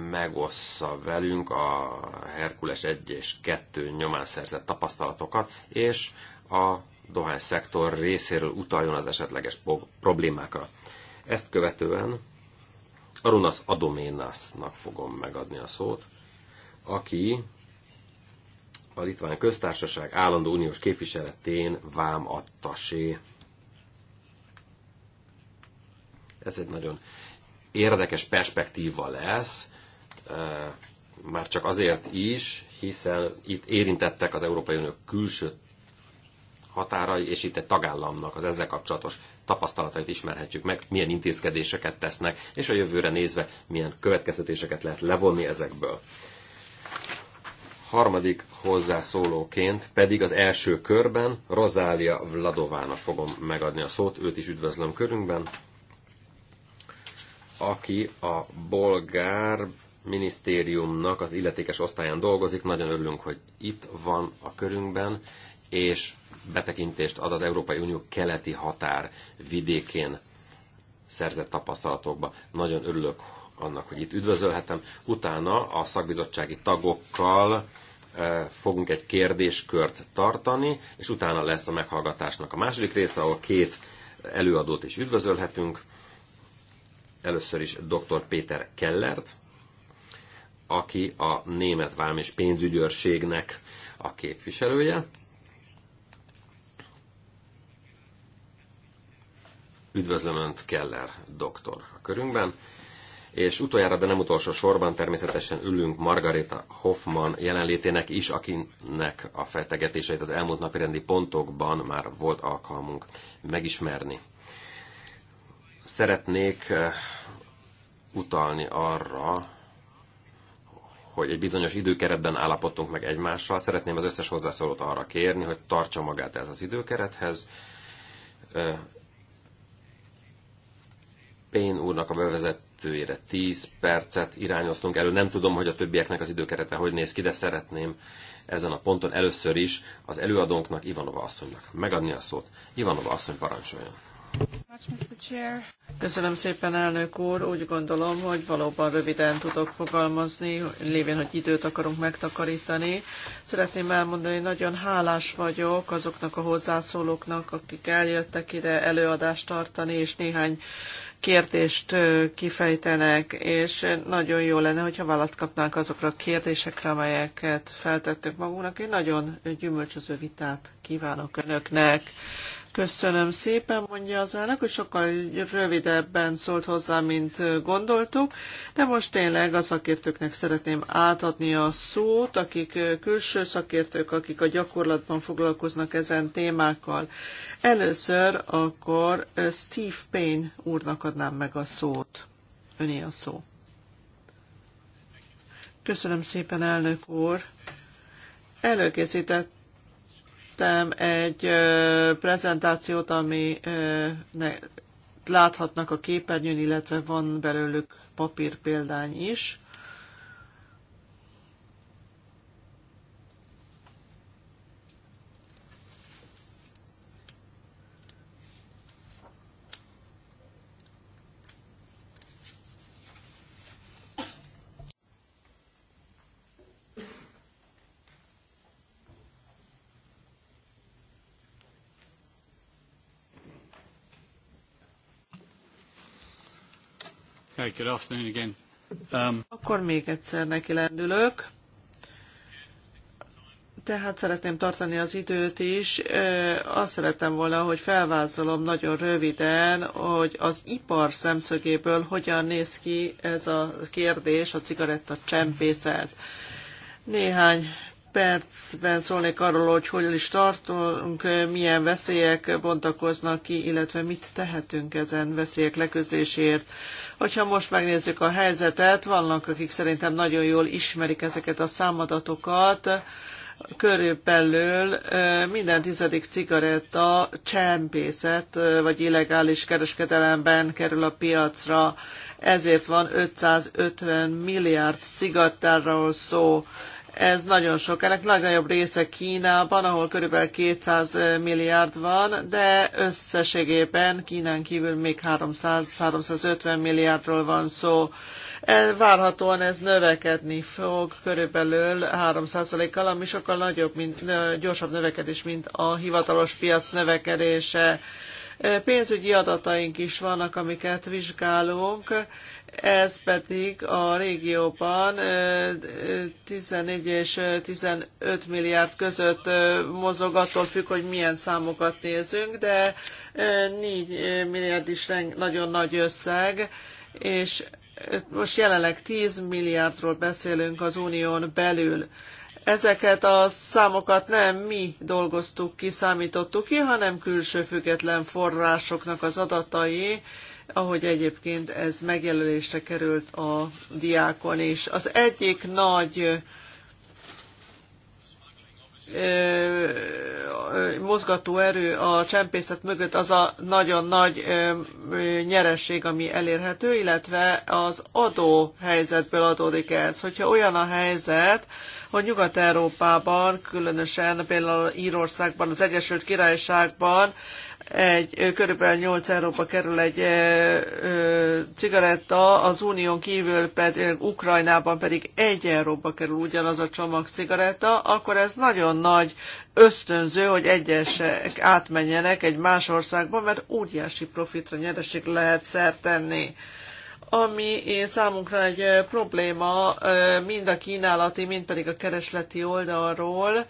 megossza velünk a Herkules 1 és 2 nyomán szerzett tapasztalatokat, és a dohány szektor részéről utaljon az esetleges problémákra. Ezt követően Arunas Adoménasnak fogom megadni a szót, aki a Litván Köztársaság állandó uniós képviseletén vám attasé. Ez egy nagyon érdekes perspektíva lesz, már csak azért is, hiszen itt érintettek az Európai Unió külső határai, és itt egy tagállamnak az ezzel kapcsolatos tapasztalatait ismerhetjük meg, milyen intézkedéseket tesznek, és a jövőre nézve milyen következtetéseket lehet levonni ezekből. Harmadik hozzászólóként pedig az első körben Rozália Vladovának fogom megadni a szót, őt is üdvözlöm körünkben, aki a bolgár minisztériumnak az illetékes osztályán dolgozik. Nagyon örülünk, hogy itt van a körünkben, és betekintést ad az Európai Unió keleti határ vidékén szerzett tapasztalatokba. Nagyon örülök annak, hogy itt üdvözölhetem. Utána a szakbizottsági tagokkal eh, fogunk egy kérdéskört tartani, és utána lesz a meghallgatásnak a második része, ahol két előadót is üdvözölhetünk. Először is dr. Péter Kellert, aki a Német Vám és Pénzügyőrségnek a képviselője. Üdvözlöm Önt, Keller doktor a körünkben. És utoljára, de nem utolsó sorban természetesen ülünk Margarita Hoffman jelenlétének is, akinek a fejtegetéseit az elmúlt napirendi pontokban már volt alkalmunk megismerni. Szeretnék eh, utalni arra, hogy egy bizonyos időkeretben állapodtunk meg egymással. Szeretném az összes hozzászólót arra kérni, hogy tartsa magát ez az időkerethez. Eh, Pén úrnak a bevezetőjére 10 percet irányoztunk elő. Nem tudom, hogy a többieknek az időkerete hogy néz ki, de szeretném ezen a ponton először is az előadónknak, Ivanova asszonynak megadni a szót. Ivanova asszony parancsoljon. Köszönöm szépen, elnök úr. Úgy gondolom, hogy valóban röviden tudok fogalmazni, lévén, hogy időt akarunk megtakarítani. Szeretném elmondani, hogy nagyon hálás vagyok azoknak a hozzászólóknak, akik eljöttek ide előadást tartani, és néhány kérdést kifejtenek, és nagyon jó lenne, hogyha választ kapnánk azokra a kérdésekre, amelyeket feltettünk magunknak. Én nagyon gyümölcsöző vitát kívánok önöknek. Köszönöm szépen, mondja az elnök, hogy sokkal rövidebben szólt hozzá, mint gondoltuk, de most tényleg a szakértőknek szeretném átadni a szót, akik külső szakértők, akik a gyakorlatban foglalkoznak ezen témákkal. Először akkor Steve Payne úrnak adnám meg a szót. Öné a szó. Köszönöm szépen, elnök úr. Előkészített Készítettem egy prezentációt, ami láthatnak a képernyőn, illetve van belőlük papír példány is. good afternoon again. Um... Akkor még egyszer neki lendülök. Tehát szeretném tartani az időt is. Azt szerettem volna, hogy felvázolom nagyon röviden, hogy az ipar szemszögéből hogyan néz ki ez a kérdés, a cigaretta csempészet. Néhány percben szólnék arról, hogy hol is tartunk, milyen veszélyek bontakoznak ki, illetve mit tehetünk ezen veszélyek leküzdéséért. Hogyha most megnézzük a helyzetet, vannak, akik szerintem nagyon jól ismerik ezeket a számadatokat, körülbelül minden tizedik cigaretta csempészet vagy illegális kereskedelemben kerül a piacra. Ezért van 550 milliárd cigarettáról szó. Ez nagyon sok. Ennek legnagyobb része Kínában, ahol körülbelül 200 milliárd van, de összességében Kínán kívül még 300-350 milliárdról van szó. E, várhatóan ez növekedni fog körülbelül 3%-kal, ami sokkal nagyobb, mint, gyorsabb növekedés, mint a hivatalos piac növekedése. E, pénzügyi adataink is vannak, amiket vizsgálunk ez pedig a régióban 14 és 15 milliárd között mozog, attól függ, hogy milyen számokat nézünk, de 4 milliárd is nagyon nagy összeg, és most jelenleg 10 milliárdról beszélünk az unión belül. Ezeket a számokat nem mi dolgoztuk ki, számítottuk ki, hanem külső független forrásoknak az adatai, ahogy egyébként ez megjelölésre került a diákon is. Az egyik nagy mozgató erő a csempészet mögött az a nagyon nagy nyeresség, ami elérhető, illetve az adó helyzetből adódik ez. Hogyha olyan a helyzet, hogy Nyugat-Európában, különösen például Írországban, az Egyesült Királyságban egy körülbelül 8 euróba kerül egy ö, cigaretta, az unión kívül pedig Ukrajnában pedig 1 euróba kerül ugyanaz a csomag cigaretta, akkor ez nagyon nagy ösztönző, hogy egyesek átmenjenek egy más országba, mert óriási profitra nyereség lehet szert tenni ami én számunkra egy probléma, mind a kínálati, mind pedig a keresleti oldalról,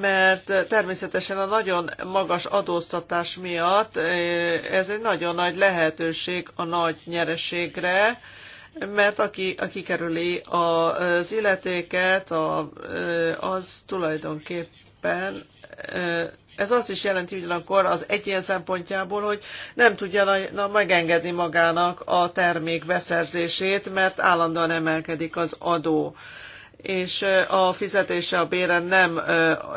mert természetesen a nagyon magas adóztatás miatt eh, ez egy nagyon nagy lehetőség a nagy nyereségre, mert aki, aki kerüli az illetéket, a, eh, az tulajdonképpen eh, ez azt is jelenti ugyanakkor az egyén szempontjából, hogy nem tudja na megengedni magának a termék beszerzését, mert állandóan emelkedik az adó és a fizetése a béren nem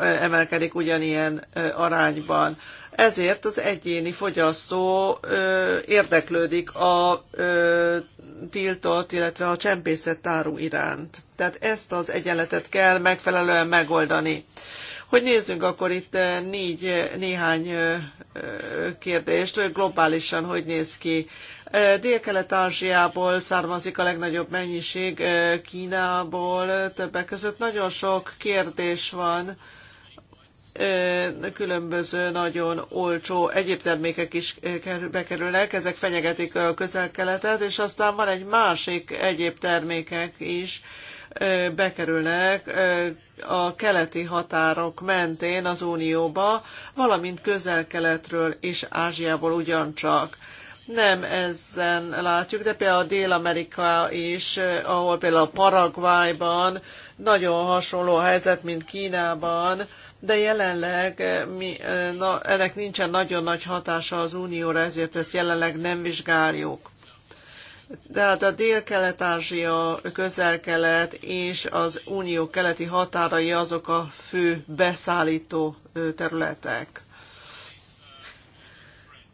emelkedik ugyanilyen arányban. Ezért az egyéni fogyasztó érdeklődik a tiltott, illetve a csempészett iránt. Tehát ezt az egyenletet kell megfelelően megoldani. Hogy nézzünk akkor itt négy, néhány kérdést globálisan, hogy néz ki Dél-Kelet-Ázsiából származik a legnagyobb mennyiség, Kínából többek között. Nagyon sok kérdés van, különböző nagyon olcsó egyéb termékek is bekerülnek, ezek fenyegetik a közel-keletet, és aztán van egy másik egyéb termékek is, bekerülnek a keleti határok mentén az Unióba, valamint közel-keletről és Ázsiából ugyancsak nem ezen látjuk, de például Dél-Amerika is, eh, ahol például Paraguayban nagyon hasonló a helyzet, mint Kínában, de jelenleg eh, mi, eh, na, ennek nincsen nagyon nagy hatása az unióra, ezért ezt jelenleg nem vizsgáljuk. De hát a Dél-Kelet-Ázsia, Közel-Kelet és az unió keleti határai azok a fő beszállító területek.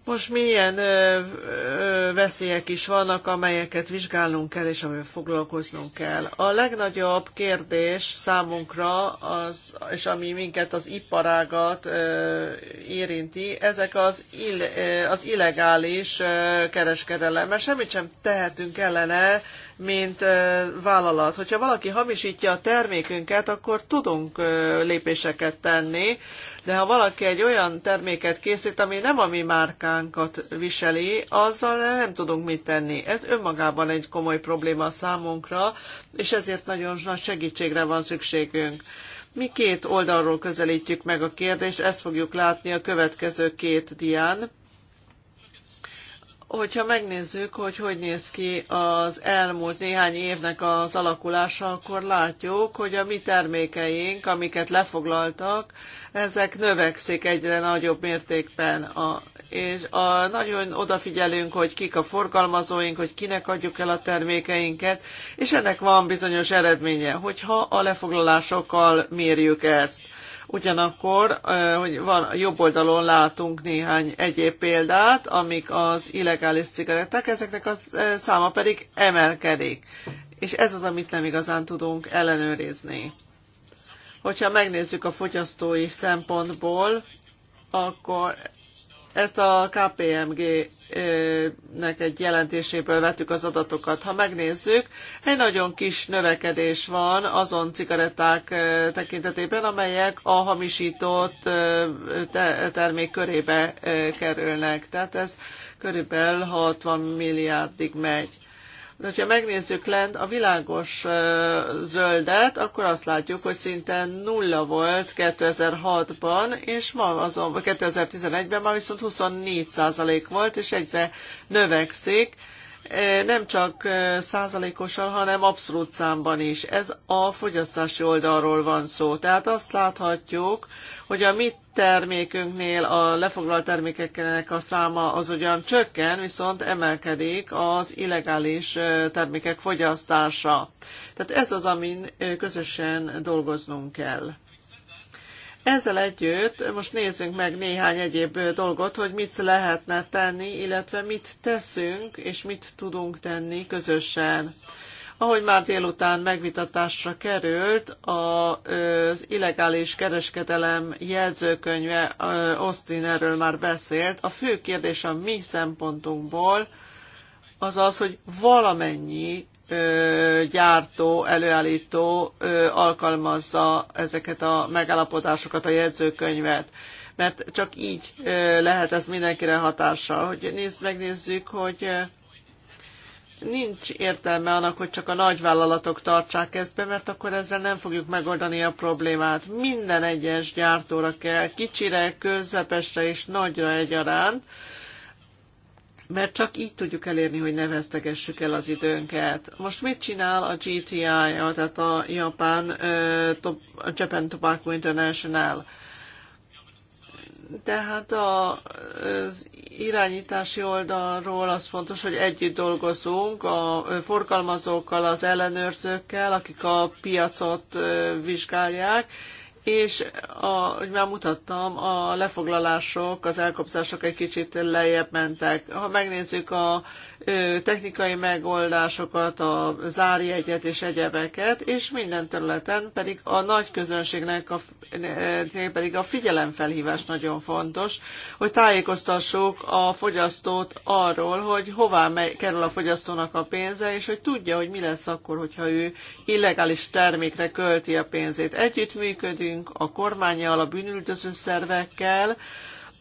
Most milyen ö, ö, veszélyek is vannak, amelyeket vizsgálnunk kell, és amivel foglalkoznunk kell. A legnagyobb kérdés számunkra, az, és ami minket az iparágat ö, érinti, ezek az, ill, ö, az illegális ö, kereskedelem, mert semmit sem tehetünk ellene, mint vállalat. Hogyha valaki hamisítja a termékünket, akkor tudunk lépéseket tenni, de ha valaki egy olyan terméket készít, ami nem a mi márkánkat viseli, azzal nem tudunk mit tenni. Ez önmagában egy komoly probléma számunkra, és ezért nagyon nagy segítségre van szükségünk. Mi két oldalról közelítjük meg a kérdést, ezt fogjuk látni a következő két dián. Hogyha megnézzük, hogy hogy néz ki az elmúlt néhány évnek az alakulása, akkor látjuk, hogy a mi termékeink, amiket lefoglaltak, ezek növekszik egyre nagyobb mértékben. A, és a, nagyon odafigyelünk, hogy kik a forgalmazóink, hogy kinek adjuk el a termékeinket, és ennek van bizonyos eredménye, hogyha a lefoglalásokkal mérjük ezt. Ugyanakkor, hogy van, jobb oldalon látunk néhány egyéb példát, amik az illegális cigaretták, ezeknek a száma pedig emelkedik. És ez az, amit nem igazán tudunk ellenőrizni. Hogyha megnézzük a fogyasztói szempontból, akkor ezt a KPMG-nek egy jelentéséből vettük az adatokat. Ha megnézzük, egy nagyon kis növekedés van azon cigaretták tekintetében, amelyek a hamisított termék körébe kerülnek. Tehát ez körülbelül 60 milliárdig megy. De ha megnézzük lent a világos zöldet, akkor azt látjuk, hogy szinte nulla volt 2006-ban, és ma azon, 2011-ben már viszont 24% volt, és egyre növekszik nem csak százalékosan, hanem abszolút számban is. Ez a fogyasztási oldalról van szó. Tehát azt láthatjuk, hogy a mi termékünknél a lefoglalt termékeknek a száma az ugyan csökken, viszont emelkedik az illegális termékek fogyasztása. Tehát ez az, amin közösen dolgoznunk kell. Ezzel együtt most nézzünk meg néhány egyéb dolgot, hogy mit lehetne tenni, illetve mit teszünk és mit tudunk tenni közösen. Ahogy már délután megvitatásra került, az illegális kereskedelem jegyzőkönyve, Austin erről már beszélt, a fő kérdés a mi szempontunkból az az, hogy valamennyi gyártó, előállító alkalmazza ezeket a megállapodásokat, a jegyzőkönyvet. Mert csak így lehet ez mindenkire hatással. Hogy nézd, megnézzük, hogy nincs értelme annak, hogy csak a nagyvállalatok tartsák ezt be, mert akkor ezzel nem fogjuk megoldani a problémát. Minden egyes gyártóra kell, kicsire, közepesre és nagyra egyaránt, mert csak így tudjuk elérni, hogy ne vesztegessük el az időnket. Most mit csinál a GTI-ja, tehát a Japán, a Japan Tobacco International? Tehát a, az irányítási oldalról az fontos, hogy együtt dolgozunk a forgalmazókkal, az ellenőrzőkkel, akik a piacot vizsgálják, és a, ahogy már mutattam, a lefoglalások, az elkobzások egy kicsit lejjebb mentek. Ha megnézzük a ö, technikai megoldásokat, a zárjegyet és egyebeket, és minden területen pedig a nagy közönségnek a, pedig a figyelemfelhívás nagyon fontos, hogy tájékoztassuk a fogyasztót arról, hogy hová megy, kerül a fogyasztónak a pénze, és hogy tudja, hogy mi lesz akkor, hogyha ő illegális termékre költi a pénzét. Együttműködünk, egyeztetünk a kormányjal, a bűnüldöző szervekkel,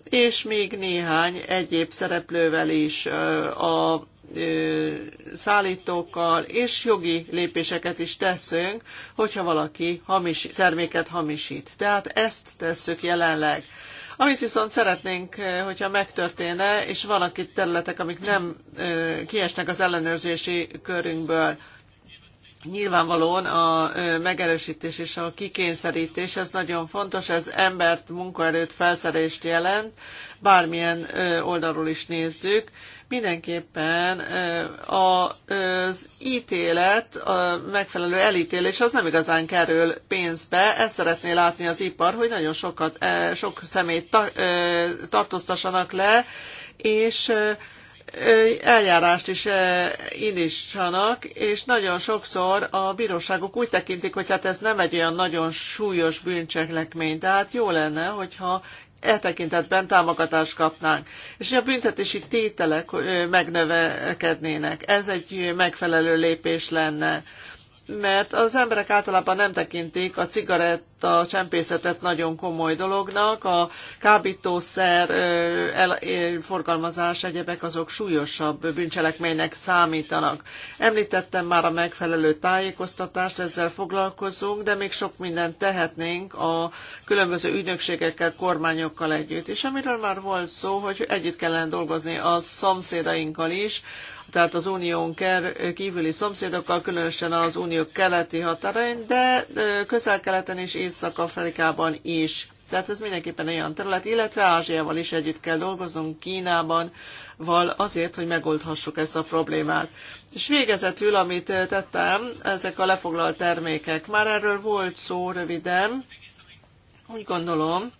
és még néhány egyéb szereplővel is a szállítókkal, és jogi lépéseket is teszünk, hogyha valaki hamis, terméket hamisít. Tehát ezt tesszük jelenleg. Amit viszont szeretnénk, hogyha megtörténne, és vannak itt területek, amik nem kiesnek az ellenőrzési körünkből, Nyilvánvalóan a megerősítés és a kikényszerítés, ez nagyon fontos, ez embert, munkaerőt, felszerelést jelent, bármilyen oldalról is nézzük. Mindenképpen az ítélet, a megfelelő elítélés, az nem igazán kerül pénzbe. Ezt szeretné látni az ipar, hogy nagyon sokat, sok szemét tartóztassanak le, és eljárást is indítsanak, és nagyon sokszor a bíróságok úgy tekintik, hogy hát ez nem egy olyan nagyon súlyos bűncselekmény, tehát jó lenne, hogyha e tekintetben támogatást kapnánk, és a büntetési tételek megnövekednének. Ez egy megfelelő lépés lenne mert az emberek általában nem tekintik a cigaretta csempészetet nagyon komoly dolognak, a kábítószer el, forgalmazás egyebek azok súlyosabb bűncselekménynek számítanak. Említettem már a megfelelő tájékoztatást, ezzel foglalkozunk, de még sok mindent tehetnénk a különböző ügynökségekkel, kormányokkal együtt. És amiről már volt szó, hogy együtt kellene dolgozni a szomszédainkkal is, tehát az unión kívüli szomszédokkal, különösen az unió keleti határain, de közel-keleten és Észak-Afrikában is. Tehát ez mindenképpen olyan terület, illetve Ázsiával is együtt kell dolgoznunk, Kínában, val azért, hogy megoldhassuk ezt a problémát. És végezetül, amit tettem, ezek a lefoglalt termékek. Már erről volt szó röviden. Úgy gondolom,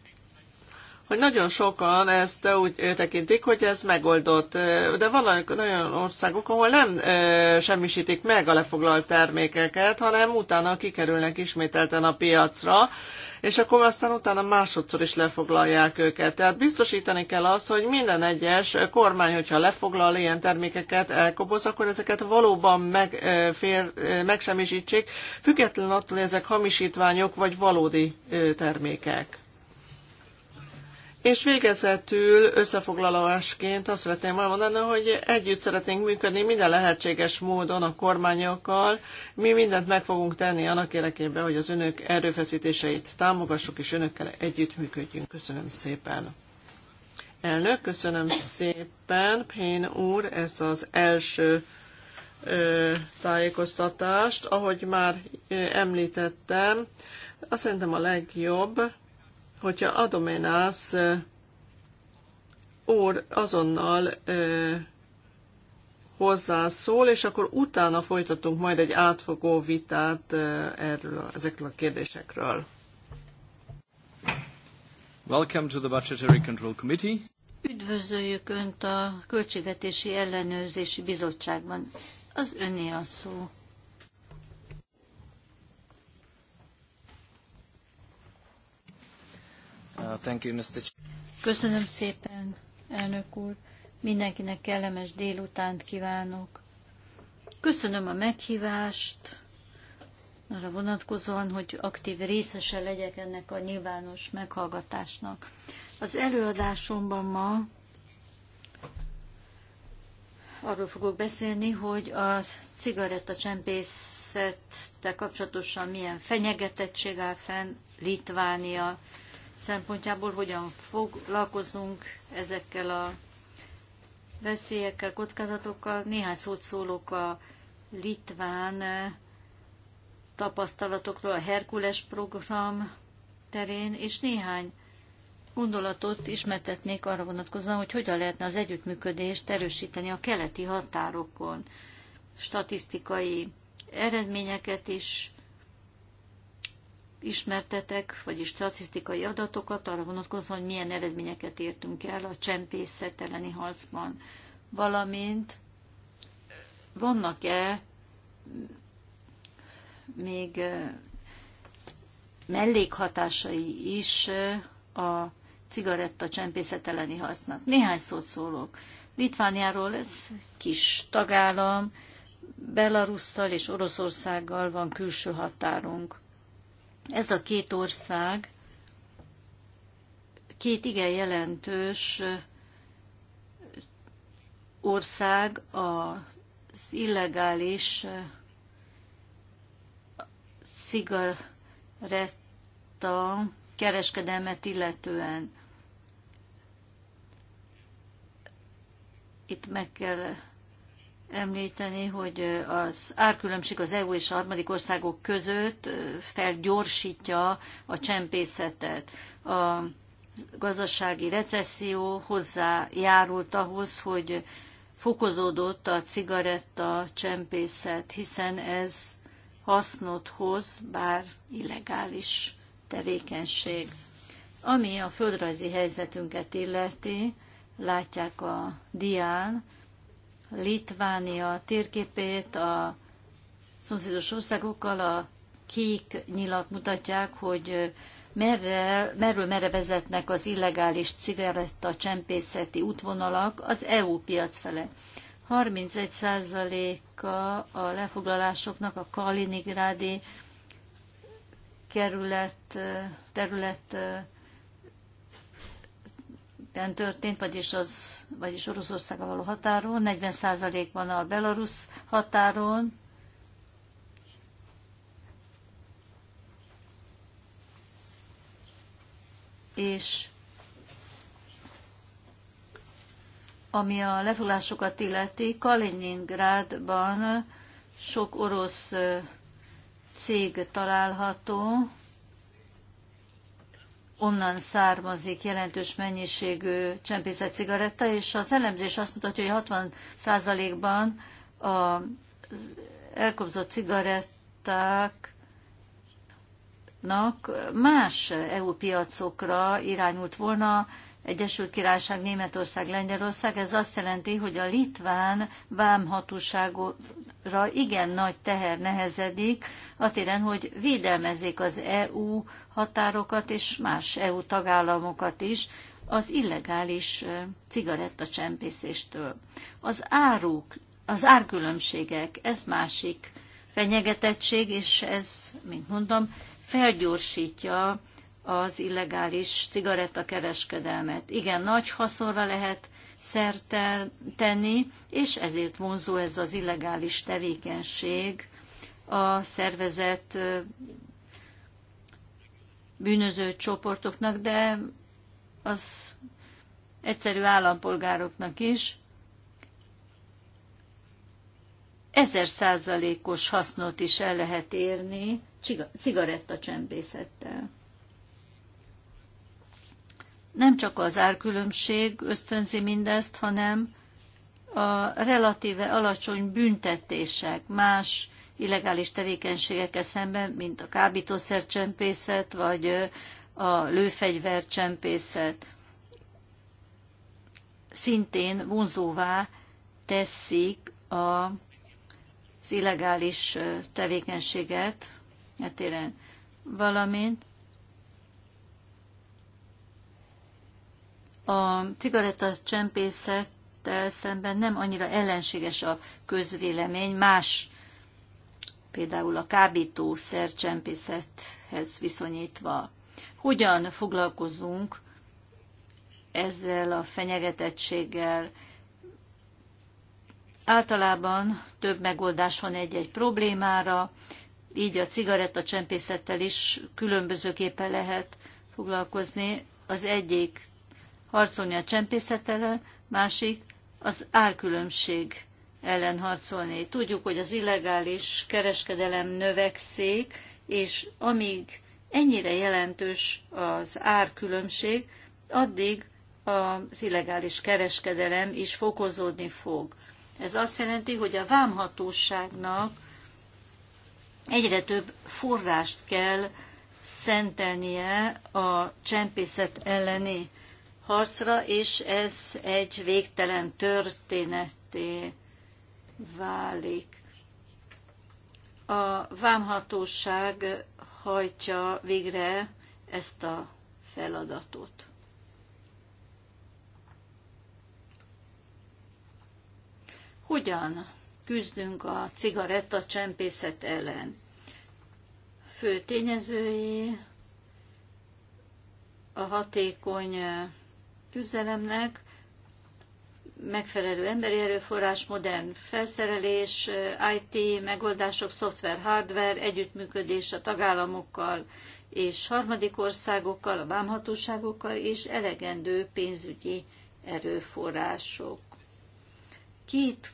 hogy nagyon sokan ezt úgy tekintik, hogy ez megoldott, de van olyan országok, ahol nem semmisítik meg a lefoglalt termékeket, hanem utána kikerülnek ismételten a piacra, és akkor aztán utána másodszor is lefoglalják őket. Tehát biztosítani kell azt, hogy minden egyes kormány, hogyha lefoglal ilyen termékeket, elkoboz, akkor ezeket valóban megfér, megsemmisítsék, független attól, hogy ezek hamisítványok vagy valódi termékek. És végezetül összefoglalásként azt szeretném elmondani, hogy együtt szeretnénk működni minden lehetséges módon a kormányokkal. Mi mindent meg fogunk tenni annak érdekében, hogy az önök erőfeszítéseit támogassuk, és önökkel működjünk. Köszönöm szépen. Elnök, köszönöm szépen, Pén úr, ezt az első ö, tájékoztatást. Ahogy már említettem, azt szerintem a legjobb, hogyha Adomenász úr azonnal hozzászól, és akkor utána folytatunk majd egy átfogó vitát erről, ezekről a kérdésekről. Welcome to the Budgetary Control Committee. Üdvözöljük Önt a Költségvetési Ellenőrzési Bizottságban. Az öné a szó. Uh, thank you, Mr. Köszönöm szépen, elnök úr. Mindenkinek kellemes délutánt kívánok. Köszönöm a meghívást, arra vonatkozóan, hogy aktív részese legyek ennek a nyilvános meghallgatásnak. Az előadásomban ma arról fogok beszélni, hogy a cigarettacsempészettel kapcsolatosan milyen fenyegetettség áll fenn Litvánia szempontjából hogyan foglalkozunk ezekkel a veszélyekkel, kockázatokkal. Néhány szót szólok a litván tapasztalatokról, a Herkules program terén, és néhány gondolatot ismertetnék arra vonatkozóan, hogy hogyan lehetne az együttműködést erősíteni a keleti határokon. Statisztikai eredményeket is ismertetek, vagyis statisztikai adatokat arra vonatkozóan, hogy milyen eredményeket értünk el a csempészet elleni harcban, valamint vannak-e még mellékhatásai is a cigaretta csempészet elleni harcnak. Néhány szót szólok. Litvániáról ez kis tagállam, Belarusszal és Oroszországgal van külső határunk. Ez a két ország két igen jelentős ország az illegális cigaretta kereskedelmet illetően. Itt meg kell említeni, hogy az árkülönbség az EU és a harmadik országok között felgyorsítja a csempészetet. A gazdasági recesszió hozzájárult ahhoz, hogy fokozódott a cigaretta csempészet, hiszen ez hasznot hoz, bár illegális tevékenység. Ami a földrajzi helyzetünket illeti, látják a dián, Litvánia térképét a szomszédos országokkal a kék nyilak mutatják, hogy merre, merről merre vezetnek az illegális cigaretta csempészeti útvonalak az EU piac fele. 31%-a a lefoglalásoknak a Kaliningrádi kerület, terület ten történt, vagyis, az, vagyis Oroszországa való határon, 40%-ban a Belarus határon, és ami a lefoglásokat illeti, Kaliningrádban sok orosz cég található, onnan származik jelentős mennyiségű csempészett cigaretta, és az elemzés azt mutatja, hogy 60%-ban az elkobzott cigarettáknak más EU piacokra irányult volna, Egyesült Királyság, Németország, Lengyelország. Ez azt jelenti, hogy a litván vámhatóságon ra igen nagy teher nehezedik, atéren, hogy védelmezzék az EU határokat és más EU tagállamokat is az illegális cigarettacsempészéstől. Az áruk, az árkülönbségek, ez másik fenyegetettség, és ez, mint mondom, felgyorsítja az illegális cigarettakereskedelmet. Igen, nagy haszonra lehet szert tenni, és ezért vonzó ez az illegális tevékenység a szervezet bűnöző csoportoknak, de az egyszerű állampolgároknak is ezer százalékos hasznot is el lehet érni cigarettacsempészettel nem csak az árkülönbség ösztönzi mindezt, hanem a relatíve alacsony büntetések más illegális tevékenységekkel szemben, mint a kábítószercsempészet vagy a lőfegyvercsempészet szintén vonzóvá teszik a, az illegális tevékenységet, e téren, valamint a csempészettel szemben nem annyira ellenséges a közvélemény, más például a kábítószer csempészethez viszonyítva. Hogyan foglalkozunk ezzel a fenyegetettséggel? Általában több megoldás van egy-egy problémára, így a csempészettel is különbözőképpen lehet foglalkozni. Az egyik harcolni a csempészet ellen, másik az árkülönbség ellen harcolni. Tudjuk, hogy az illegális kereskedelem növekszik, és amíg ennyire jelentős az árkülönbség, addig az illegális kereskedelem is fokozódni fog. Ez azt jelenti, hogy a vámhatóságnak egyre több forrást kell szentelnie a csempészet elleni harcra, és ez egy végtelen történeté válik. A vámhatóság hajtja végre ezt a feladatot. Hogyan küzdünk a cigaretta csempészet ellen? Fő tényezői a hatékony küzdelemnek, megfelelő emberi erőforrás, modern felszerelés, IT, megoldások, szoftver, hardware, együttműködés a tagállamokkal és harmadik országokkal, a vámhatóságokkal és elegendő pénzügyi erőforrások. Két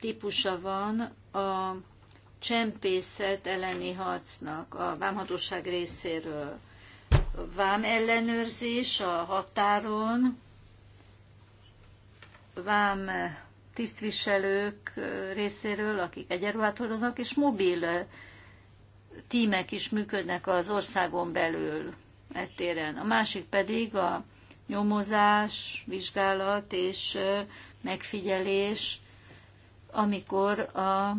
típusa van a csempészet elleni harcnak a vámhatóság részéről – vámellenőrzés a határon, vám tisztviselők részéről, akik egyenruhát hordanak, és mobil tímek is működnek az országon belül ettéren. A másik pedig a nyomozás, vizsgálat és megfigyelés, amikor a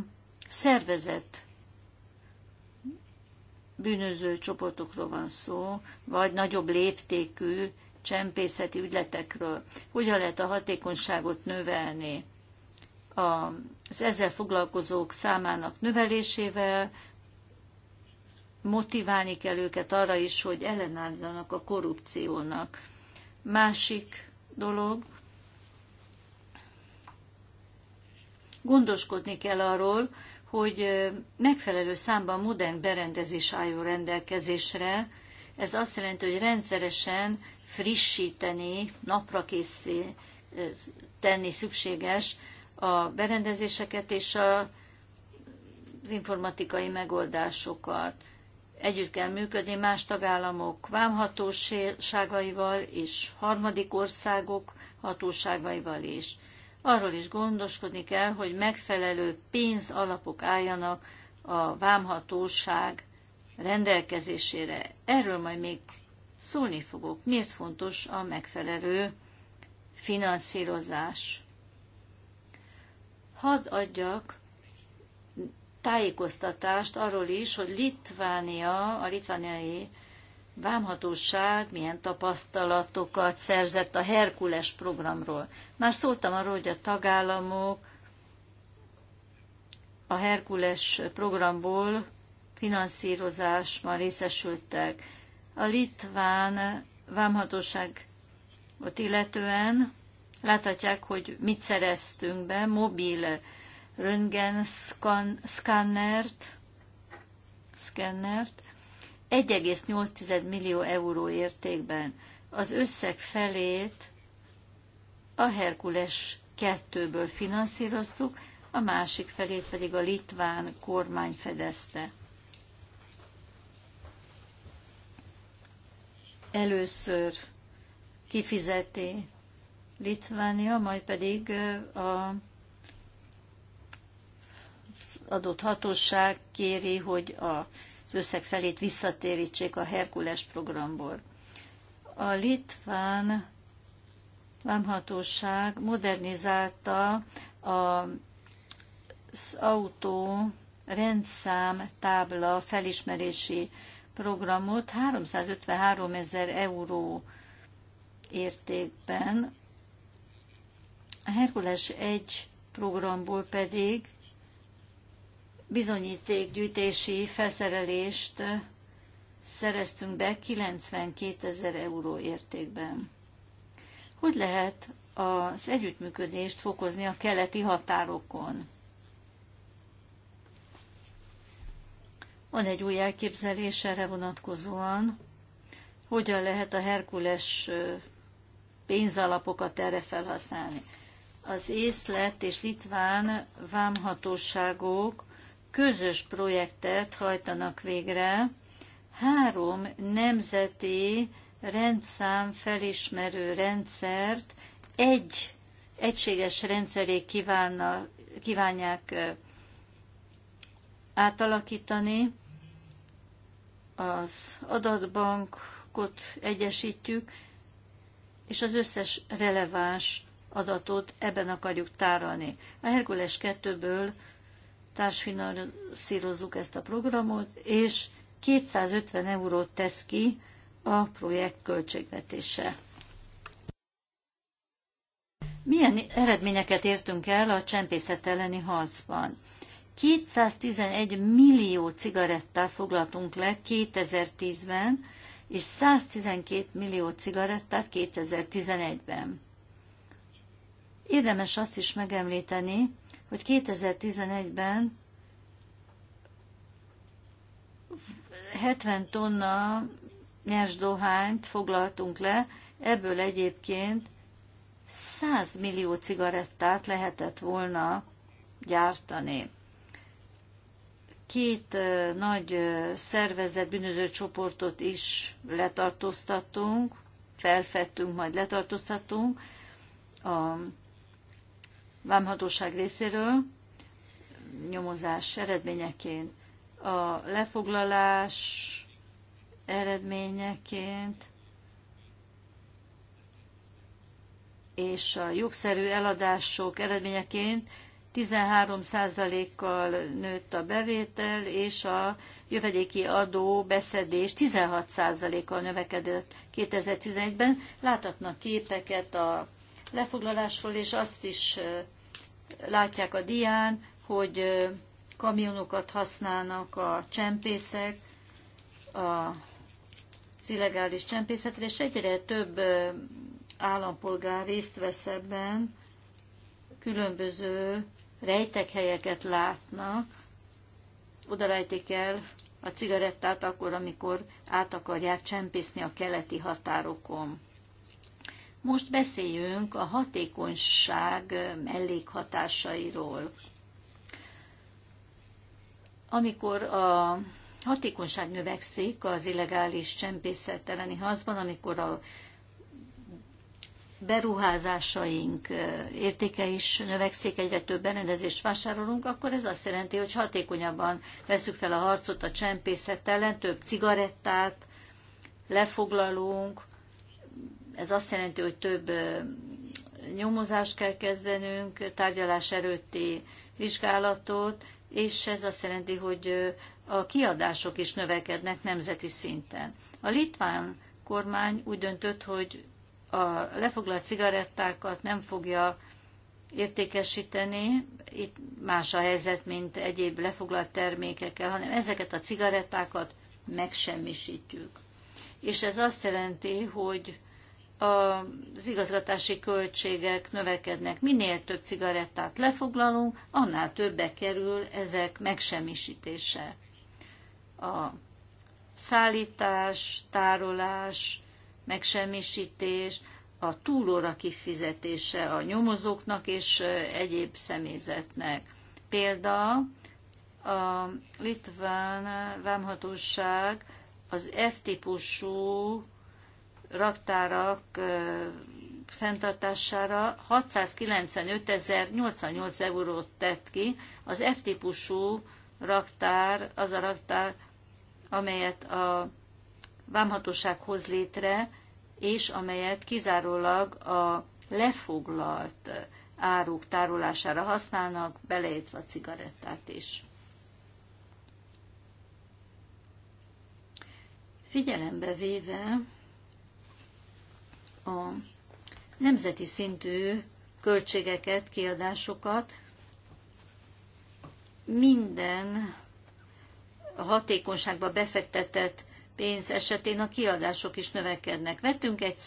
szervezet bűnöző csoportokról van szó, vagy nagyobb léptékű csempészeti ügyletekről. Hogyan lehet a hatékonyságot növelni? Az ezzel foglalkozók számának növelésével motiválni kell őket arra is, hogy ellenálljanak a korrupciónak. Másik dolog, gondoskodni kell arról, hogy megfelelő számban modern berendezés álljon rendelkezésre. Ez azt jelenti, hogy rendszeresen frissíteni, napra készé tenni szükséges a berendezéseket és a, az informatikai megoldásokat. Együtt kell működni más tagállamok vámhatóságaival és harmadik országok hatóságaival is arról is gondoskodni kell, hogy megfelelő pénzalapok álljanak a vámhatóság rendelkezésére. Erről majd még szólni fogok. Miért fontos a megfelelő finanszírozás? Hadd adjak tájékoztatást arról is, hogy Litvánia, a litvániai vámhatóság milyen tapasztalatokat szerzett a Herkules programról. Már szóltam arról, hogy a tagállamok a Herkules programból finanszírozásban részesültek. A litván vámhatóság illetően láthatják, hogy mit szereztünk be, mobil röntgen szkannert, szkennert, 1,8 millió euró értékben. Az összeg felét a Herkules 2-ből finanszíroztuk, a másik felét pedig a litván kormány fedezte. Először kifizeti Litvánia, majd pedig a adott hatóság kéri, hogy a összeg felét visszatérítsék a Herkules programból. A litván vámhatóság modernizálta az autó rendszám tábla felismerési programot 353 ezer euró értékben. A Herkules 1 programból pedig bizonyítékgyűjtési felszerelést szereztünk be 92 ezer euró értékben. Hogy lehet az együttműködést fokozni a keleti határokon? Van egy új elképzelés erre vonatkozóan, hogyan lehet a Herkules pénzalapokat erre felhasználni. Az észlet és litván vámhatóságok közös projektet hajtanak végre, három nemzeti rendszám felismerő rendszert egy egységes rendszeré kívánna, kívánják átalakítani. Az adatbankot egyesítjük, és az összes releváns adatot ebben akarjuk tárolni. A Herkules 2-ből társfinanszírozzuk ezt a programot, és 250 eurót tesz ki a projekt költségvetése. Milyen eredményeket értünk el a csempészet elleni harcban? 211 millió cigarettát foglaltunk le 2010-ben, és 112 millió cigarettát 2011-ben. Érdemes azt is megemlíteni, hogy 2011-ben 70 tonna nyers dohányt foglaltunk le, ebből egyébként 100 millió cigarettát lehetett volna gyártani. Két nagy szervezet bűnöző csoportot is letartóztattunk, felfettünk, majd letartóztattunk. A vámhatóság részéről nyomozás eredményeként. A lefoglalás eredményeként és a jogszerű eladások eredményeként 13%-kal nőtt a bevétel, és a jövedéki adó beszedés 16%-kal növekedett 2011-ben. Láthatnak képeket a lefoglalásról, és azt is látják a dián, hogy kamionokat használnak a csempészek, a az illegális csempészetre, és egyre több állampolgár részt vesz ebben, különböző rejtek helyeket látnak, oda rejtik el a cigarettát akkor, amikor át akarják csempészni a keleti határokon. Most beszéljünk a hatékonyság mellékhatásairól. Amikor a hatékonyság növekszik az illegális csempészet elleni amikor a beruházásaink értéke is növekszik, egyre több berendezést vásárolunk, akkor ez azt jelenti, hogy hatékonyabban veszük fel a harcot a csempészet ellen, több cigarettát lefoglalunk, ez azt jelenti, hogy több nyomozást kell kezdenünk, tárgyalás előtti vizsgálatot, és ez azt jelenti, hogy a kiadások is növekednek nemzeti szinten. A litván kormány úgy döntött, hogy a lefoglalt cigarettákat nem fogja értékesíteni, itt más a helyzet, mint egyéb lefoglalt termékekkel, hanem ezeket a cigarettákat megsemmisítjük. És ez azt jelenti, hogy az igazgatási költségek növekednek. Minél több cigarettát lefoglalunk, annál többe kerül ezek megsemmisítése. A szállítás, tárolás, megsemmisítés, a túlóra kifizetése a nyomozóknak és egyéb személyzetnek. Példa a litván vámhatóság az F-típusú raktárak fenntartására 695.088 eurót tett ki. Az F-típusú raktár az a raktár, amelyet a vámhatóság hoz létre, és amelyet kizárólag a lefoglalt áruk tárolására használnak, beleértve a cigarettát is. Figyelembe véve a nemzeti szintű költségeket, kiadásokat minden hatékonyságba befektetett pénz esetén a kiadások is növekednek. Vettünk egy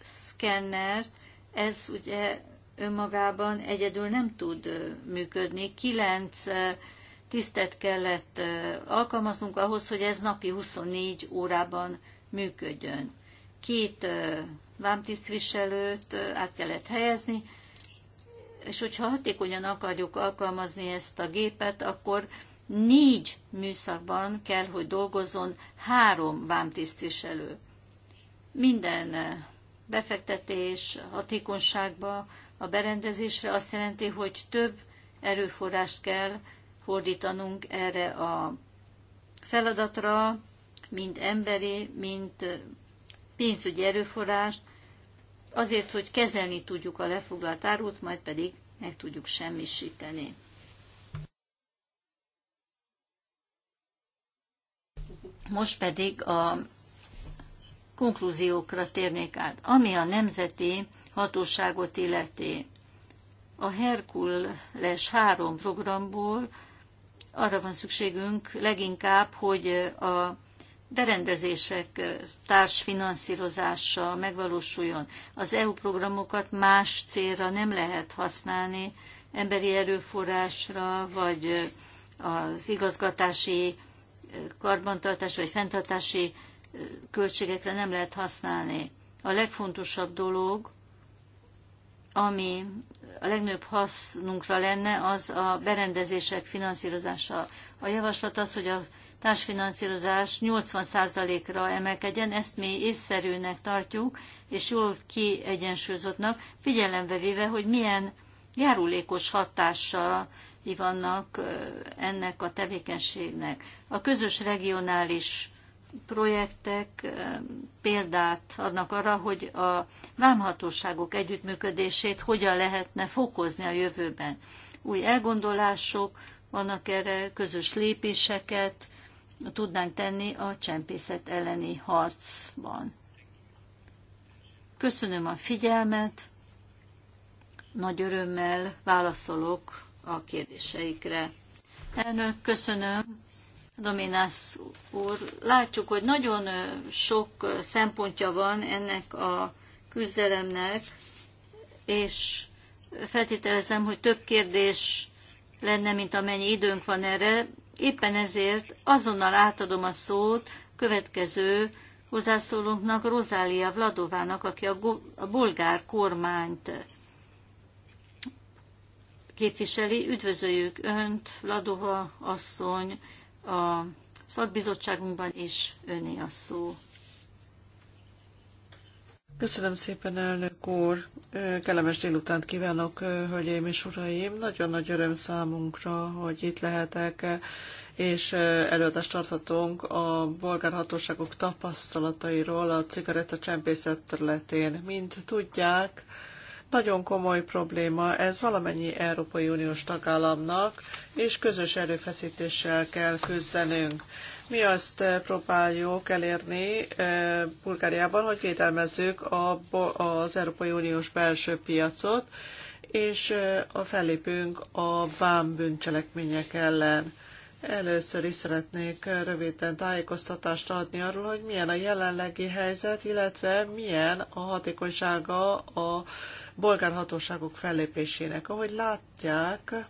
szkennert, ez ugye önmagában egyedül nem tud működni. Kilenc tisztet kellett alkalmaznunk ahhoz, hogy ez napi 24 órában működjön két vámtisztviselőt át kellett helyezni, és hogyha hatékonyan akarjuk alkalmazni ezt a gépet, akkor négy műszakban kell, hogy dolgozzon három vámtisztviselő. Minden befektetés hatékonyságba, a berendezésre azt jelenti, hogy több erőforrást kell fordítanunk erre a feladatra, mind emberi, mind pénzügyi erőforrást, azért, hogy kezelni tudjuk a lefoglalt árut, majd pedig meg tudjuk semmisíteni. Most pedig a konklúziókra térnék át. Ami a nemzeti hatóságot illeti, a Herkules három programból arra van szükségünk leginkább, hogy a berendezések társfinanszírozása megvalósuljon. Az EU programokat más célra nem lehet használni, emberi erőforrásra, vagy az igazgatási karbantartás vagy fenntartási költségekre nem lehet használni. A legfontosabb dolog, ami a legnagyobb hasznunkra lenne, az a berendezések finanszírozása. A javaslat az, hogy a társfinanszírozás 80%-ra emelkedjen, ezt mi észszerűnek tartjuk, és jól kiegyensúlyozottnak, figyelembe véve, hogy milyen járulékos hatása vannak ennek a tevékenységnek. A közös regionális projektek példát adnak arra, hogy a vámhatóságok együttműködését hogyan lehetne fokozni a jövőben. Új elgondolások vannak erre, közös lépéseket tudnánk tenni a csempészet elleni harcban. Köszönöm a figyelmet, nagy örömmel válaszolok a kérdéseikre. Elnök, köszönöm. Dominász úr, látjuk, hogy nagyon sok szempontja van ennek a küzdelemnek, és feltételezem, hogy több kérdés lenne, mint amennyi időnk van erre, Éppen ezért azonnal átadom a szót következő hozzászólónknak, Rozália Vladovának, aki a, a bolgár kormányt képviseli. Üdvözöljük Önt, Vladova asszony, a szakbizottságunkban, és Öné a szó. Köszönöm szépen, elnök úr. Kellemes délutánt kívánok, hölgyeim és uraim. Nagyon nagy öröm számunkra, hogy itt lehetek, és előadást tarthatunk a bolgár hatóságok tapasztalatairól a csempészet területén. Mint tudják, nagyon komoly probléma ez valamennyi Európai Uniós tagállamnak, és közös erőfeszítéssel kell küzdenünk. Mi azt eh, próbáljuk elérni eh, Bulgáriában, hogy védelmezzük az Európai Uniós belső piacot, és eh, a fellépünk a vám bűncselekmények ellen. Először is szeretnék röviden tájékoztatást adni arról, hogy milyen a jelenlegi helyzet, illetve milyen a hatékonysága a bolgár hatóságok fellépésének. Ahogy látják,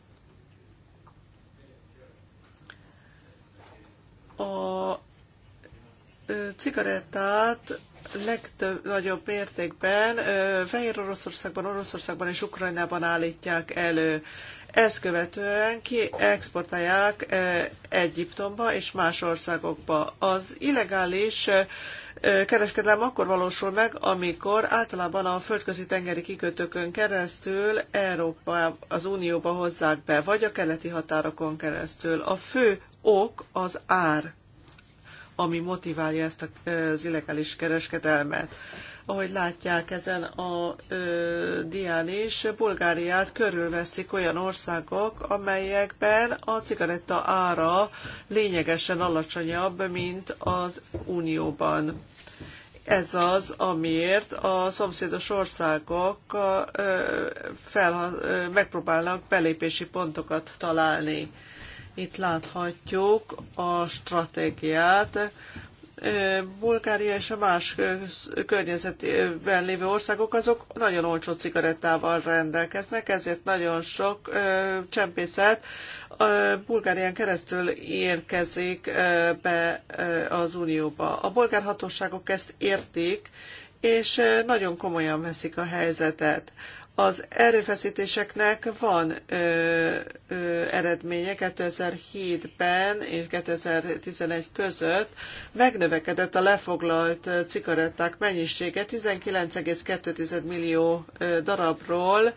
a cigarettát legtöbb nagyobb mértékben Fehér Oroszországban, Oroszországban és Ukrajnában állítják elő. Ezt követően ki exportálják Egyiptomba és más országokba. Az illegális kereskedelem akkor valósul meg, amikor általában a földközi tengeri kikötőkön keresztül Európa az Unióba hozzák be, vagy a keleti határokon keresztül. A fő ok az ár, ami motiválja ezt az illegális kereskedelmet. Ahogy látják ezen a ö, dián is, Bulgáriát körülveszik olyan országok, amelyekben a cigaretta ára lényegesen alacsonyabb, mint az Unióban. Ez az, amiért a szomszédos országok fel, megpróbálnak belépési pontokat találni. Itt láthatjuk a stratégiát. Bulgária és a más környezetben lévő országok azok nagyon olcsó cigarettával rendelkeznek, ezért nagyon sok csempészet Bulgárián keresztül érkezik be az Unióba. A bolgár hatóságok ezt értik, és nagyon komolyan veszik a helyzetet az erőfeszítéseknek van ö, ö, eredménye 2007-ben és 2011 között megnövekedett a lefoglalt cigaretták mennyisége 19,2 millió darabról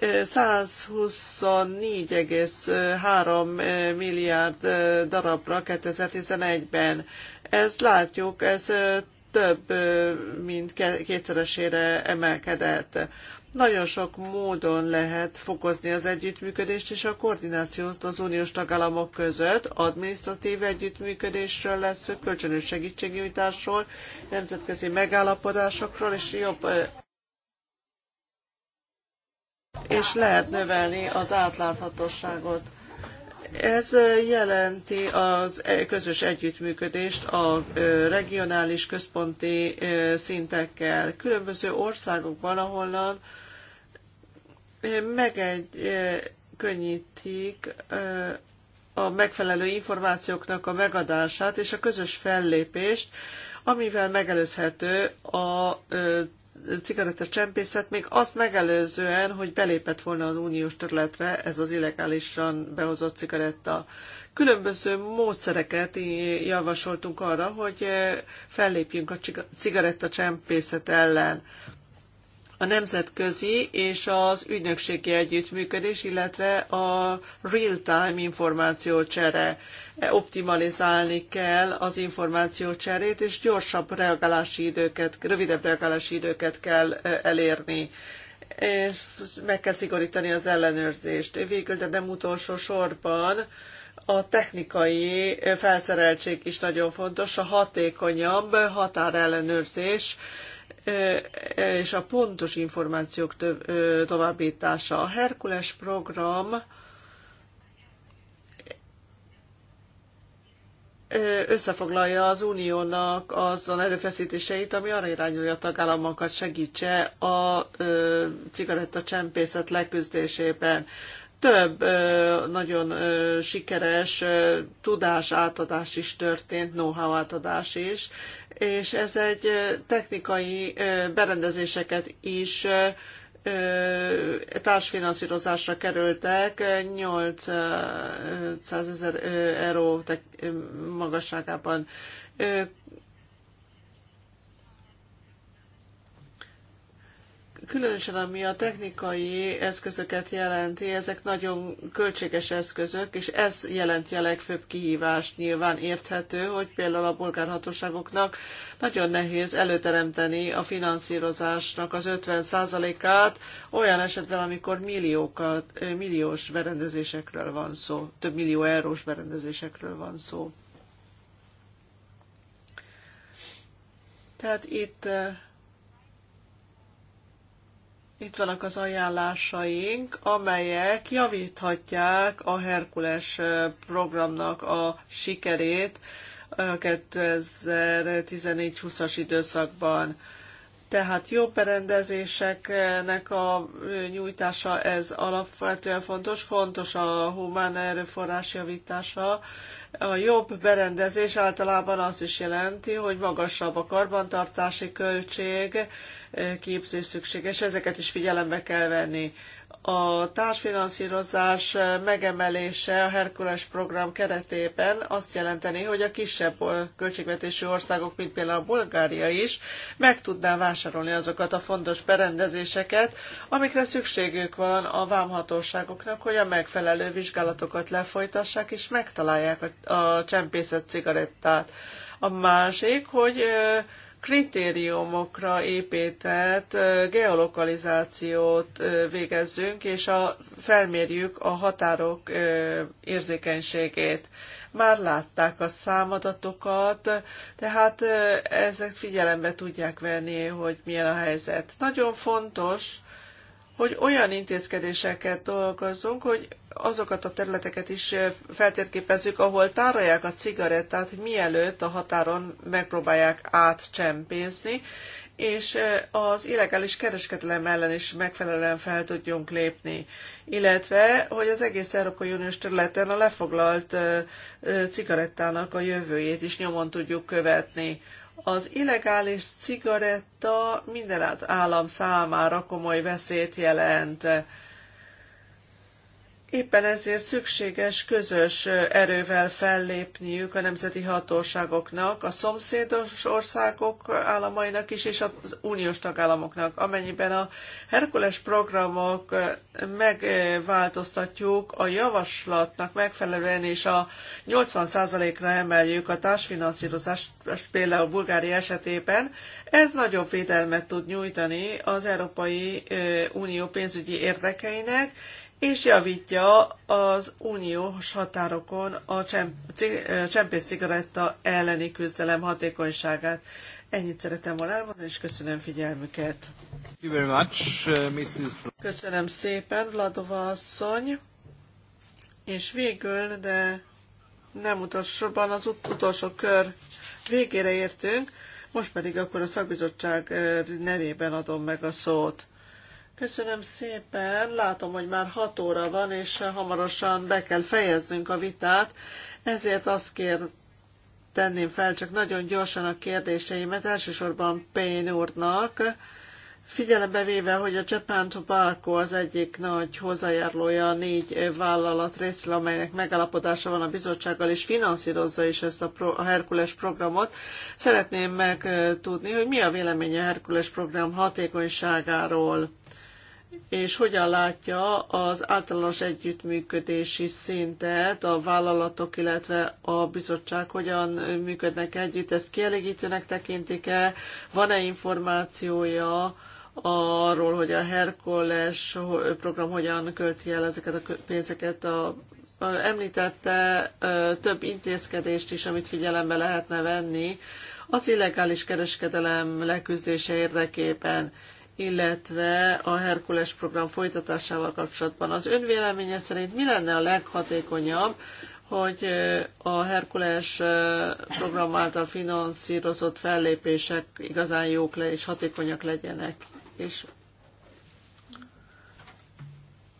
124,3 milliárd darabra 2011-ben. Ez látjuk, ez több mint kétszeresére emelkedett. Nagyon sok módon lehet fokozni az együttműködést és a koordinációt az uniós tagállamok között. Administratív együttműködésről lesz, kölcsönös segítségnyújtásról, nemzetközi megállapodásokról és jobb és lehet növelni az átláthatóságot. Ez jelenti az e, közös együttműködést a regionális központi szintekkel. Különböző országokban, ahonnan megegy könnyítik a megfelelő információknak a megadását és a közös fellépést, amivel megelőzhető a cigarettacsempészet még azt megelőzően, hogy belépett volna az uniós területre ez az illegálisan behozott cigaretta. Különböző módszereket javasoltunk arra, hogy fellépjünk a cigarettacsempészet ellen a nemzetközi és az ügynökségi együttműködés, illetve a real-time információcsere. Optimalizálni kell az információcserét, és gyorsabb reagálási időket, rövidebb reagálási időket kell elérni és meg kell szigorítani az ellenőrzést. Végül, de nem utolsó sorban, a technikai felszereltség is nagyon fontos, a hatékonyabb határellenőrzés és a pontos információk továbbítása. A Herkules program összefoglalja az uniónak azon erőfeszítéseit, ami arra irányul, hogy a tagállamokat segítse a cigarettacsempészet leküzdésében. Több nagyon sikeres tudás átadás is történt, know-how átadás is, és ez egy technikai berendezéseket is társfinanszírozásra kerültek 800 ezer euró magasságában különösen ami a technikai eszközöket jelenti, ezek nagyon költséges eszközök, és ez jelenti a legfőbb kihívást. Nyilván érthető, hogy például a bolgárhatóságoknak nagyon nehéz előteremteni a finanszírozásnak az 50%-át olyan esetben, amikor milliókat, milliós berendezésekről van szó, több millió eurós berendezésekről van szó. Tehát itt itt vannak az ajánlásaink, amelyek javíthatják a Herkules programnak a sikerét a 2014-20-as időszakban. Tehát jobb berendezéseknek a nyújtása ez alapvetően fontos, fontos a humán erőforrás javítása. A jobb berendezés általában azt is jelenti, hogy magasabb a karbantartási költség, képzés szükséges, ezeket is figyelembe kell venni a társfinanszírozás megemelése a Herkules program keretében azt jelenteni, hogy a kisebb költségvetésű országok, mint például a Bulgária is, meg tudná vásárolni azokat a fontos berendezéseket, amikre szükségük van a vámhatóságoknak, hogy a megfelelő vizsgálatokat lefolytassák és megtalálják a csempészet cigarettát. A másik, hogy kritériumokra épített geolokalizációt végezzünk, és a, felmérjük a határok érzékenységét. Már látták a számadatokat, tehát ezek figyelembe tudják venni, hogy milyen a helyzet. Nagyon fontos, hogy olyan intézkedéseket dolgozzunk, hogy azokat a területeket is feltérképezzük, ahol tárolják a cigarettát, hogy mielőtt a határon megpróbálják átcsempészni, és az illegális kereskedelem ellen is megfelelően fel tudjunk lépni. Illetve, hogy az egész Európai Uniós területen a lefoglalt cigarettának a jövőjét is nyomon tudjuk követni. Az illegális cigaretta minden állam számára komoly veszélyt jelent Éppen ezért szükséges közös erővel fellépniük a nemzeti hatóságoknak, a szomszédos országok államainak is, és az uniós tagállamoknak. Amennyiben a Herkules programok megváltoztatjuk, a javaslatnak megfelelően és a 80%-ra emeljük a társfinanszírozást, például Bulgária esetében, ez nagyobb védelmet tud nyújtani az Európai Unió pénzügyi érdekeinek, és javítja az uniós határokon a csempész cigaretta elleni küzdelem hatékonyságát. Ennyit szeretem volna elmondani, és köszönöm figyelmüket. Uh, köszönöm szépen, Vladova asszony. És végül, de nem utolsóban az ut- utolsó kör végére értünk, most pedig akkor a szakbizottság nevében adom meg a szót. Köszönöm szépen. Látom, hogy már 6 óra van, és hamarosan be kell fejeznünk a vitát. Ezért azt kér, tenném fel csak nagyon gyorsan a kérdéseimet, elsősorban Payne úrnak. Figyelembe véve, hogy a Japan Tobacco az egyik nagy hozzájárlója a négy vállalat részéről, amelynek megalapodása van a bizottsággal, és finanszírozza is ezt a, pro- a Herkules programot, szeretném megtudni, hogy mi a véleménye a Herkules program hatékonyságáról és hogyan látja az általános együttműködési szintet, a vállalatok, illetve a bizottság hogyan működnek együtt, ezt kielégítőnek tekintik-e, van-e információja arról, hogy a Herkules program hogyan költi el ezeket a pénzeket a Említette több intézkedést is, amit figyelembe lehetne venni az illegális kereskedelem leküzdése érdekében illetve a Herkules program folytatásával kapcsolatban. Az ön véleménye szerint mi lenne a leghatékonyabb, hogy a Herkules program által finanszírozott fellépések igazán jók le és hatékonyak legyenek? És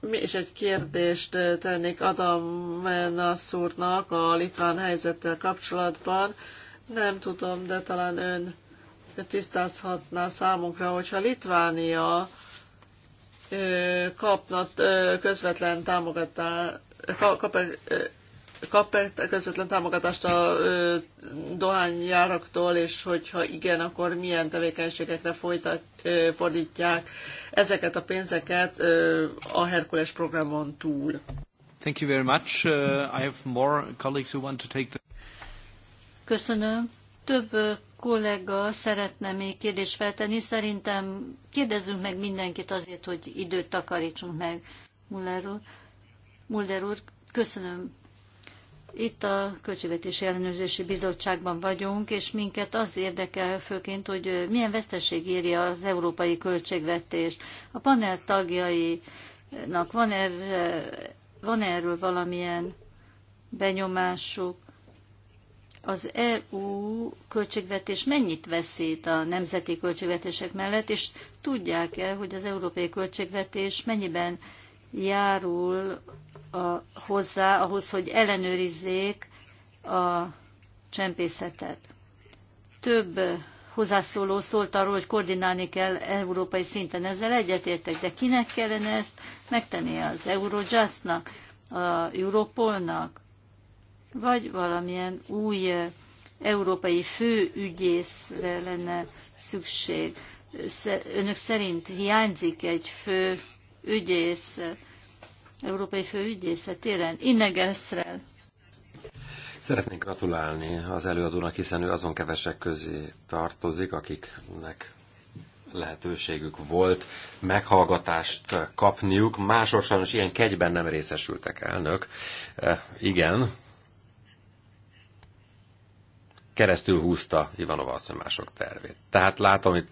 mi is egy kérdést tennék Adam úrnak a litván helyzettel kapcsolatban. Nem tudom, de talán ön tisztázhatná számunkra, hogyha Litvánia kapna közvetlen támogatást, kap, közvetlen támogatást a dohányjáraktól, és hogyha igen, akkor milyen tevékenységekre folytat, fordítják ezeket a pénzeket a Herkules programon túl. Thank you very much. Uh, I have more colleagues who want to take the... Köszönöm. Több kollega szeretne még kérdést feltenni. Szerintem kérdezzünk meg mindenkit azért, hogy időt takarítsunk meg. Muller úr, Mulder úr köszönöm. Itt a Költségvetési Ellenőrzési Bizottságban vagyunk, és minket az érdekel főként, hogy milyen veszteség írja az európai költségvetést. A panel tagjainak van, erre, van erről valamilyen benyomásuk? az EU költségvetés mennyit veszít a nemzeti költségvetések mellett, és tudják-e, hogy az európai költségvetés mennyiben járul a, hozzá ahhoz, hogy ellenőrizzék a csempészetet. Több hozzászóló szólt arról, hogy koordinálni kell európai szinten. Ezzel egyetértek, de kinek kellene ezt megtennie az Eurojustnak, a Europolnak, vagy valamilyen új európai főügyészre lenne szükség. Önök szerint hiányzik egy fő ügyész, európai főügyészet téren? Innegelszrel. Szeretnék gratulálni az előadónak, hiszen ő azon kevesek közé tartozik, akiknek lehetőségük volt meghallgatást kapniuk. Máshol sajnos ilyen kegyben nem részesültek elnök. E, igen, keresztül húzta Ivanova asszony mások tervét. Tehát látom, itt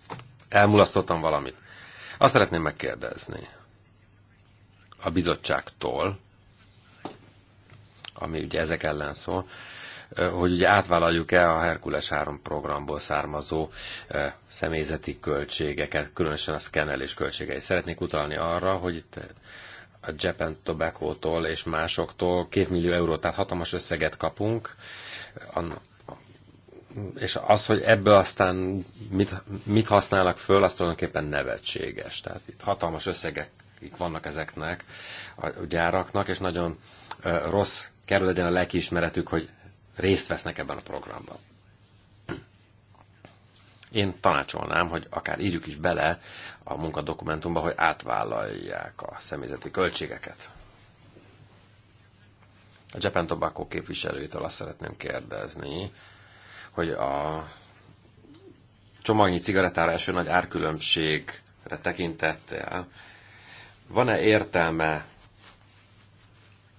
elmulasztottam valamit. Azt szeretném megkérdezni a bizottságtól, ami ugye ezek ellen szól, hogy ugye átvállaljuk-e a Herkules 3 programból származó személyzeti költségeket, különösen a szkennelés költségei. Szeretnék utalni arra, hogy itt a Japan Tobacco-tól és másoktól 2 millió eurót, tehát hatalmas összeget kapunk és az, hogy ebből aztán mit, mit használnak föl, az tulajdonképpen nevetséges. Tehát itt hatalmas összegek vannak ezeknek a gyáraknak, és nagyon rossz kerül legyen a lelkiismeretük, hogy részt vesznek ebben a programban. Én tanácsolnám, hogy akár írjuk is bele a munkadokumentumba, hogy átvállalják a személyzeti költségeket. A Japan Tobacco képviselőjétől azt szeretném kérdezni, hogy a csomagnyi cigarettára eső nagy árkülönbségre tekintettel van-e értelme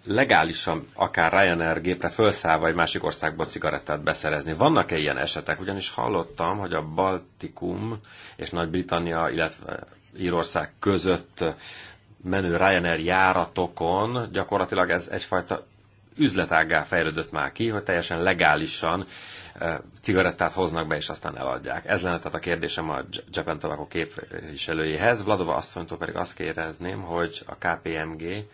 legálisan akár Ryanair gépre felszállva egy másik országban cigarettát beszerezni. Vannak-e ilyen esetek? Ugyanis hallottam, hogy a Baltikum és Nagy-Britannia, illetve Írország között menő Ryanair járatokon gyakorlatilag ez egyfajta üzletággá fejlődött már ki, hogy teljesen legálisan e, cigarettát hoznak be, és aztán eladják. Ez lenne tehát a kérdésem a Japan Tobacco képviselőjéhez. Vladova asszonytól pedig azt kérdezném, hogy a KPMG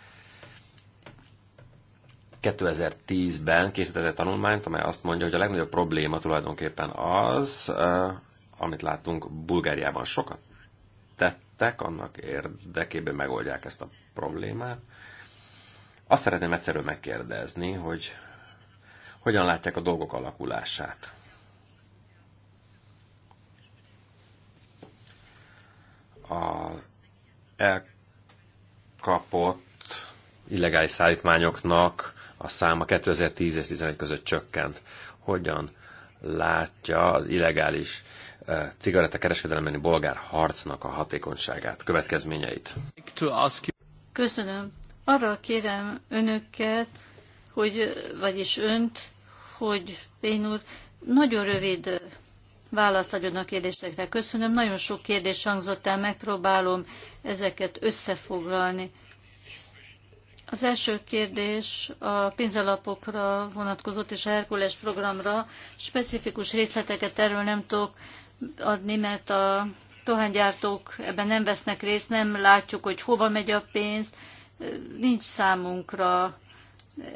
2010-ben készített egy tanulmányt, amely azt mondja, hogy a legnagyobb probléma tulajdonképpen az, e, amit láttunk Bulgáriában sokat tettek, annak érdekében megoldják ezt a problémát. Azt szeretném egyszerűen megkérdezni, hogy hogyan látják a dolgok alakulását. A elkapott illegális szállítmányoknak a száma 2010 és 2011 között csökkent. Hogyan látja az illegális kereskedelemeni bolgár harcnak a hatékonyságát, következményeit? Köszönöm. Arra kérem önöket, hogy, vagyis önt, hogy Pén úr, nagyon rövid választ adjon a kérdésekre. Köszönöm, nagyon sok kérdés hangzott el, megpróbálom ezeket összefoglalni. Az első kérdés a pénzalapokra vonatkozott és a Herkules programra. Specifikus részleteket erről nem tudok adni, mert a tohánygyártók ebben nem vesznek részt, nem látjuk, hogy hova megy a pénz, nincs számunkra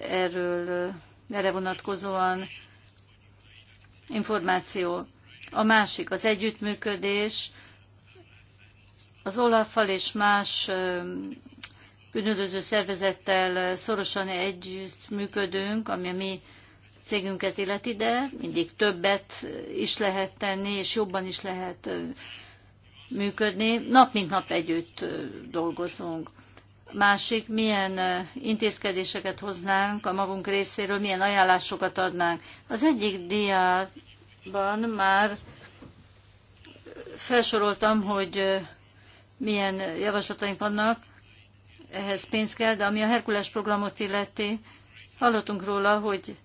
erről, erre vonatkozóan információ. A másik az együttműködés az olaf és más bűnöldöző szervezettel szorosan együttműködünk, ami a mi cégünket illeti, de mindig többet is lehet tenni, és jobban is lehet működni. Nap mint nap együtt dolgozunk másik, milyen intézkedéseket hoznánk a magunk részéről, milyen ajánlásokat adnánk. Az egyik diában már felsoroltam, hogy milyen javaslataink vannak, ehhez pénz kell, de ami a Herkules programot illeti, hallottunk róla, hogy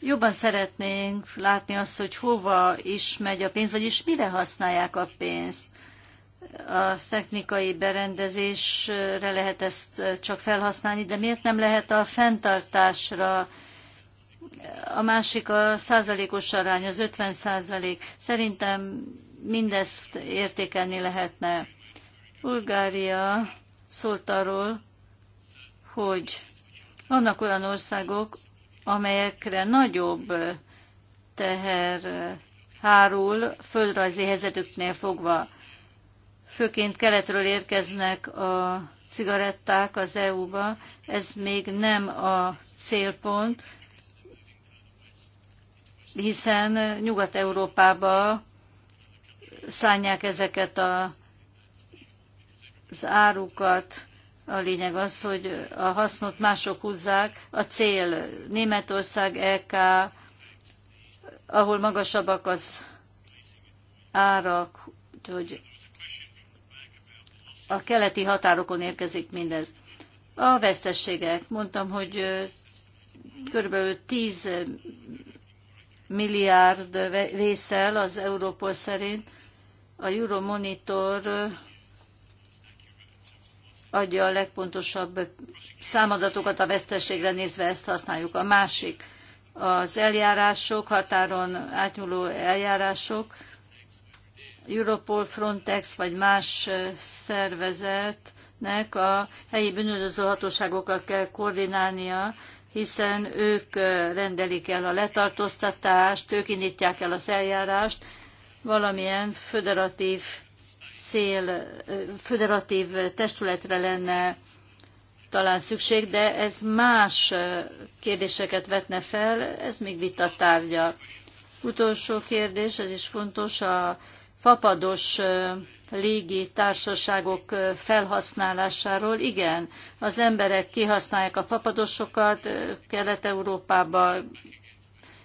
jobban szeretnénk látni azt, hogy hova is megy a pénz, vagyis mire használják a pénzt a technikai berendezésre lehet ezt csak felhasználni, de miért nem lehet a fenntartásra a másik a százalékos arány, az 50 százalék. Szerintem mindezt értékelni lehetne. Bulgária szólt arról, hogy vannak olyan országok, amelyekre nagyobb teher hárul földrajzi helyzetüknél fogva főként keletről érkeznek a cigaretták az EU-ba, ez még nem a célpont, hiszen Nyugat-Európába szállják ezeket a, az árukat. A lényeg az, hogy a hasznot mások húzzák. A cél Németország, EK, ahol magasabbak az árak, úgyhogy a keleti határokon érkezik mindez. A vesztességek, mondtam, hogy kb. 10 milliárd vészel az Európol szerint. A Euromonitor adja a legpontosabb számadatokat a vesztességre nézve, ezt használjuk. A másik az eljárások, határon átnyúló eljárások, Europol, Frontex vagy más szervezetnek a helyi bűnöző hatóságokkal kell koordinálnia, hiszen ők rendelik el a letartóztatást, ők indítják el az eljárást, valamilyen föderatív cél, föderatív testületre lenne talán szükség, de ez más kérdéseket vetne fel, ez még vita tárgya. Utolsó kérdés, ez is fontos, a fapados légi társaságok felhasználásáról. Igen, az emberek kihasználják a fapadosokat, Kelet-Európába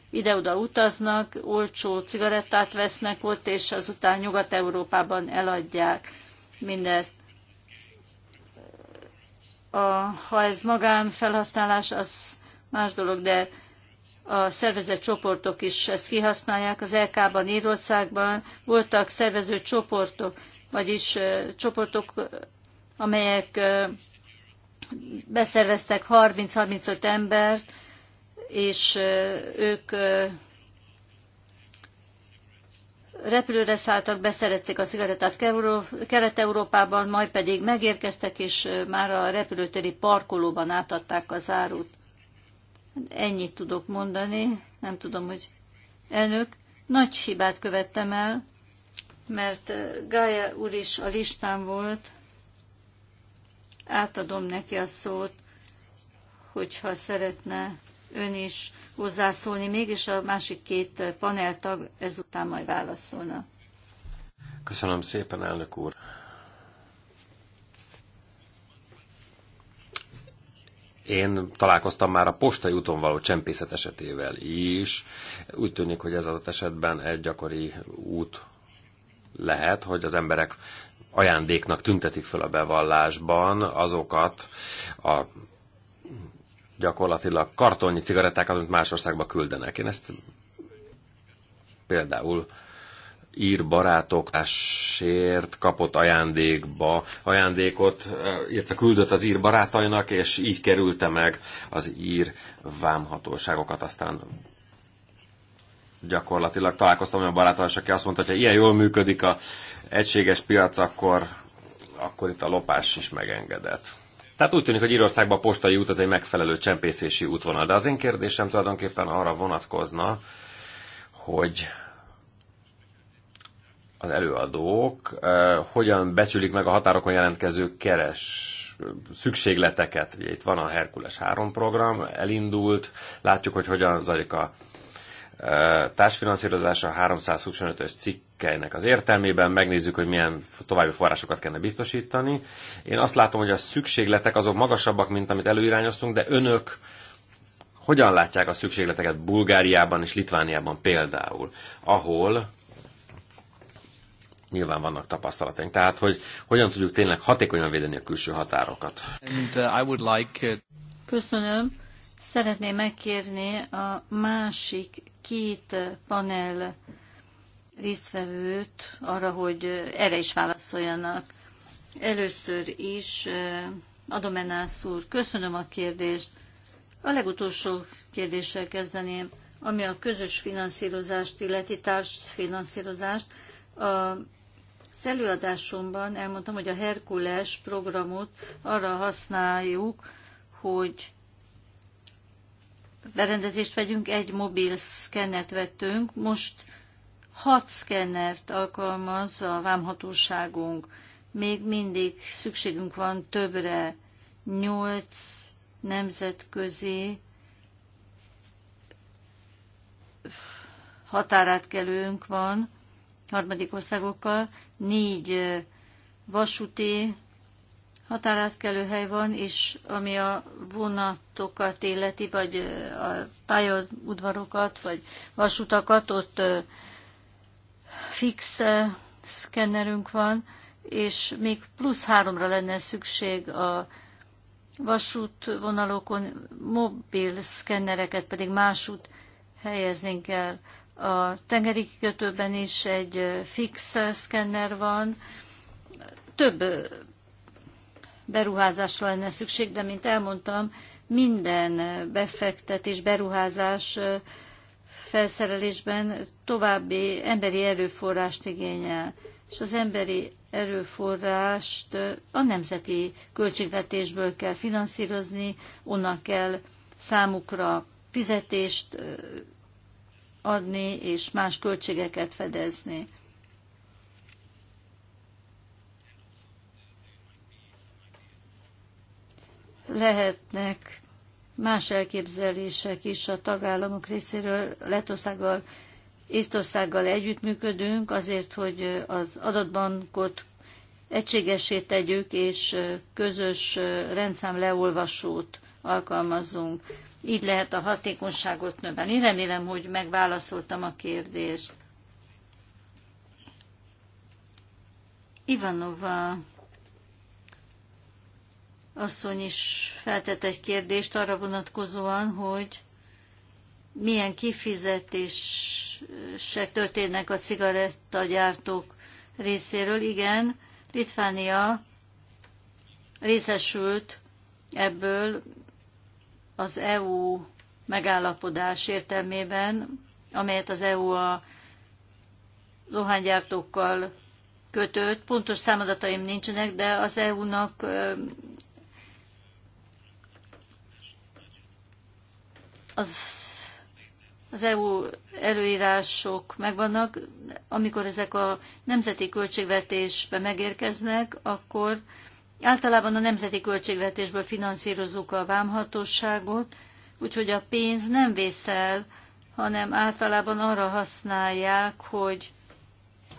ide-oda utaznak, olcsó cigarettát vesznek ott, és azután Nyugat-Európában eladják mindezt. A, ha ez magánfelhasználás, az más dolog, de a szervezett csoportok is ezt kihasználják. Az LK-ban, Írországban voltak szervező csoportok, vagyis csoportok, amelyek beszerveztek 30-35 embert, és ők repülőre szálltak, beszerették a cigarettát Kelet-Európában, majd pedig megérkeztek, és már a repülőtéri parkolóban átadták az árut. Ennyit tudok mondani, nem tudom, hogy elnök, nagy hibát követtem el, mert eh, Gája úr is a listán volt, átadom neki a szót, hogyha szeretne ön is hozzászólni, mégis a másik két eh, paneltag ezután majd válaszolna. Köszönöm szépen, elnök úr. Én találkoztam már a postai úton való csempészet esetével is. Úgy tűnik, hogy ez adott esetben egy gyakori út lehet, hogy az emberek ajándéknak tüntetik föl a bevallásban azokat a gyakorlatilag kartonnyi cigarettákat, amit más országba küldenek. Én ezt például ír barátokásért kapott ajándékba, ajándékot, eh, illetve küldött az ír barátainak, és így kerülte meg az ír vámhatóságokat. Aztán gyakorlatilag találkoztam olyan baráttal, aki azt mondta, hogy ha ilyen jól működik a egységes piac, akkor, akkor itt a lopás is megengedett. Tehát úgy tűnik, hogy Írországban a postai út az egy megfelelő csempészési útvonal. De az én kérdésem tulajdonképpen arra vonatkozna, hogy az előadók hogyan becsülik meg a határokon jelentkező keres szükségleteket. Ugye itt van a Herkules 3 program, elindult, látjuk, hogy hogyan zajlik a társfinanszírozása 325-ös cikkeinek az értelmében, megnézzük, hogy milyen további forrásokat kellene biztosítani. Én azt látom, hogy a szükségletek azok magasabbak, mint amit előirányoztunk, de önök hogyan látják a szükségleteket Bulgáriában és Litvániában például, ahol nyilván vannak tapasztalataink. Tehát, hogy hogyan tudjuk tényleg hatékonyan védeni a külső határokat. And, uh, I would like... Uh, köszönöm. Szeretném megkérni a másik két panel résztvevőt arra, hogy uh, erre is válaszoljanak. Először is uh, Adomenász úr, köszönöm a kérdést. A legutolsó kérdéssel kezdeném, ami a közös finanszírozást illeti társfinanszírozást. A az előadásomban elmondtam, hogy a Herkules programot arra használjuk, hogy berendezést vegyünk, egy mobil szkennet vettünk, most hat szkennert alkalmaz a vámhatóságunk. Még mindig szükségünk van többre, nyolc nemzetközi határátkelőnk van harmadik országokkal, négy vasúti határátkelő hely van, és ami a vonatokat illeti, vagy a pályaudvarokat, vagy vasutakat, ott fix szkennerünk van, és még plusz háromra lenne szükség a vasútvonalokon, mobil szkennereket pedig másút helyeznénk el. A tengeri kikötőben is egy fix szkenner van. Több beruházásra lenne szükség, de mint elmondtam, minden befektetés, beruházás felszerelésben további emberi erőforrást igényel, és az emberi erőforrást a nemzeti költségvetésből kell finanszírozni, onnan kell számukra fizetést adni és más költségeket fedezni. Lehetnek más elképzelések is a tagállamok részéről. Letországgal, Észtországgal együttműködünk azért, hogy az adatbankot egységessé tegyük, és közös rendszám leolvasót alkalmazzunk így lehet a hatékonyságot növelni. Remélem, hogy megválaszoltam a kérdést. Ivanova asszony is feltett egy kérdést arra vonatkozóan, hogy milyen kifizetések történnek a cigarettagyártók részéről. Igen, Litvánia részesült ebből az EU megállapodás értelmében, amelyet az EU a dohánygyártókkal kötött. Pontos számadataim nincsenek, de az EU-nak az, az EU előírások megvannak, amikor ezek a nemzeti költségvetésbe megérkeznek, akkor Általában a nemzeti költségvetésből finanszírozzuk a vámhatóságot, úgyhogy a pénz nem el, hanem általában arra használják, hogy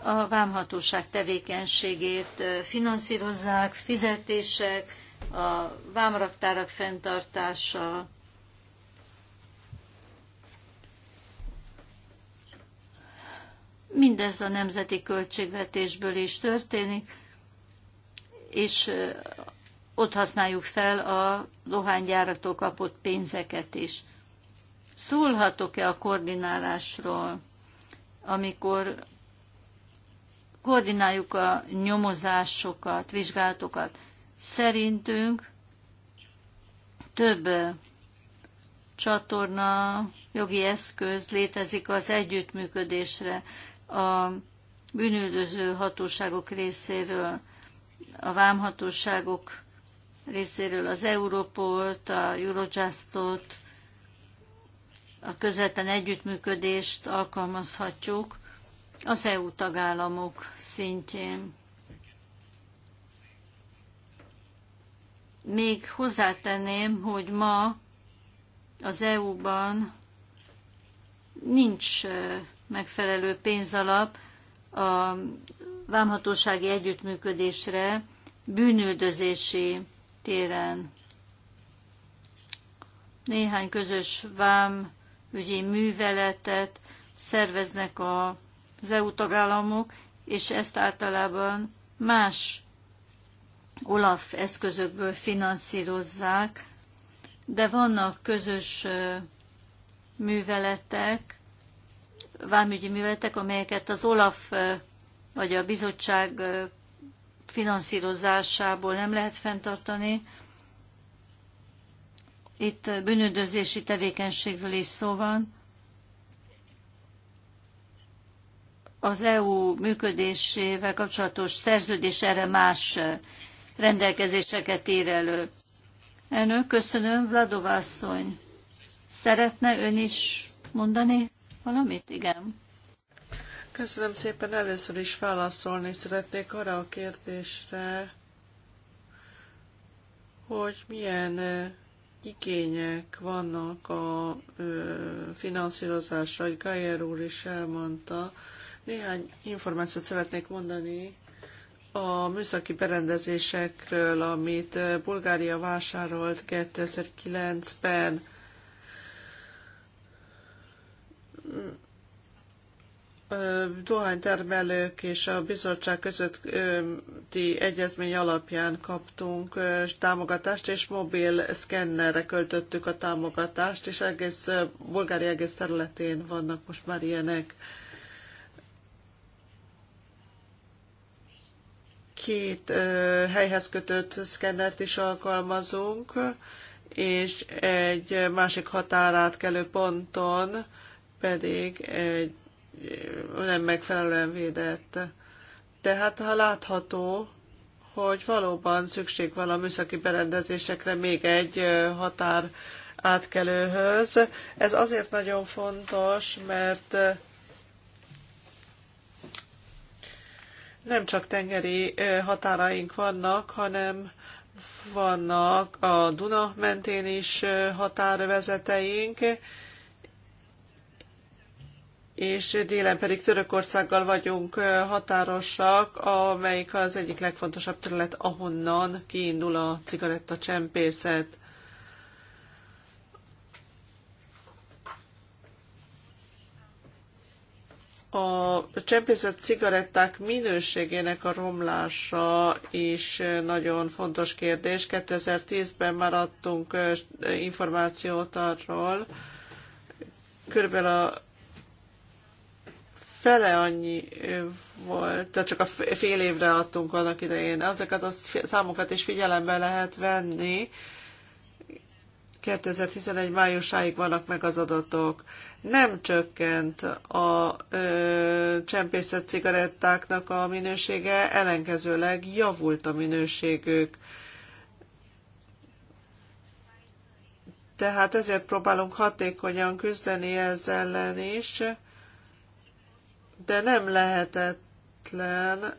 a vámhatóság tevékenységét finanszírozzák, fizetések, a vámraktárak fenntartása, Mindez a nemzeti költségvetésből is történik, és ott használjuk fel a dohánygyáraktól kapott pénzeket is. Szólhatok-e a koordinálásról, amikor koordináljuk a nyomozásokat, vizsgálatokat? Szerintünk több csatorna, jogi eszköz létezik az együttműködésre a bűnüldöző hatóságok részéről a vámhatóságok részéről az Europolt, a Eurojustot, a közvetlen együttműködést alkalmazhatjuk az EU tagállamok szintjén. Még hozzátenném, hogy ma az EU-ban nincs megfelelő pénzalap a vámhatósági együttműködésre bűnüldözési téren. Néhány közös vám ügyi műveletet szerveznek az EU tagállamok, és ezt általában más OLAF eszközökből finanszírozzák, de vannak közös műveletek, vámügyi műveletek, amelyeket az OLAF vagy a bizottság finanszírozásából nem lehet fenntartani. Itt bűnöldözési tevékenységről is szó van. Az EU működésével kapcsolatos szerződés erre más rendelkezéseket ír elő. Elnök, köszönöm. Vladov asszony, szeretne ön is mondani valamit? Igen. Köszönöm szépen. Először is válaszolni szeretnék arra a kérdésre, hogy milyen igények vannak a finanszírozásra, hogy Gajer úr is elmondta. Néhány információt szeretnék mondani a műszaki berendezésekről, amit Bulgária vásárolt 2009-ben dohánytermelők és a bizottság közötti egyezmény alapján kaptunk támogatást, és mobil szkennerre költöttük a támogatást, és egész Bulgária egész területén vannak most már ilyenek. Két helyhez kötött szkennert is alkalmazunk, és egy másik határátkelő ponton pedig egy nem megfelelően védett. Tehát ha látható, hogy valóban szükség van a műszaki berendezésekre még egy határ átkelőhöz. Ez azért nagyon fontos, mert nem csak tengeri határaink vannak, hanem vannak a Duna mentén is határvezeteink, és délen pedig Törökországgal vagyunk határosak, amelyik az egyik legfontosabb terület, ahonnan kiindul a cigarettacsempészet. a csempészet cigaretták minőségének a romlása is nagyon fontos kérdés. 2010-ben már adtunk információt arról, körülbelül a fele annyi volt, tehát csak a fél évre adtunk annak idején. Azokat a számokat is figyelembe lehet venni. 2011 májusáig vannak meg az adatok. Nem csökkent a ö, csempészet cigarettáknak a minősége, ellenkezőleg javult a minőségük. Tehát ezért próbálunk hatékonyan küzdeni ezzel ellen is de nem lehetetlen,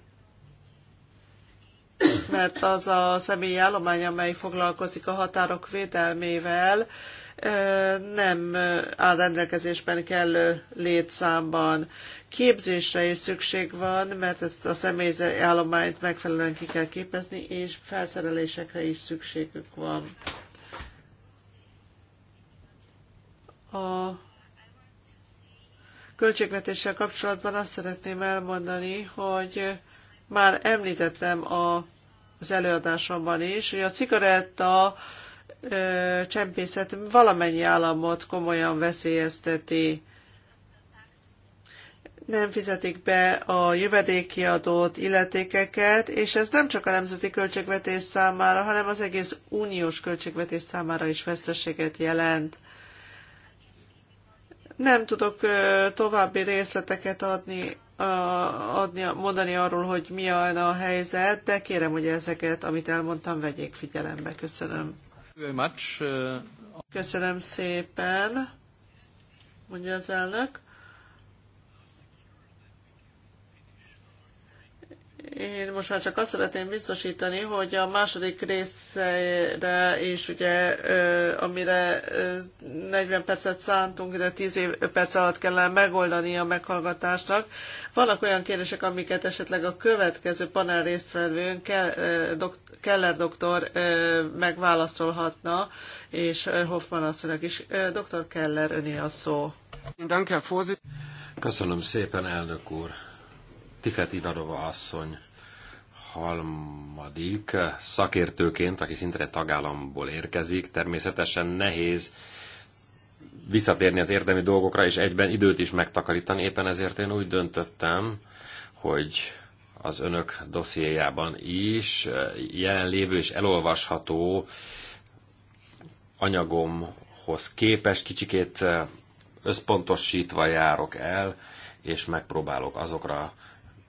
mert az a személyi állomány, amely foglalkozik a határok védelmével, nem áll rendelkezésben kellő létszámban. Képzésre is szükség van, mert ezt a személyi állományt megfelelően ki kell képezni, és felszerelésekre is szükségük van. A költségvetéssel kapcsolatban azt szeretném elmondani, hogy már említettem a, az előadásomban is, hogy a cigaretta ö, csempészet valamennyi államot komolyan veszélyezteti. Nem fizetik be a jövedéki adót, illetékeket, és ez nem csak a nemzeti költségvetés számára, hanem az egész uniós költségvetés számára is veszteséget jelent nem tudok további részleteket adni, adni, mondani arról, hogy mi a helyzet, de kérem, hogy ezeket, amit elmondtam, vegyék figyelembe. Köszönöm. Köszönöm szépen, mondja az elnök. Én most már csak azt szeretném biztosítani, hogy a második részre is, ugye, amire 40 percet szántunk, de 10 év, perc alatt kellene megoldani a meghallgatásnak. Vannak olyan kérdések, amiket esetleg a következő panel résztvevőn Keller doktor megválaszolhatna, és Hoffman asszonynak is. Doktor Keller, öné a szó. Köszönöm szépen, elnök úr. Tisztelt Idarova asszony, harmadik szakértőként, aki szintén egy tagállamból érkezik, természetesen nehéz visszatérni az érdemi dolgokra, és egyben időt is megtakarítani. Éppen ezért én úgy döntöttem, hogy az önök dossziéjában is jelenlévő és elolvasható anyagomhoz képes kicsikét összpontosítva járok el, és megpróbálok azokra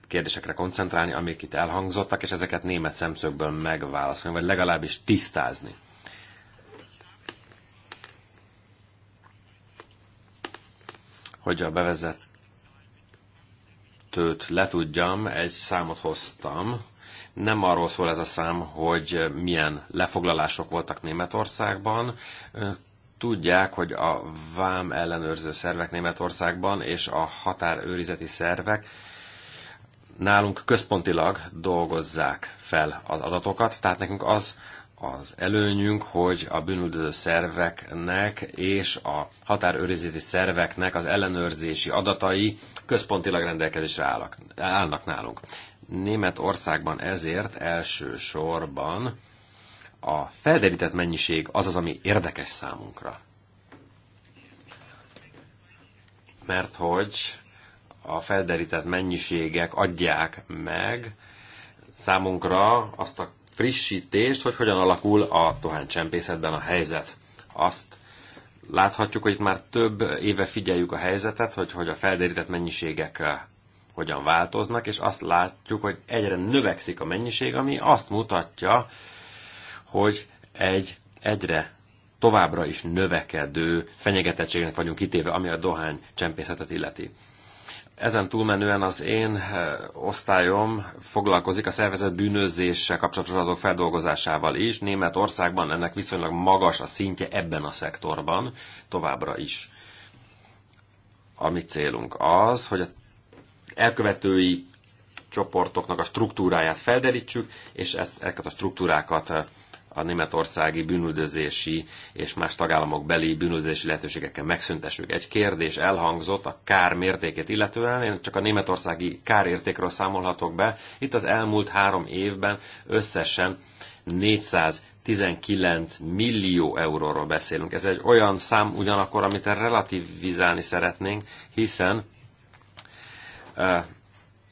kérdésekre koncentrálni, amik itt elhangzottak, és ezeket német szemszögből megválaszolni, vagy legalábbis tisztázni. Hogy a bevezetőt letudjam, egy számot hoztam. Nem arról szól ez a szám, hogy milyen lefoglalások voltak Németországban, tudják, hogy a vám ellenőrző szervek Németországban és a határőrizeti szervek nálunk központilag dolgozzák fel az adatokat, tehát nekünk az az előnyünk, hogy a bűnüldöző szerveknek és a határőrizeti szerveknek az ellenőrzési adatai központilag rendelkezésre állnak, állnak nálunk. Németországban ezért elsősorban a felderített mennyiség az az, ami érdekes számunkra. Mert hogy a felderített mennyiségek adják meg számunkra azt a frissítést, hogy hogyan alakul a csempészetben a helyzet. Azt láthatjuk, hogy itt már több éve figyeljük a helyzetet, hogy, hogy a felderített mennyiségek eh, hogyan változnak, és azt látjuk, hogy egyre növekszik a mennyiség, ami azt mutatja, hogy egy egyre továbbra is növekedő fenyegetettségnek vagyunk kitéve, ami a dohány csempészetet illeti. Ezen túlmenően az én eh, osztályom foglalkozik a szervezet bűnözéssel kapcsolatos adatok feldolgozásával is. Németországban ennek viszonylag magas a szintje ebben a szektorban, továbbra is. A mi célunk az, hogy a elkövetői csoportoknak a struktúráját felderítsük, és ezt, ezeket a struktúrákat eh, a németországi bűnüldözési és más tagállamok beli bűnüldözési lehetőségekkel megszüntessük. Egy kérdés elhangzott a kár mértékét illetően, én csak a németországi kárértékről számolhatok be. Itt az elmúlt három évben összesen 419 millió euróról beszélünk. Ez egy olyan szám ugyanakkor, amit relativizálni szeretnénk, hiszen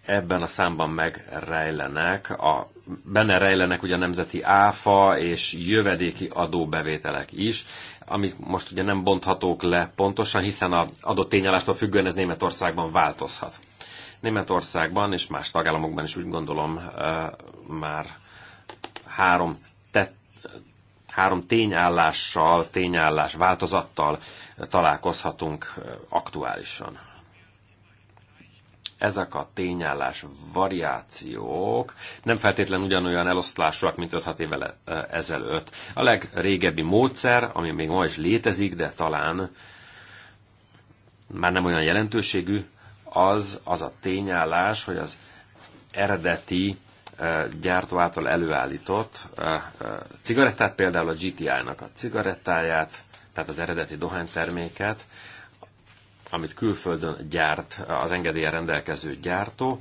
ebben a számban megrejlenek a benne rejlenek ugye a nemzeti áfa és jövedéki adóbevételek is, amik most ugye nem bonthatók le pontosan, hiszen az adott tényállástól függően ez Németországban változhat. Németországban és más tagállamokban is úgy gondolom már három tett három tényállással, tényállás változattal találkozhatunk aktuálisan ezek a tényállás variációk nem feltétlen ugyanolyan eloszlásúak, mint 5-6 évvel ezelőtt. A legrégebbi módszer, ami még ma is létezik, de talán már nem olyan jelentőségű, az, az a tényállás, hogy az eredeti gyártó által előállított cigarettát, például a GTI-nak a cigarettáját, tehát az eredeti dohányterméket, amit külföldön gyárt az engedélye rendelkező gyártó,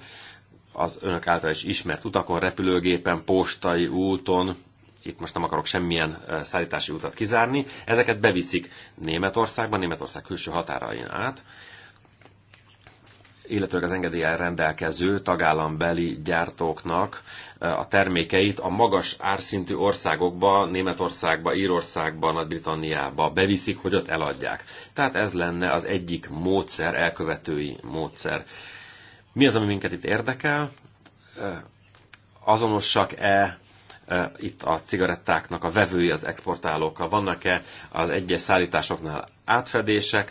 az önök által is ismert utakon, repülőgépen, postai úton, itt most nem akarok semmilyen szállítási utat kizárni, ezeket beviszik Németországban, Németország külső határain át, illetőleg az engedéllyel rendelkező tagállambeli gyártóknak eh, a termékeit a magas árszintű országokba, Németországba, Írországba, Nagy-Britanniába beviszik, hogy ott eladják. Tehát ez lenne az egyik módszer, elkövetői módszer. Mi az, ami minket itt érdekel? Eh, azonosak-e eh, itt a cigarettáknak a vevői az exportálókkal? Vannak-e az egyes szállításoknál átfedések?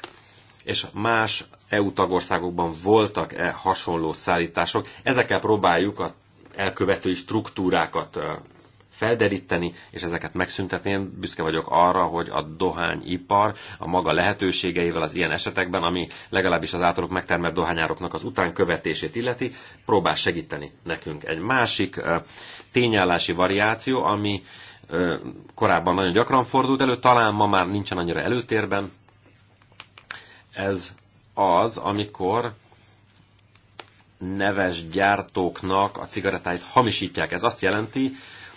és más EU tagországokban voltak-e hasonló szállítások. Ezekkel próbáljuk a elkövetői struktúrákat felderíteni, és ezeket megszüntetni. Én büszke vagyok arra, hogy a dohányipar a maga lehetőségeivel az ilyen esetekben, ami legalábbis az általuk megtermelt dohányároknak az utánkövetését illeti, próbál segíteni nekünk. Egy másik tényállási variáció, ami korábban nagyon gyakran fordult elő, talán ma már nincsen annyira előtérben, ez az, amikor neves gyártóknak a cigarettáit hamisítják. Ez azt jelenti,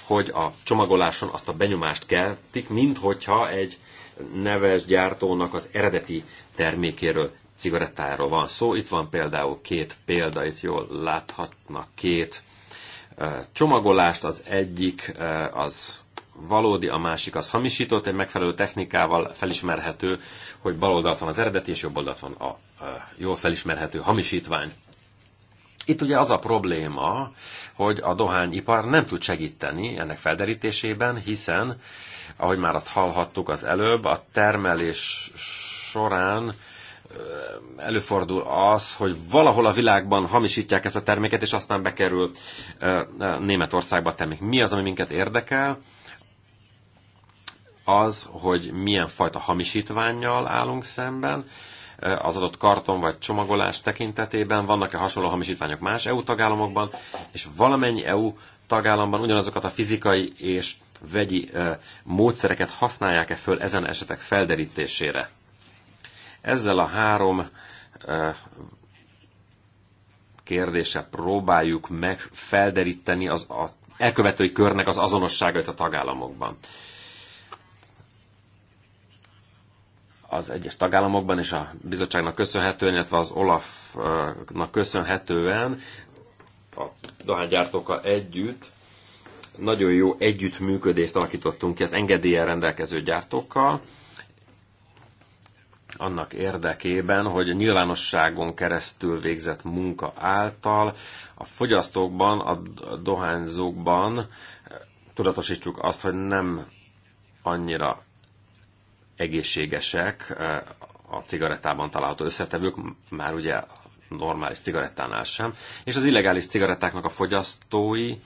hogy a csomagoláson azt a benyomást keltik, mint egy neves gyártónak az eredeti termékéről, cigarettájáról van szó. Itt van például két példa, itt jól láthatnak két csomagolást, az egyik az valódi, a másik az hamisított, egy megfelelő technikával felismerhető, hogy bal oldalt van az eredeti, és jobb oldalt van a, a jól felismerhető hamisítvány. Itt ugye az a probléma, hogy a dohányipar nem tud segíteni ennek felderítésében, hiszen, ahogy már azt hallhattuk az előbb, a termelés során előfordul az, hogy valahol a világban hamisítják ezt a terméket, és aztán bekerül Németországba a termék. Mi az, ami minket érdekel? az, hogy milyen fajta hamisítványjal állunk szemben, eh, az adott karton vagy csomagolás tekintetében, vannak-e hasonló hamisítványok más EU tagállamokban, és valamennyi EU tagállamban ugyanazokat a fizikai és vegyi eh, módszereket használják-e föl ezen esetek felderítésére. Ezzel a három eh, kérdéssel próbáljuk meg felderíteni az a elkövetői körnek az azonosságait a tagállamokban. az egyes tagállamokban és a bizottságnak köszönhetően, illetve az Olafnak köszönhetően a dohánygyártókkal együtt nagyon jó együttműködést alakítottunk ki az engedélyen rendelkező gyártókkal, annak érdekében, hogy a nyilvánosságon keresztül végzett munka által a fogyasztókban, a dohányzókban tudatosítsuk azt, hogy nem annyira egészségesek eh, a cigarettában található összetevők, már ugye normális cigarettánál sem, és az illegális cigarettáknak a fogyasztói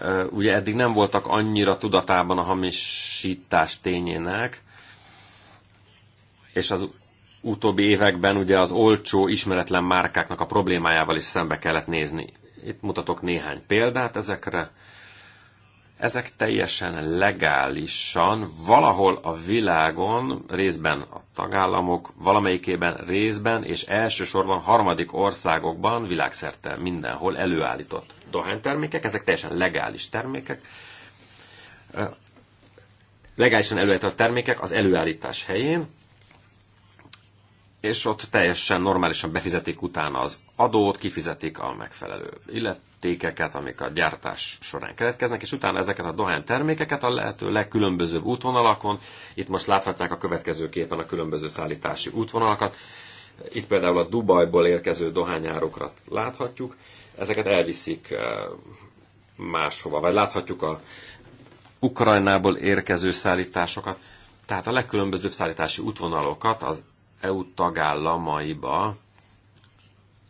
eh, ugye eddig nem voltak annyira tudatában a hamisítás tényének, és az utóbbi években ugye az olcsó, ismeretlen márkáknak a problémájával is szembe kellett nézni. Itt mutatok néhány példát ezekre. Ezek teljesen legálisan valahol a világon, részben a tagállamok, valamelyikében részben és elsősorban harmadik országokban világszerte mindenhol előállított dohánytermékek. Ezek teljesen legális termékek. Legálisan előállított termékek az előállítás helyén, és ott teljesen normálisan befizetik utána az adót, kifizetik a megfelelő illet értékeket, amik a gyártás során keletkeznek, és utána ezeket a dohány termékeket a lehető legkülönbözőbb útvonalakon, itt most láthatják a következő képen a különböző szállítási útvonalakat, itt például a Dubajból érkező dohányárokra láthatjuk, ezeket elviszik eh, máshova, vagy láthatjuk a Ukrajnából érkező szállításokat, tehát a legkülönbözőbb szállítási útvonalokat az EU tagállamaiba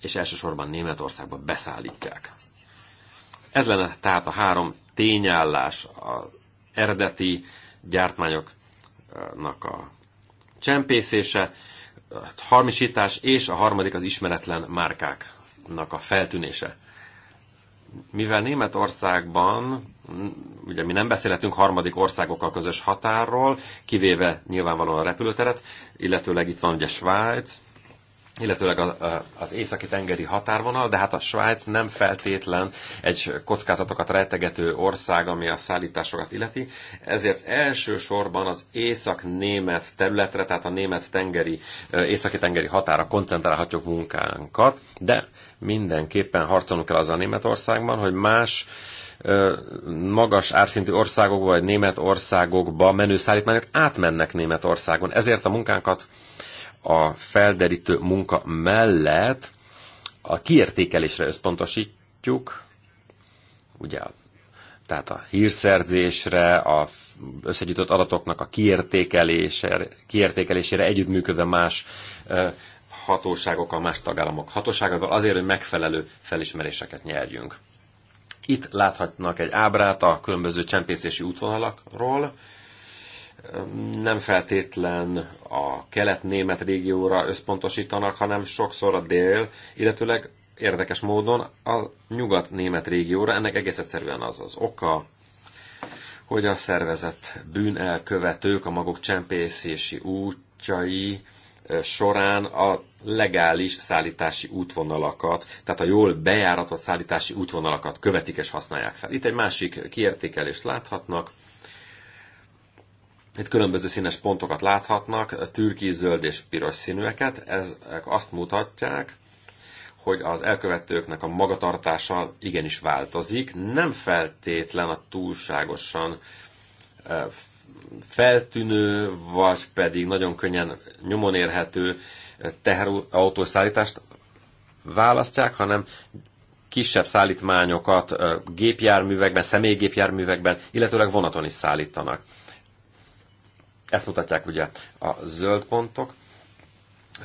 és elsősorban Németországba beszállítják. Ez lenne tehát a három tényállás, az eredeti gyártmányoknak a csempészése, a harmisítás, és a harmadik az ismeretlen márkáknak a feltűnése. Mivel Németországban, ugye mi nem beszélhetünk harmadik országokkal közös határról, kivéve nyilvánvalóan a repülőteret, illetőleg itt van ugye Svájc, illetőleg az északi tengeri határvonal, de hát a Svájc nem feltétlen egy kockázatokat rejtegető ország, ami a szállításokat illeti, ezért elsősorban az észak-német területre, tehát a német tengeri, északi tengeri határa koncentrálhatjuk munkánkat, de mindenképpen harcolnunk kell az a Németországban, hogy más magas árszintű országokba, vagy német országokba menő szállítmányok átmennek Németországon. Ezért a munkánkat a felderítő munka mellett a kiértékelésre összpontosítjuk, ugye tehát a hírszerzésre, a összegyűjtött adatoknak a kiértékelésére, kiértékelésére együttműködve más hatóságokkal, más tagállamok hatóságokkal, azért, hogy megfelelő felismeréseket nyerjünk. Itt láthatnak egy ábrát a különböző csempészési útvonalakról, nem feltétlen a kelet-német régióra összpontosítanak, hanem sokszor a dél, illetőleg érdekes módon a nyugat-német régióra. Ennek egész egyszerűen az az oka, hogy a szervezett bűnelkövetők a maguk csempészési útjai során a legális szállítási útvonalakat, tehát a jól bejáratott szállítási útvonalakat követik és használják fel. Itt egy másik kiértékelést láthatnak, itt különböző színes pontokat láthatnak, türki, zöld és piros színűeket. Ezek azt mutatják, hogy az elkövetőknek a magatartása igenis változik. Nem feltétlen a túlságosan feltűnő, vagy pedig nagyon könnyen nyomon érhető teherautószállítást választják, hanem kisebb szállítmányokat gépjárművekben, személygépjárművekben, illetőleg vonaton is szállítanak. Ezt mutatják ugye a zöld pontok,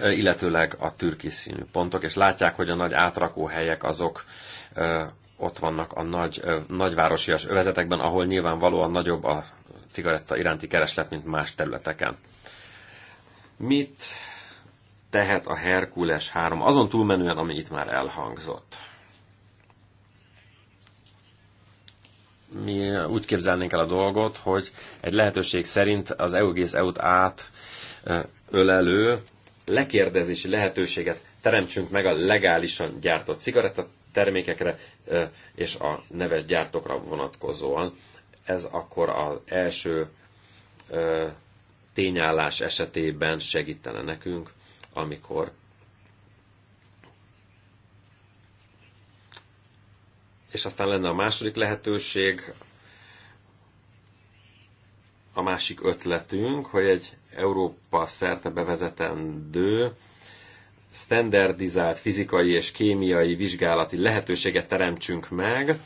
illetőleg a türkis színű pontok, és látják, hogy a nagy átrakó helyek azok ott vannak a nagy, nagyvárosias övezetekben, ahol nyilvánvalóan nagyobb a cigaretta iránti kereslet, mint más területeken. Mit tehet a Herkules 3 azon túlmenően, ami itt már elhangzott? mi úgy képzelnénk el a dolgot, hogy egy lehetőség szerint az EU egész EU-t át ölelő lekérdezési lehetőséget teremtsünk meg a legálisan gyártott termékekre és a neves gyártókra vonatkozóan. Ez akkor az első tényállás esetében segítene nekünk, amikor és aztán lenne a második lehetőség, a másik ötletünk, hogy egy Európa szerte bevezetendő standardizált fizikai és kémiai vizsgálati lehetőséget teremtsünk meg,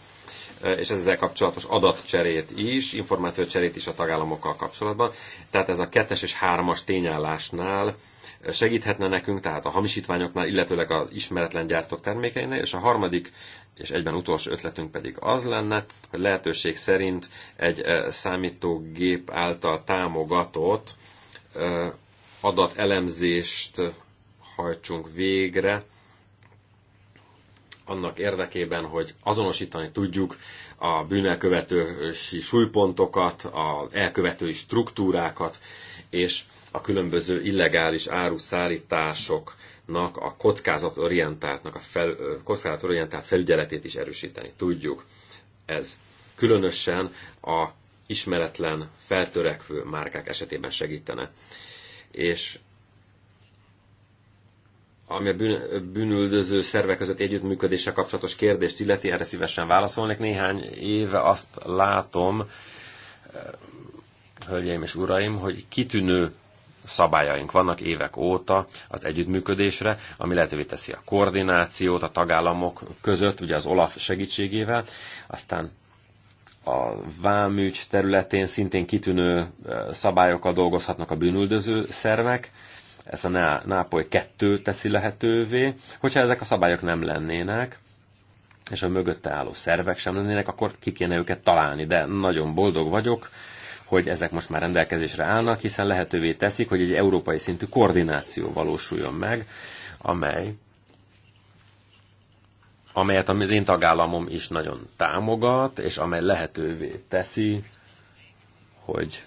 és ezzel kapcsolatos adatcserét is, információcserét is a tagállamokkal kapcsolatban. Tehát ez a kettes és hármas tényállásnál segíthetne nekünk, tehát a hamisítványoknál, illetőleg az ismeretlen gyártók termékeinél, és a harmadik és egyben utolsó ötletünk pedig az lenne, hogy lehetőség szerint egy számítógép által támogatott adatelemzést hajtsunk végre, annak érdekében, hogy azonosítani tudjuk a bűnelkövetősi súlypontokat, a elkövetői struktúrákat, és a különböző illegális áruszállításoknak, a kockázatorientáltnak, a fel, kockázatorientált felügyeletét is erősíteni tudjuk. Ez különösen a ismeretlen, feltörekvő márkák esetében segítene. És ami a bűn, bűnüldöző szervek között együttműködéssel kapcsolatos kérdést illeti, erre szívesen válaszolnék. Néhány éve azt látom, hölgyeim és uraim, hogy kitűnő szabályaink vannak évek óta az együttműködésre, ami lehetővé teszi a koordinációt a tagállamok között, ugye az OLAF segítségével, aztán a vámügy területén szintén kitűnő szabályokkal dolgozhatnak a bűnüldöző szervek, ez a Nápoly 2 teszi lehetővé, hogyha ezek a szabályok nem lennének, és a mögötte álló szervek sem lennének, akkor ki kéne őket találni, de nagyon boldog vagyok, hogy ezek most már rendelkezésre állnak, hiszen lehetővé teszik, hogy egy európai szintű koordináció valósuljon meg, amely amelyet az én tagállamom is nagyon támogat, és amely lehetővé teszi, hogy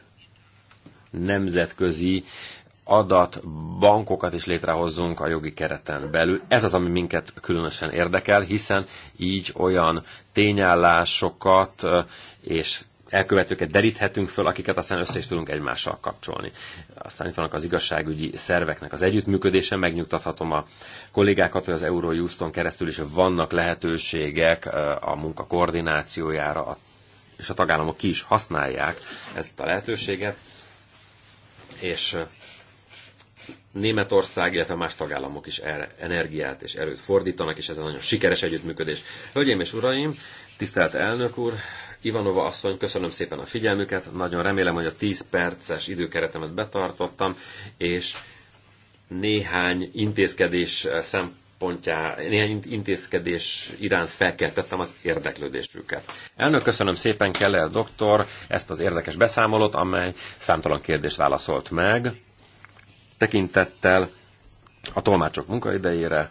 nemzetközi adatbankokat is létrehozzunk a jogi kereten belül. Ez az, ami minket különösen érdekel, hiszen így olyan tényállásokat és elkövetőket deríthetünk föl, akiket aztán össze is tudunk egymással kapcsolni. Aztán itt vannak az igazságügyi szerveknek az együttműködése, megnyugtathatom a kollégákat, hogy az Eurojuston keresztül is vannak lehetőségek a munka koordinációjára, és a tagállamok ki is használják ezt a lehetőséget, és Németország, illetve más tagállamok is erre energiát és erőt fordítanak, és ez a nagyon sikeres együttműködés. Hölgyeim és uraim, tisztelt elnök úr, Ivanova asszony, köszönöm szépen a figyelmüket, nagyon remélem, hogy a 10 perces időkeretemet betartottam, és néhány intézkedés szempontjá, néhány intézkedés iránt felkeltettem az érdeklődésüket. Elnök, köszönöm szépen Keller doktor ezt az érdekes beszámolót, amely számtalan kérdést válaszolt meg, tekintettel a tolmácsok munkaidejére,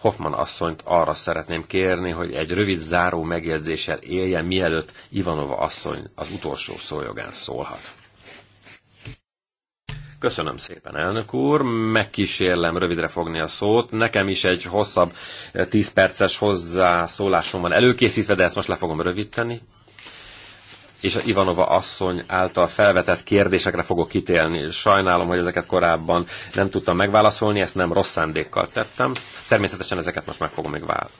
Hoffman asszonyt arra szeretném kérni, hogy egy rövid záró megjegyzéssel éljen, mielőtt Ivanova asszony az utolsó szójogán szólhat. Köszönöm szépen, elnök úr. Megkísérlem rövidre fogni a szót. Nekem is egy hosszabb, 10 perces hozzászólásom van előkészítve, de ezt most le fogom rövidíteni és a Ivanova asszony által felvetett kérdésekre fogok kitélni. Sajnálom, hogy ezeket korábban nem tudtam megválaszolni, ezt nem rossz szándékkal tettem. Természetesen ezeket most meg fogom, még vá-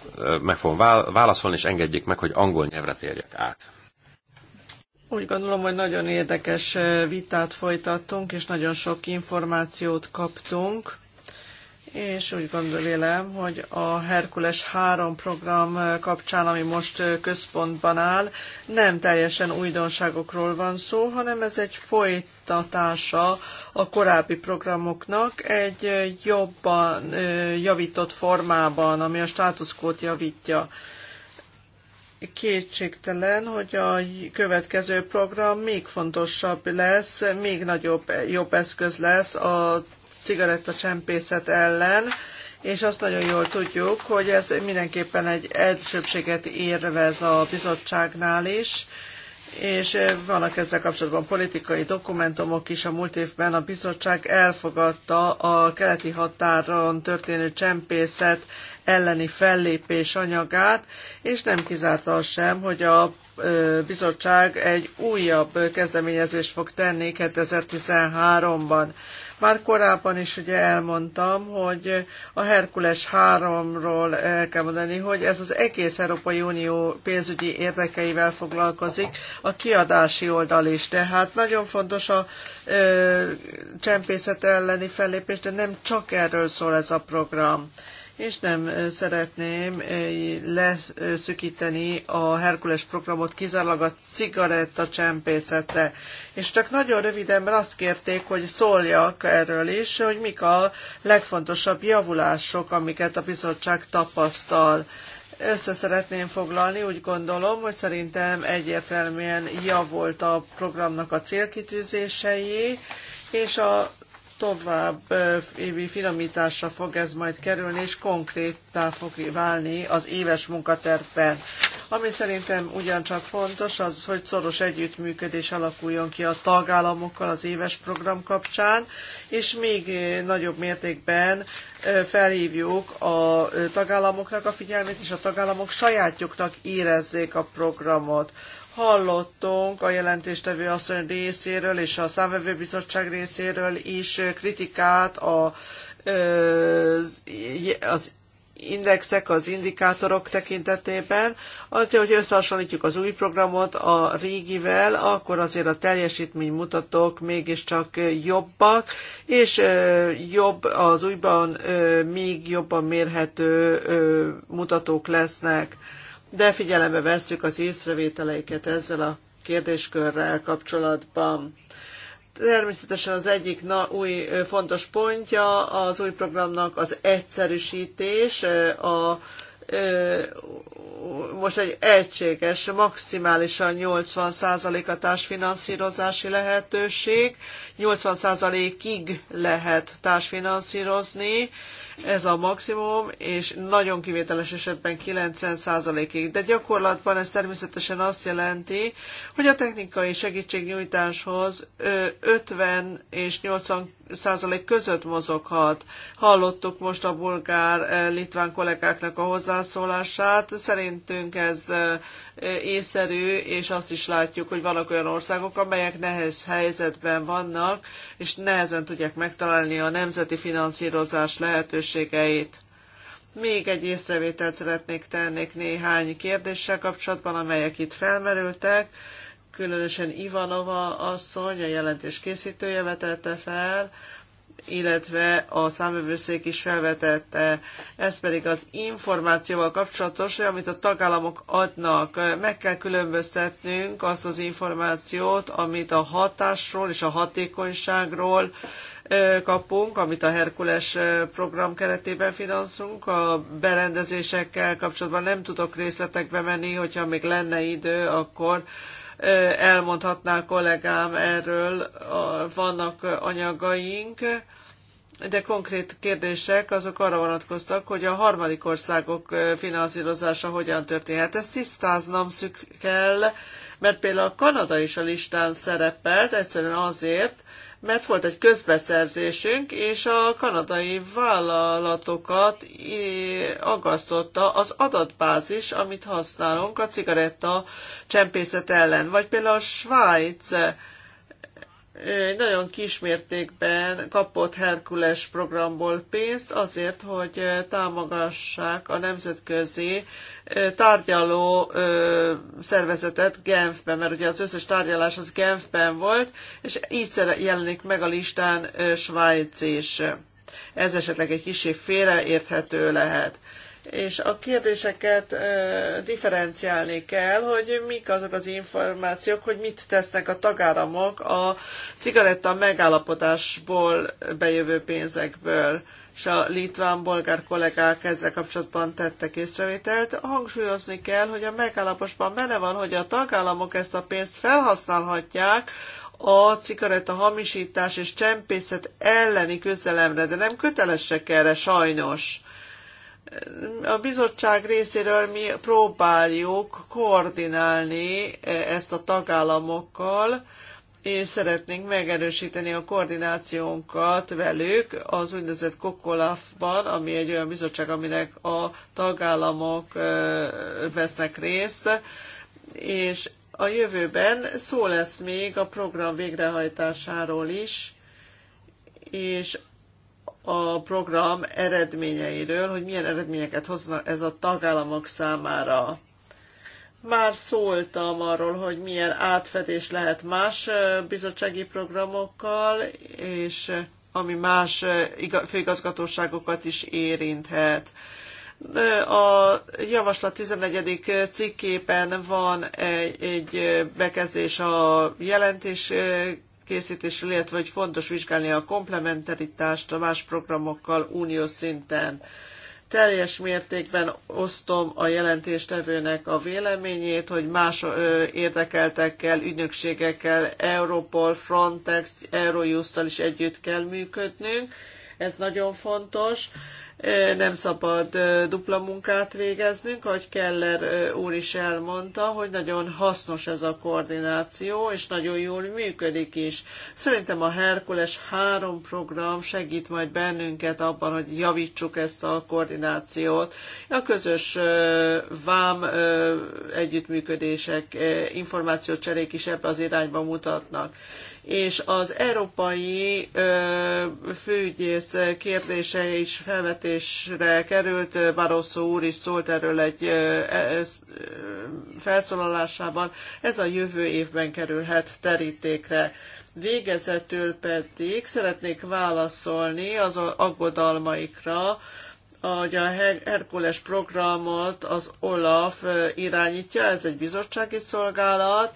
meg fogom vá- válaszolni, és engedjék meg, hogy angol nyelvre térjek át. Úgy gondolom, hogy nagyon érdekes vitát folytattunk, és nagyon sok információt kaptunk és úgy gondolom, hogy a Herkules 3 program kapcsán, ami most központban áll, nem teljesen újdonságokról van szó, hanem ez egy folytatása a korábbi programoknak egy jobban javított formában, ami a státuszkót javítja kétségtelen, hogy a következő program még fontosabb lesz, még nagyobb, jobb eszköz lesz a cigarettacsempészet ellen, és azt nagyon jól tudjuk, hogy ez mindenképpen egy elsőbséget érvez a bizottságnál is, és vannak ezzel kapcsolatban politikai dokumentumok is. A múlt évben a bizottság elfogadta a keleti határon történő csempészet elleni fellépés anyagát, és nem kizárta az sem, hogy a bizottság egy újabb kezdeményezést fog tenni 2013-ban. Már korábban is ugye elmondtam, hogy a Herkules 3-ról el kell mondani, hogy ez az egész Európai Unió pénzügyi érdekeivel foglalkozik, a kiadási oldal is. Tehát nagyon fontos a ö, csempészet elleni fellépés, de nem csak erről szól ez a program és nem szeretném leszűkíteni a Herkules programot kizárólag a cigaretta csempészetre. És csak nagyon röviden, mert azt kérték, hogy szóljak erről is, hogy mik a legfontosabb javulások, amiket a bizottság tapasztal. Össze szeretném foglalni, úgy gondolom, hogy szerintem egyértelműen javult a programnak a célkitűzései, és a tovább évi finomításra fog ez majd kerülni, és konkrétá fog válni az éves munkatervben. Ami szerintem ugyancsak fontos, az, hogy szoros együttműködés alakuljon ki a tagállamokkal az éves program kapcsán, és még nagyobb mértékben felhívjuk a tagállamoknak a figyelmét, és a tagállamok sajátjuknak érezzék a programot. Hallottunk a jelentéstevő asszony részéről és a számvevőbizottság részéről is kritikát a, az indexek, az indikátorok tekintetében. Attól, hogy összehasonlítjuk az új programot a régivel, akkor azért a teljesítmény mutatók mégiscsak jobbak, és jobb az újban még jobban mérhető mutatók lesznek de figyelembe vesszük az észrevételeiket ezzel a kérdéskörrel kapcsolatban. Természetesen az egyik na, új fontos pontja az új programnak az egyszerűsítés, a most egy egységes, maximálisan 80% a társfinanszírozási lehetőség, 80%-ig lehet társfinanszírozni, ez a maximum, és nagyon kivételes esetben 90%-ig. De gyakorlatban ez természetesen azt jelenti, hogy a technikai segítségnyújtáshoz 50 és 80 százalék között mozoghat. Hallottuk most a bulgár-litván kollégáknak a hozzászólását, szerintünk ez észszerű, és azt is látjuk, hogy vannak olyan országok, amelyek nehéz helyzetben vannak, és nehezen tudják megtalálni a nemzeti finanszírozás lehetőségeit. Még egy észrevételt szeretnék tenni néhány kérdéssel kapcsolatban, amelyek itt felmerültek. Különösen Ivanova asszony, a jelentés készítője vetette fel, illetve a számövőszék is felvetette. Ez pedig az információval kapcsolatos, amit a tagállamok adnak. Meg kell különböztetnünk azt az információt, amit a hatásról és a hatékonyságról kapunk, amit a Herkules program keretében finanszunk. A berendezésekkel kapcsolatban nem tudok részletekbe menni, hogyha még lenne idő, akkor elmondhatná kollégám erről, vannak anyagaink, de konkrét kérdések azok arra vonatkoztak, hogy a harmadik országok finanszírozása hogyan történhet. Ezt tisztáznom szük kell, mert például a Kanada is a listán szerepelt, egyszerűen azért, mert volt egy közbeszerzésünk, és a kanadai vállalatokat aggasztotta az adatbázis, amit használunk a cigaretta csempészet ellen. Vagy például a Svájc nagyon kismértékben kapott Herkules programból pénzt azért, hogy támogassák a nemzetközi tárgyaló szervezetet Genfben, mert ugye az összes tárgyalás az Genfben volt, és így jelenik meg a listán Svájc is. Ez esetleg egy kicsi félreérthető lehet és a kérdéseket differenciálni kell, hogy mik azok az információk, hogy mit tesznek a tagállamok a cigaretta megállapodásból bejövő pénzekből és a litván-bolgár kollégák ezzel kapcsolatban tettek észrevételt. Hangsúlyozni kell, hogy a megállaposban benne van, hogy a tagállamok ezt a pénzt felhasználhatják a cigaretta hamisítás és csempészet elleni küzdelemre, de nem kötelesek erre sajnos a bizottság részéről mi próbáljuk koordinálni ezt a tagállamokkal, és szeretnénk megerősíteni a koordinációnkat velük az úgynevezett Kokolafban, ami egy olyan bizottság, aminek a tagállamok vesznek részt, és a jövőben szó lesz még a program végrehajtásáról is, és a program eredményeiről, hogy milyen eredményeket hozna ez a tagállamok számára. Már szóltam arról, hogy milyen átfedés lehet más bizottsági programokkal, és ami más főigazgatóságokat is érinthet. A javaslat 11. cikkében van egy, egy bekezdés a jelentés készítésről, illetve hogy fontos vizsgálni a komplementaritást a más programokkal uniós szinten. Teljes mértékben osztom a jelentéstevőnek a véleményét, hogy más érdekeltekkel, ügynökségekkel, Europol, Frontex, Eurojust-tal is együtt kell működnünk. Ez nagyon fontos nem szabad dupla munkát végeznünk, ahogy Keller úr is elmondta, hogy nagyon hasznos ez a koordináció, és nagyon jól működik is. Szerintem a Herkules 3 program segít majd bennünket abban, hogy javítsuk ezt a koordinációt. A közös vám együttműködések, információcserék is ebbe az irányba mutatnak és az európai ö, főügyész kérdése is felvetésre került. Barroso úr is szólt erről egy ö, e, ö, felszólalásában. Ez a jövő évben kerülhet terítékre. Végezetül pedig szeretnék válaszolni az aggodalmaikra, hogy a Herkules programot az OLAF irányítja, ez egy bizottsági szolgálat,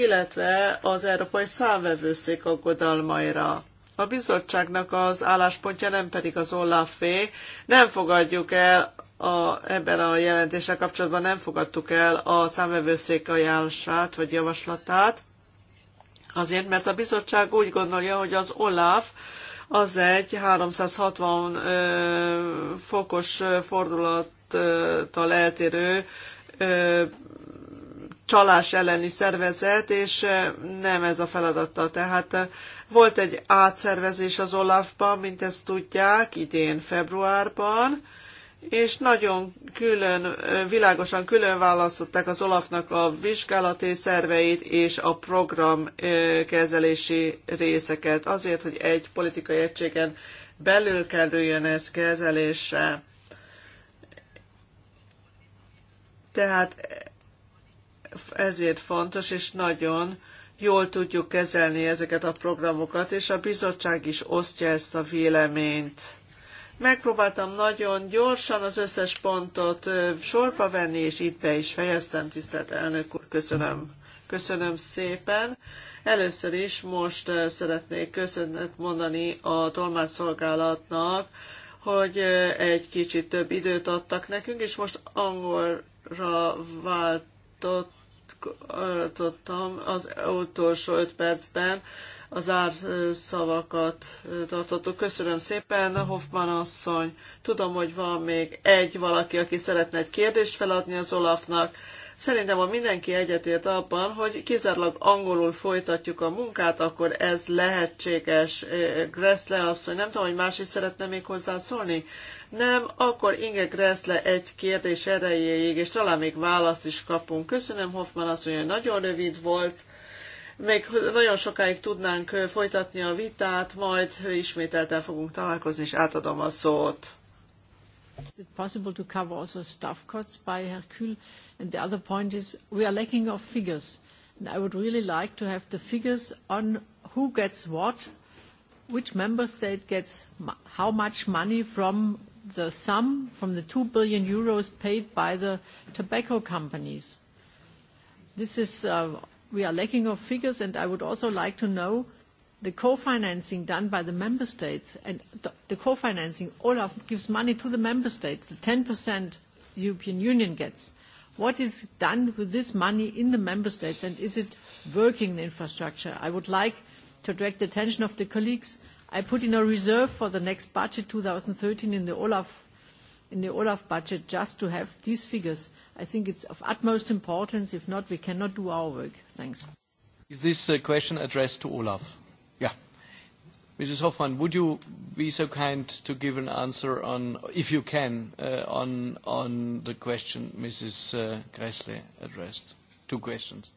illetve az Európai Számvevőszék aggodalmaira. A bizottságnak az álláspontja nem pedig az Olafé. Nem fogadjuk el a, ebben a jelentéssel kapcsolatban nem fogadtuk el a számvevőszék ajánlását vagy javaslatát, azért, mert a bizottság úgy gondolja, hogy az OLAF az egy 360 ö, fokos fordulattal eltérő ö, csalás elleni szervezet, és eh, nem ez a feladata. Tehát eh, volt egy átszervezés az Olafban, mint ezt tudják, idén februárban, és nagyon külön, eh, világosan külön választották az Olafnak a vizsgálati szerveit és a program kezelési részeket, azért, hogy egy politikai egységen belül kerüljön ez kezelésre. Tehát ezért fontos, és nagyon jól tudjuk kezelni ezeket a programokat, és a bizottság is osztja ezt a véleményt. Megpróbáltam nagyon gyorsan az összes pontot sorba venni, és itt be is fejeztem, tisztelt elnök úr, köszönöm. Köszönöm szépen. Először is most szeretnék köszönet mondani a tolmácsszolgálatnak, hogy egy kicsit több időt adtak nekünk, és most angolra váltott tartottam az utolsó öt percben, az árszavakat tartottuk. Köszönöm szépen, Hoffman asszony. Tudom, hogy van még egy valaki, aki szeretne egy kérdést feladni az Olafnak. Szerintem, ha mindenki egyetért abban, hogy kizárólag angolul folytatjuk a munkát, akkor ez lehetséges. Gressle azt hogy nem tudom, hogy más is szeretne még hozzászólni? Nem, akkor Inge Gressle egy kérdés erejéig, és talán még választ is kapunk. Köszönöm, Hoffman mondja, hogy nagyon rövid volt még nagyon sokáig tudnánk folytatni a vitát, majd ismételten fogunk találkozni, és átadom a szót. Is it possible to cover also staff costs by Hercule? And the other point is we are lacking of figures. And I would really like to have the figures on who gets what, which member state gets how much money from the sum from the 2 billion euros paid by the tobacco companies. This is, uh, we are lacking of figures, and I would also like to know the co-financing done by the member states. And the, the co-financing, Olaf gives money to the member states, the 10% the European Union gets. What is done with this money in the member states, and is it working the infrastructure? I would like to direct the attention of the colleagues. I put in a reserve for the next budget 2013 in the Olaf, in the Olaf budget just to have these figures. I think it's of utmost importance. If not, we cannot do our work. Thanks. Is this uh, question addressed to Olaf? Mrs. Hoffmann, would you be so kind to give an answer on, if you can, uh, on, on the question Mrs. Uh, Gressle addressed? Two questions.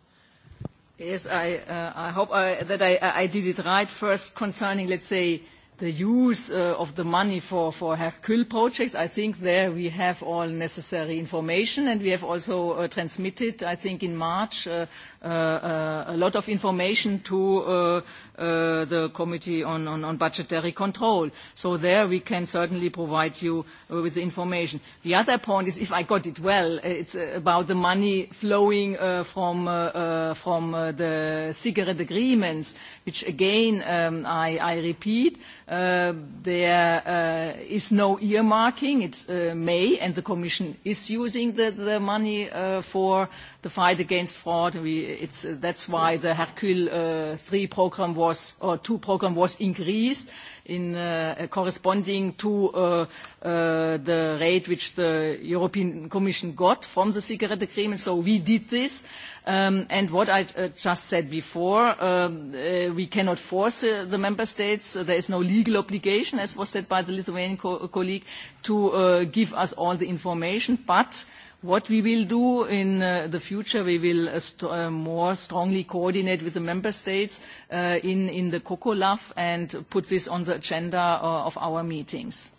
Yes, I, uh, I hope I, uh, that I, I did it right. First, concerning, let's say, the use uh, of the money for, for Hercule project, I think there we have all necessary information and we have also uh, transmitted, I think in March, uh, Uh, uh, a lot of information to uh, uh, the Committee on, on, on Budgetary Control. So there we can certainly provide you uh, with the information. The other point is, if I got it well, it's about the money flowing uh, from, uh, uh, from uh, the cigarette agreements, which again, um, I, I repeat, uh, there uh, is no earmarking. It's uh, May, and the Commission is using the, the money uh, for the fight against fraud. We, it's, uh, that's why the Hercule uh, 3 program was, or 2 program was increased in uh, uh, corresponding to uh, uh, the rate which the European Commission got from the cigarette agreement. So we did this. Um, and what I uh, just said before, um, uh, we cannot force uh, the member states. Uh, there is no legal obligation, as was said by the Lithuanian co colleague, to uh, give us all the information. But What we will do in uh, the future, we will uh, uh, more strongly coordinate with the member states in, the COCOLAF and put this on the agenda of our meetings.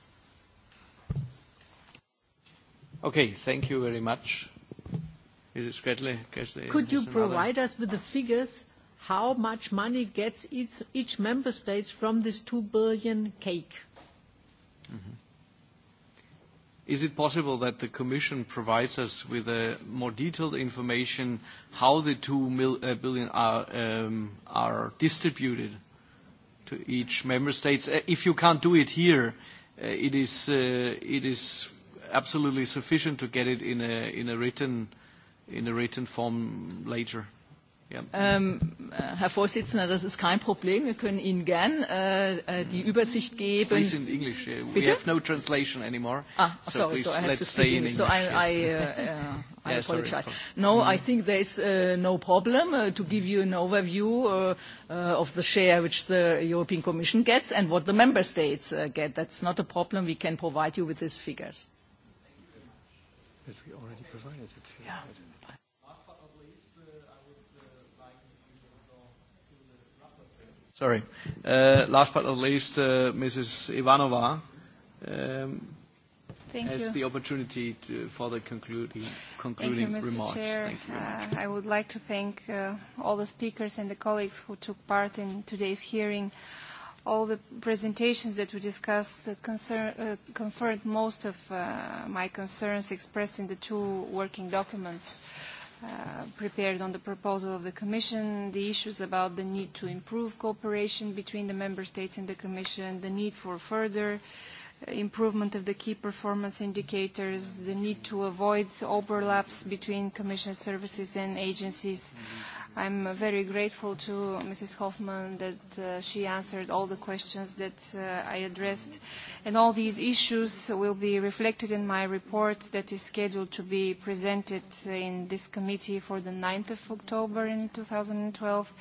Okay, thank you very much. Is it Gretle? Could you provide us with the figures how much money gets each, each member state from this 2 billion cake? Is it possible that the Commission provides us with a uh, more detailed information how the 2 mil, uh, billion are, um, are distributed to each member states? Uh, if you can't do it here, uh, it, is, uh, it is absolutely sufficient to get it in a, in a, written, in a written form later. Ähm, äh, Herr Vorsitzender, das ist kein Problem. Wir können Ihnen gern äh, äh die Übersicht geben. Please in English. We have no translation anymore. Ah, so sorry, so, I have to speak English. So I, I, uh, uh, I yeah, apologize. Sorry. No, I mm. think there is uh, no problem uh, to give you an overview uh, uh, of the share which the European Commission gets and what the member states uh, get. That's not a problem. We can provide you with these figures. Sorry. Uh, last but not least, uh, Mrs. Ivanova. Um, Thank as you. the opportunity to, for the concluding, concluding thank you, Mr. remarks. Chair. Thank you. Uh, I would like to thank uh, all the speakers and the colleagues who took part in today's hearing. All the presentations that we discussed uh, concern, uh, confirmed most of uh, my concerns expressed in the two working documents. Uh, Uh, prepared on the proposal of the Commission, the issues about the need to improve cooperation between the Member States and the Commission, the need for further uh, improvement of the key performance indicators, the need to avoid overlaps between Commission services and agencies, mm-hmm. I'm very grateful to Mrs. Hoffman that uh, she answered all the questions that uh, I addressed. And all these issues will be reflected in my report that is scheduled to be presented in this committee for the 9th of October in 2012.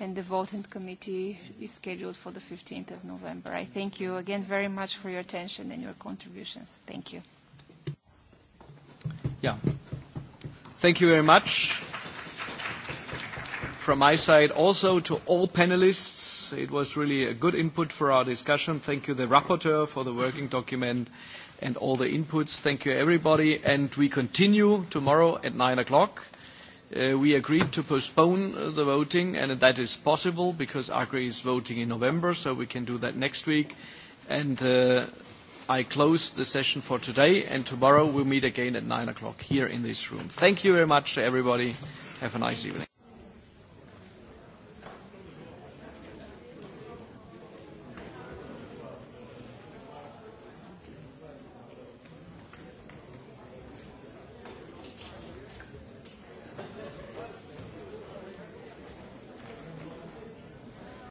And the voting committee is scheduled for the 15th of November. I thank you again very much for your attention and your contributions. Thank you. Yeah. Thank you very much from my side also to all panelists. It was really a good input for our discussion. Thank you, the rapporteur, for the working document and all the inputs. Thank you, everybody. And we continue tomorrow at 9 o'clock. Uh, we agreed to postpone the voting, and that is possible because Agri is voting in November, so we can do that next week. And uh, I close the session for today, and tomorrow we'll meet again at 9 o'clock here in this room. Thank you very much to everybody. Have a nice evening.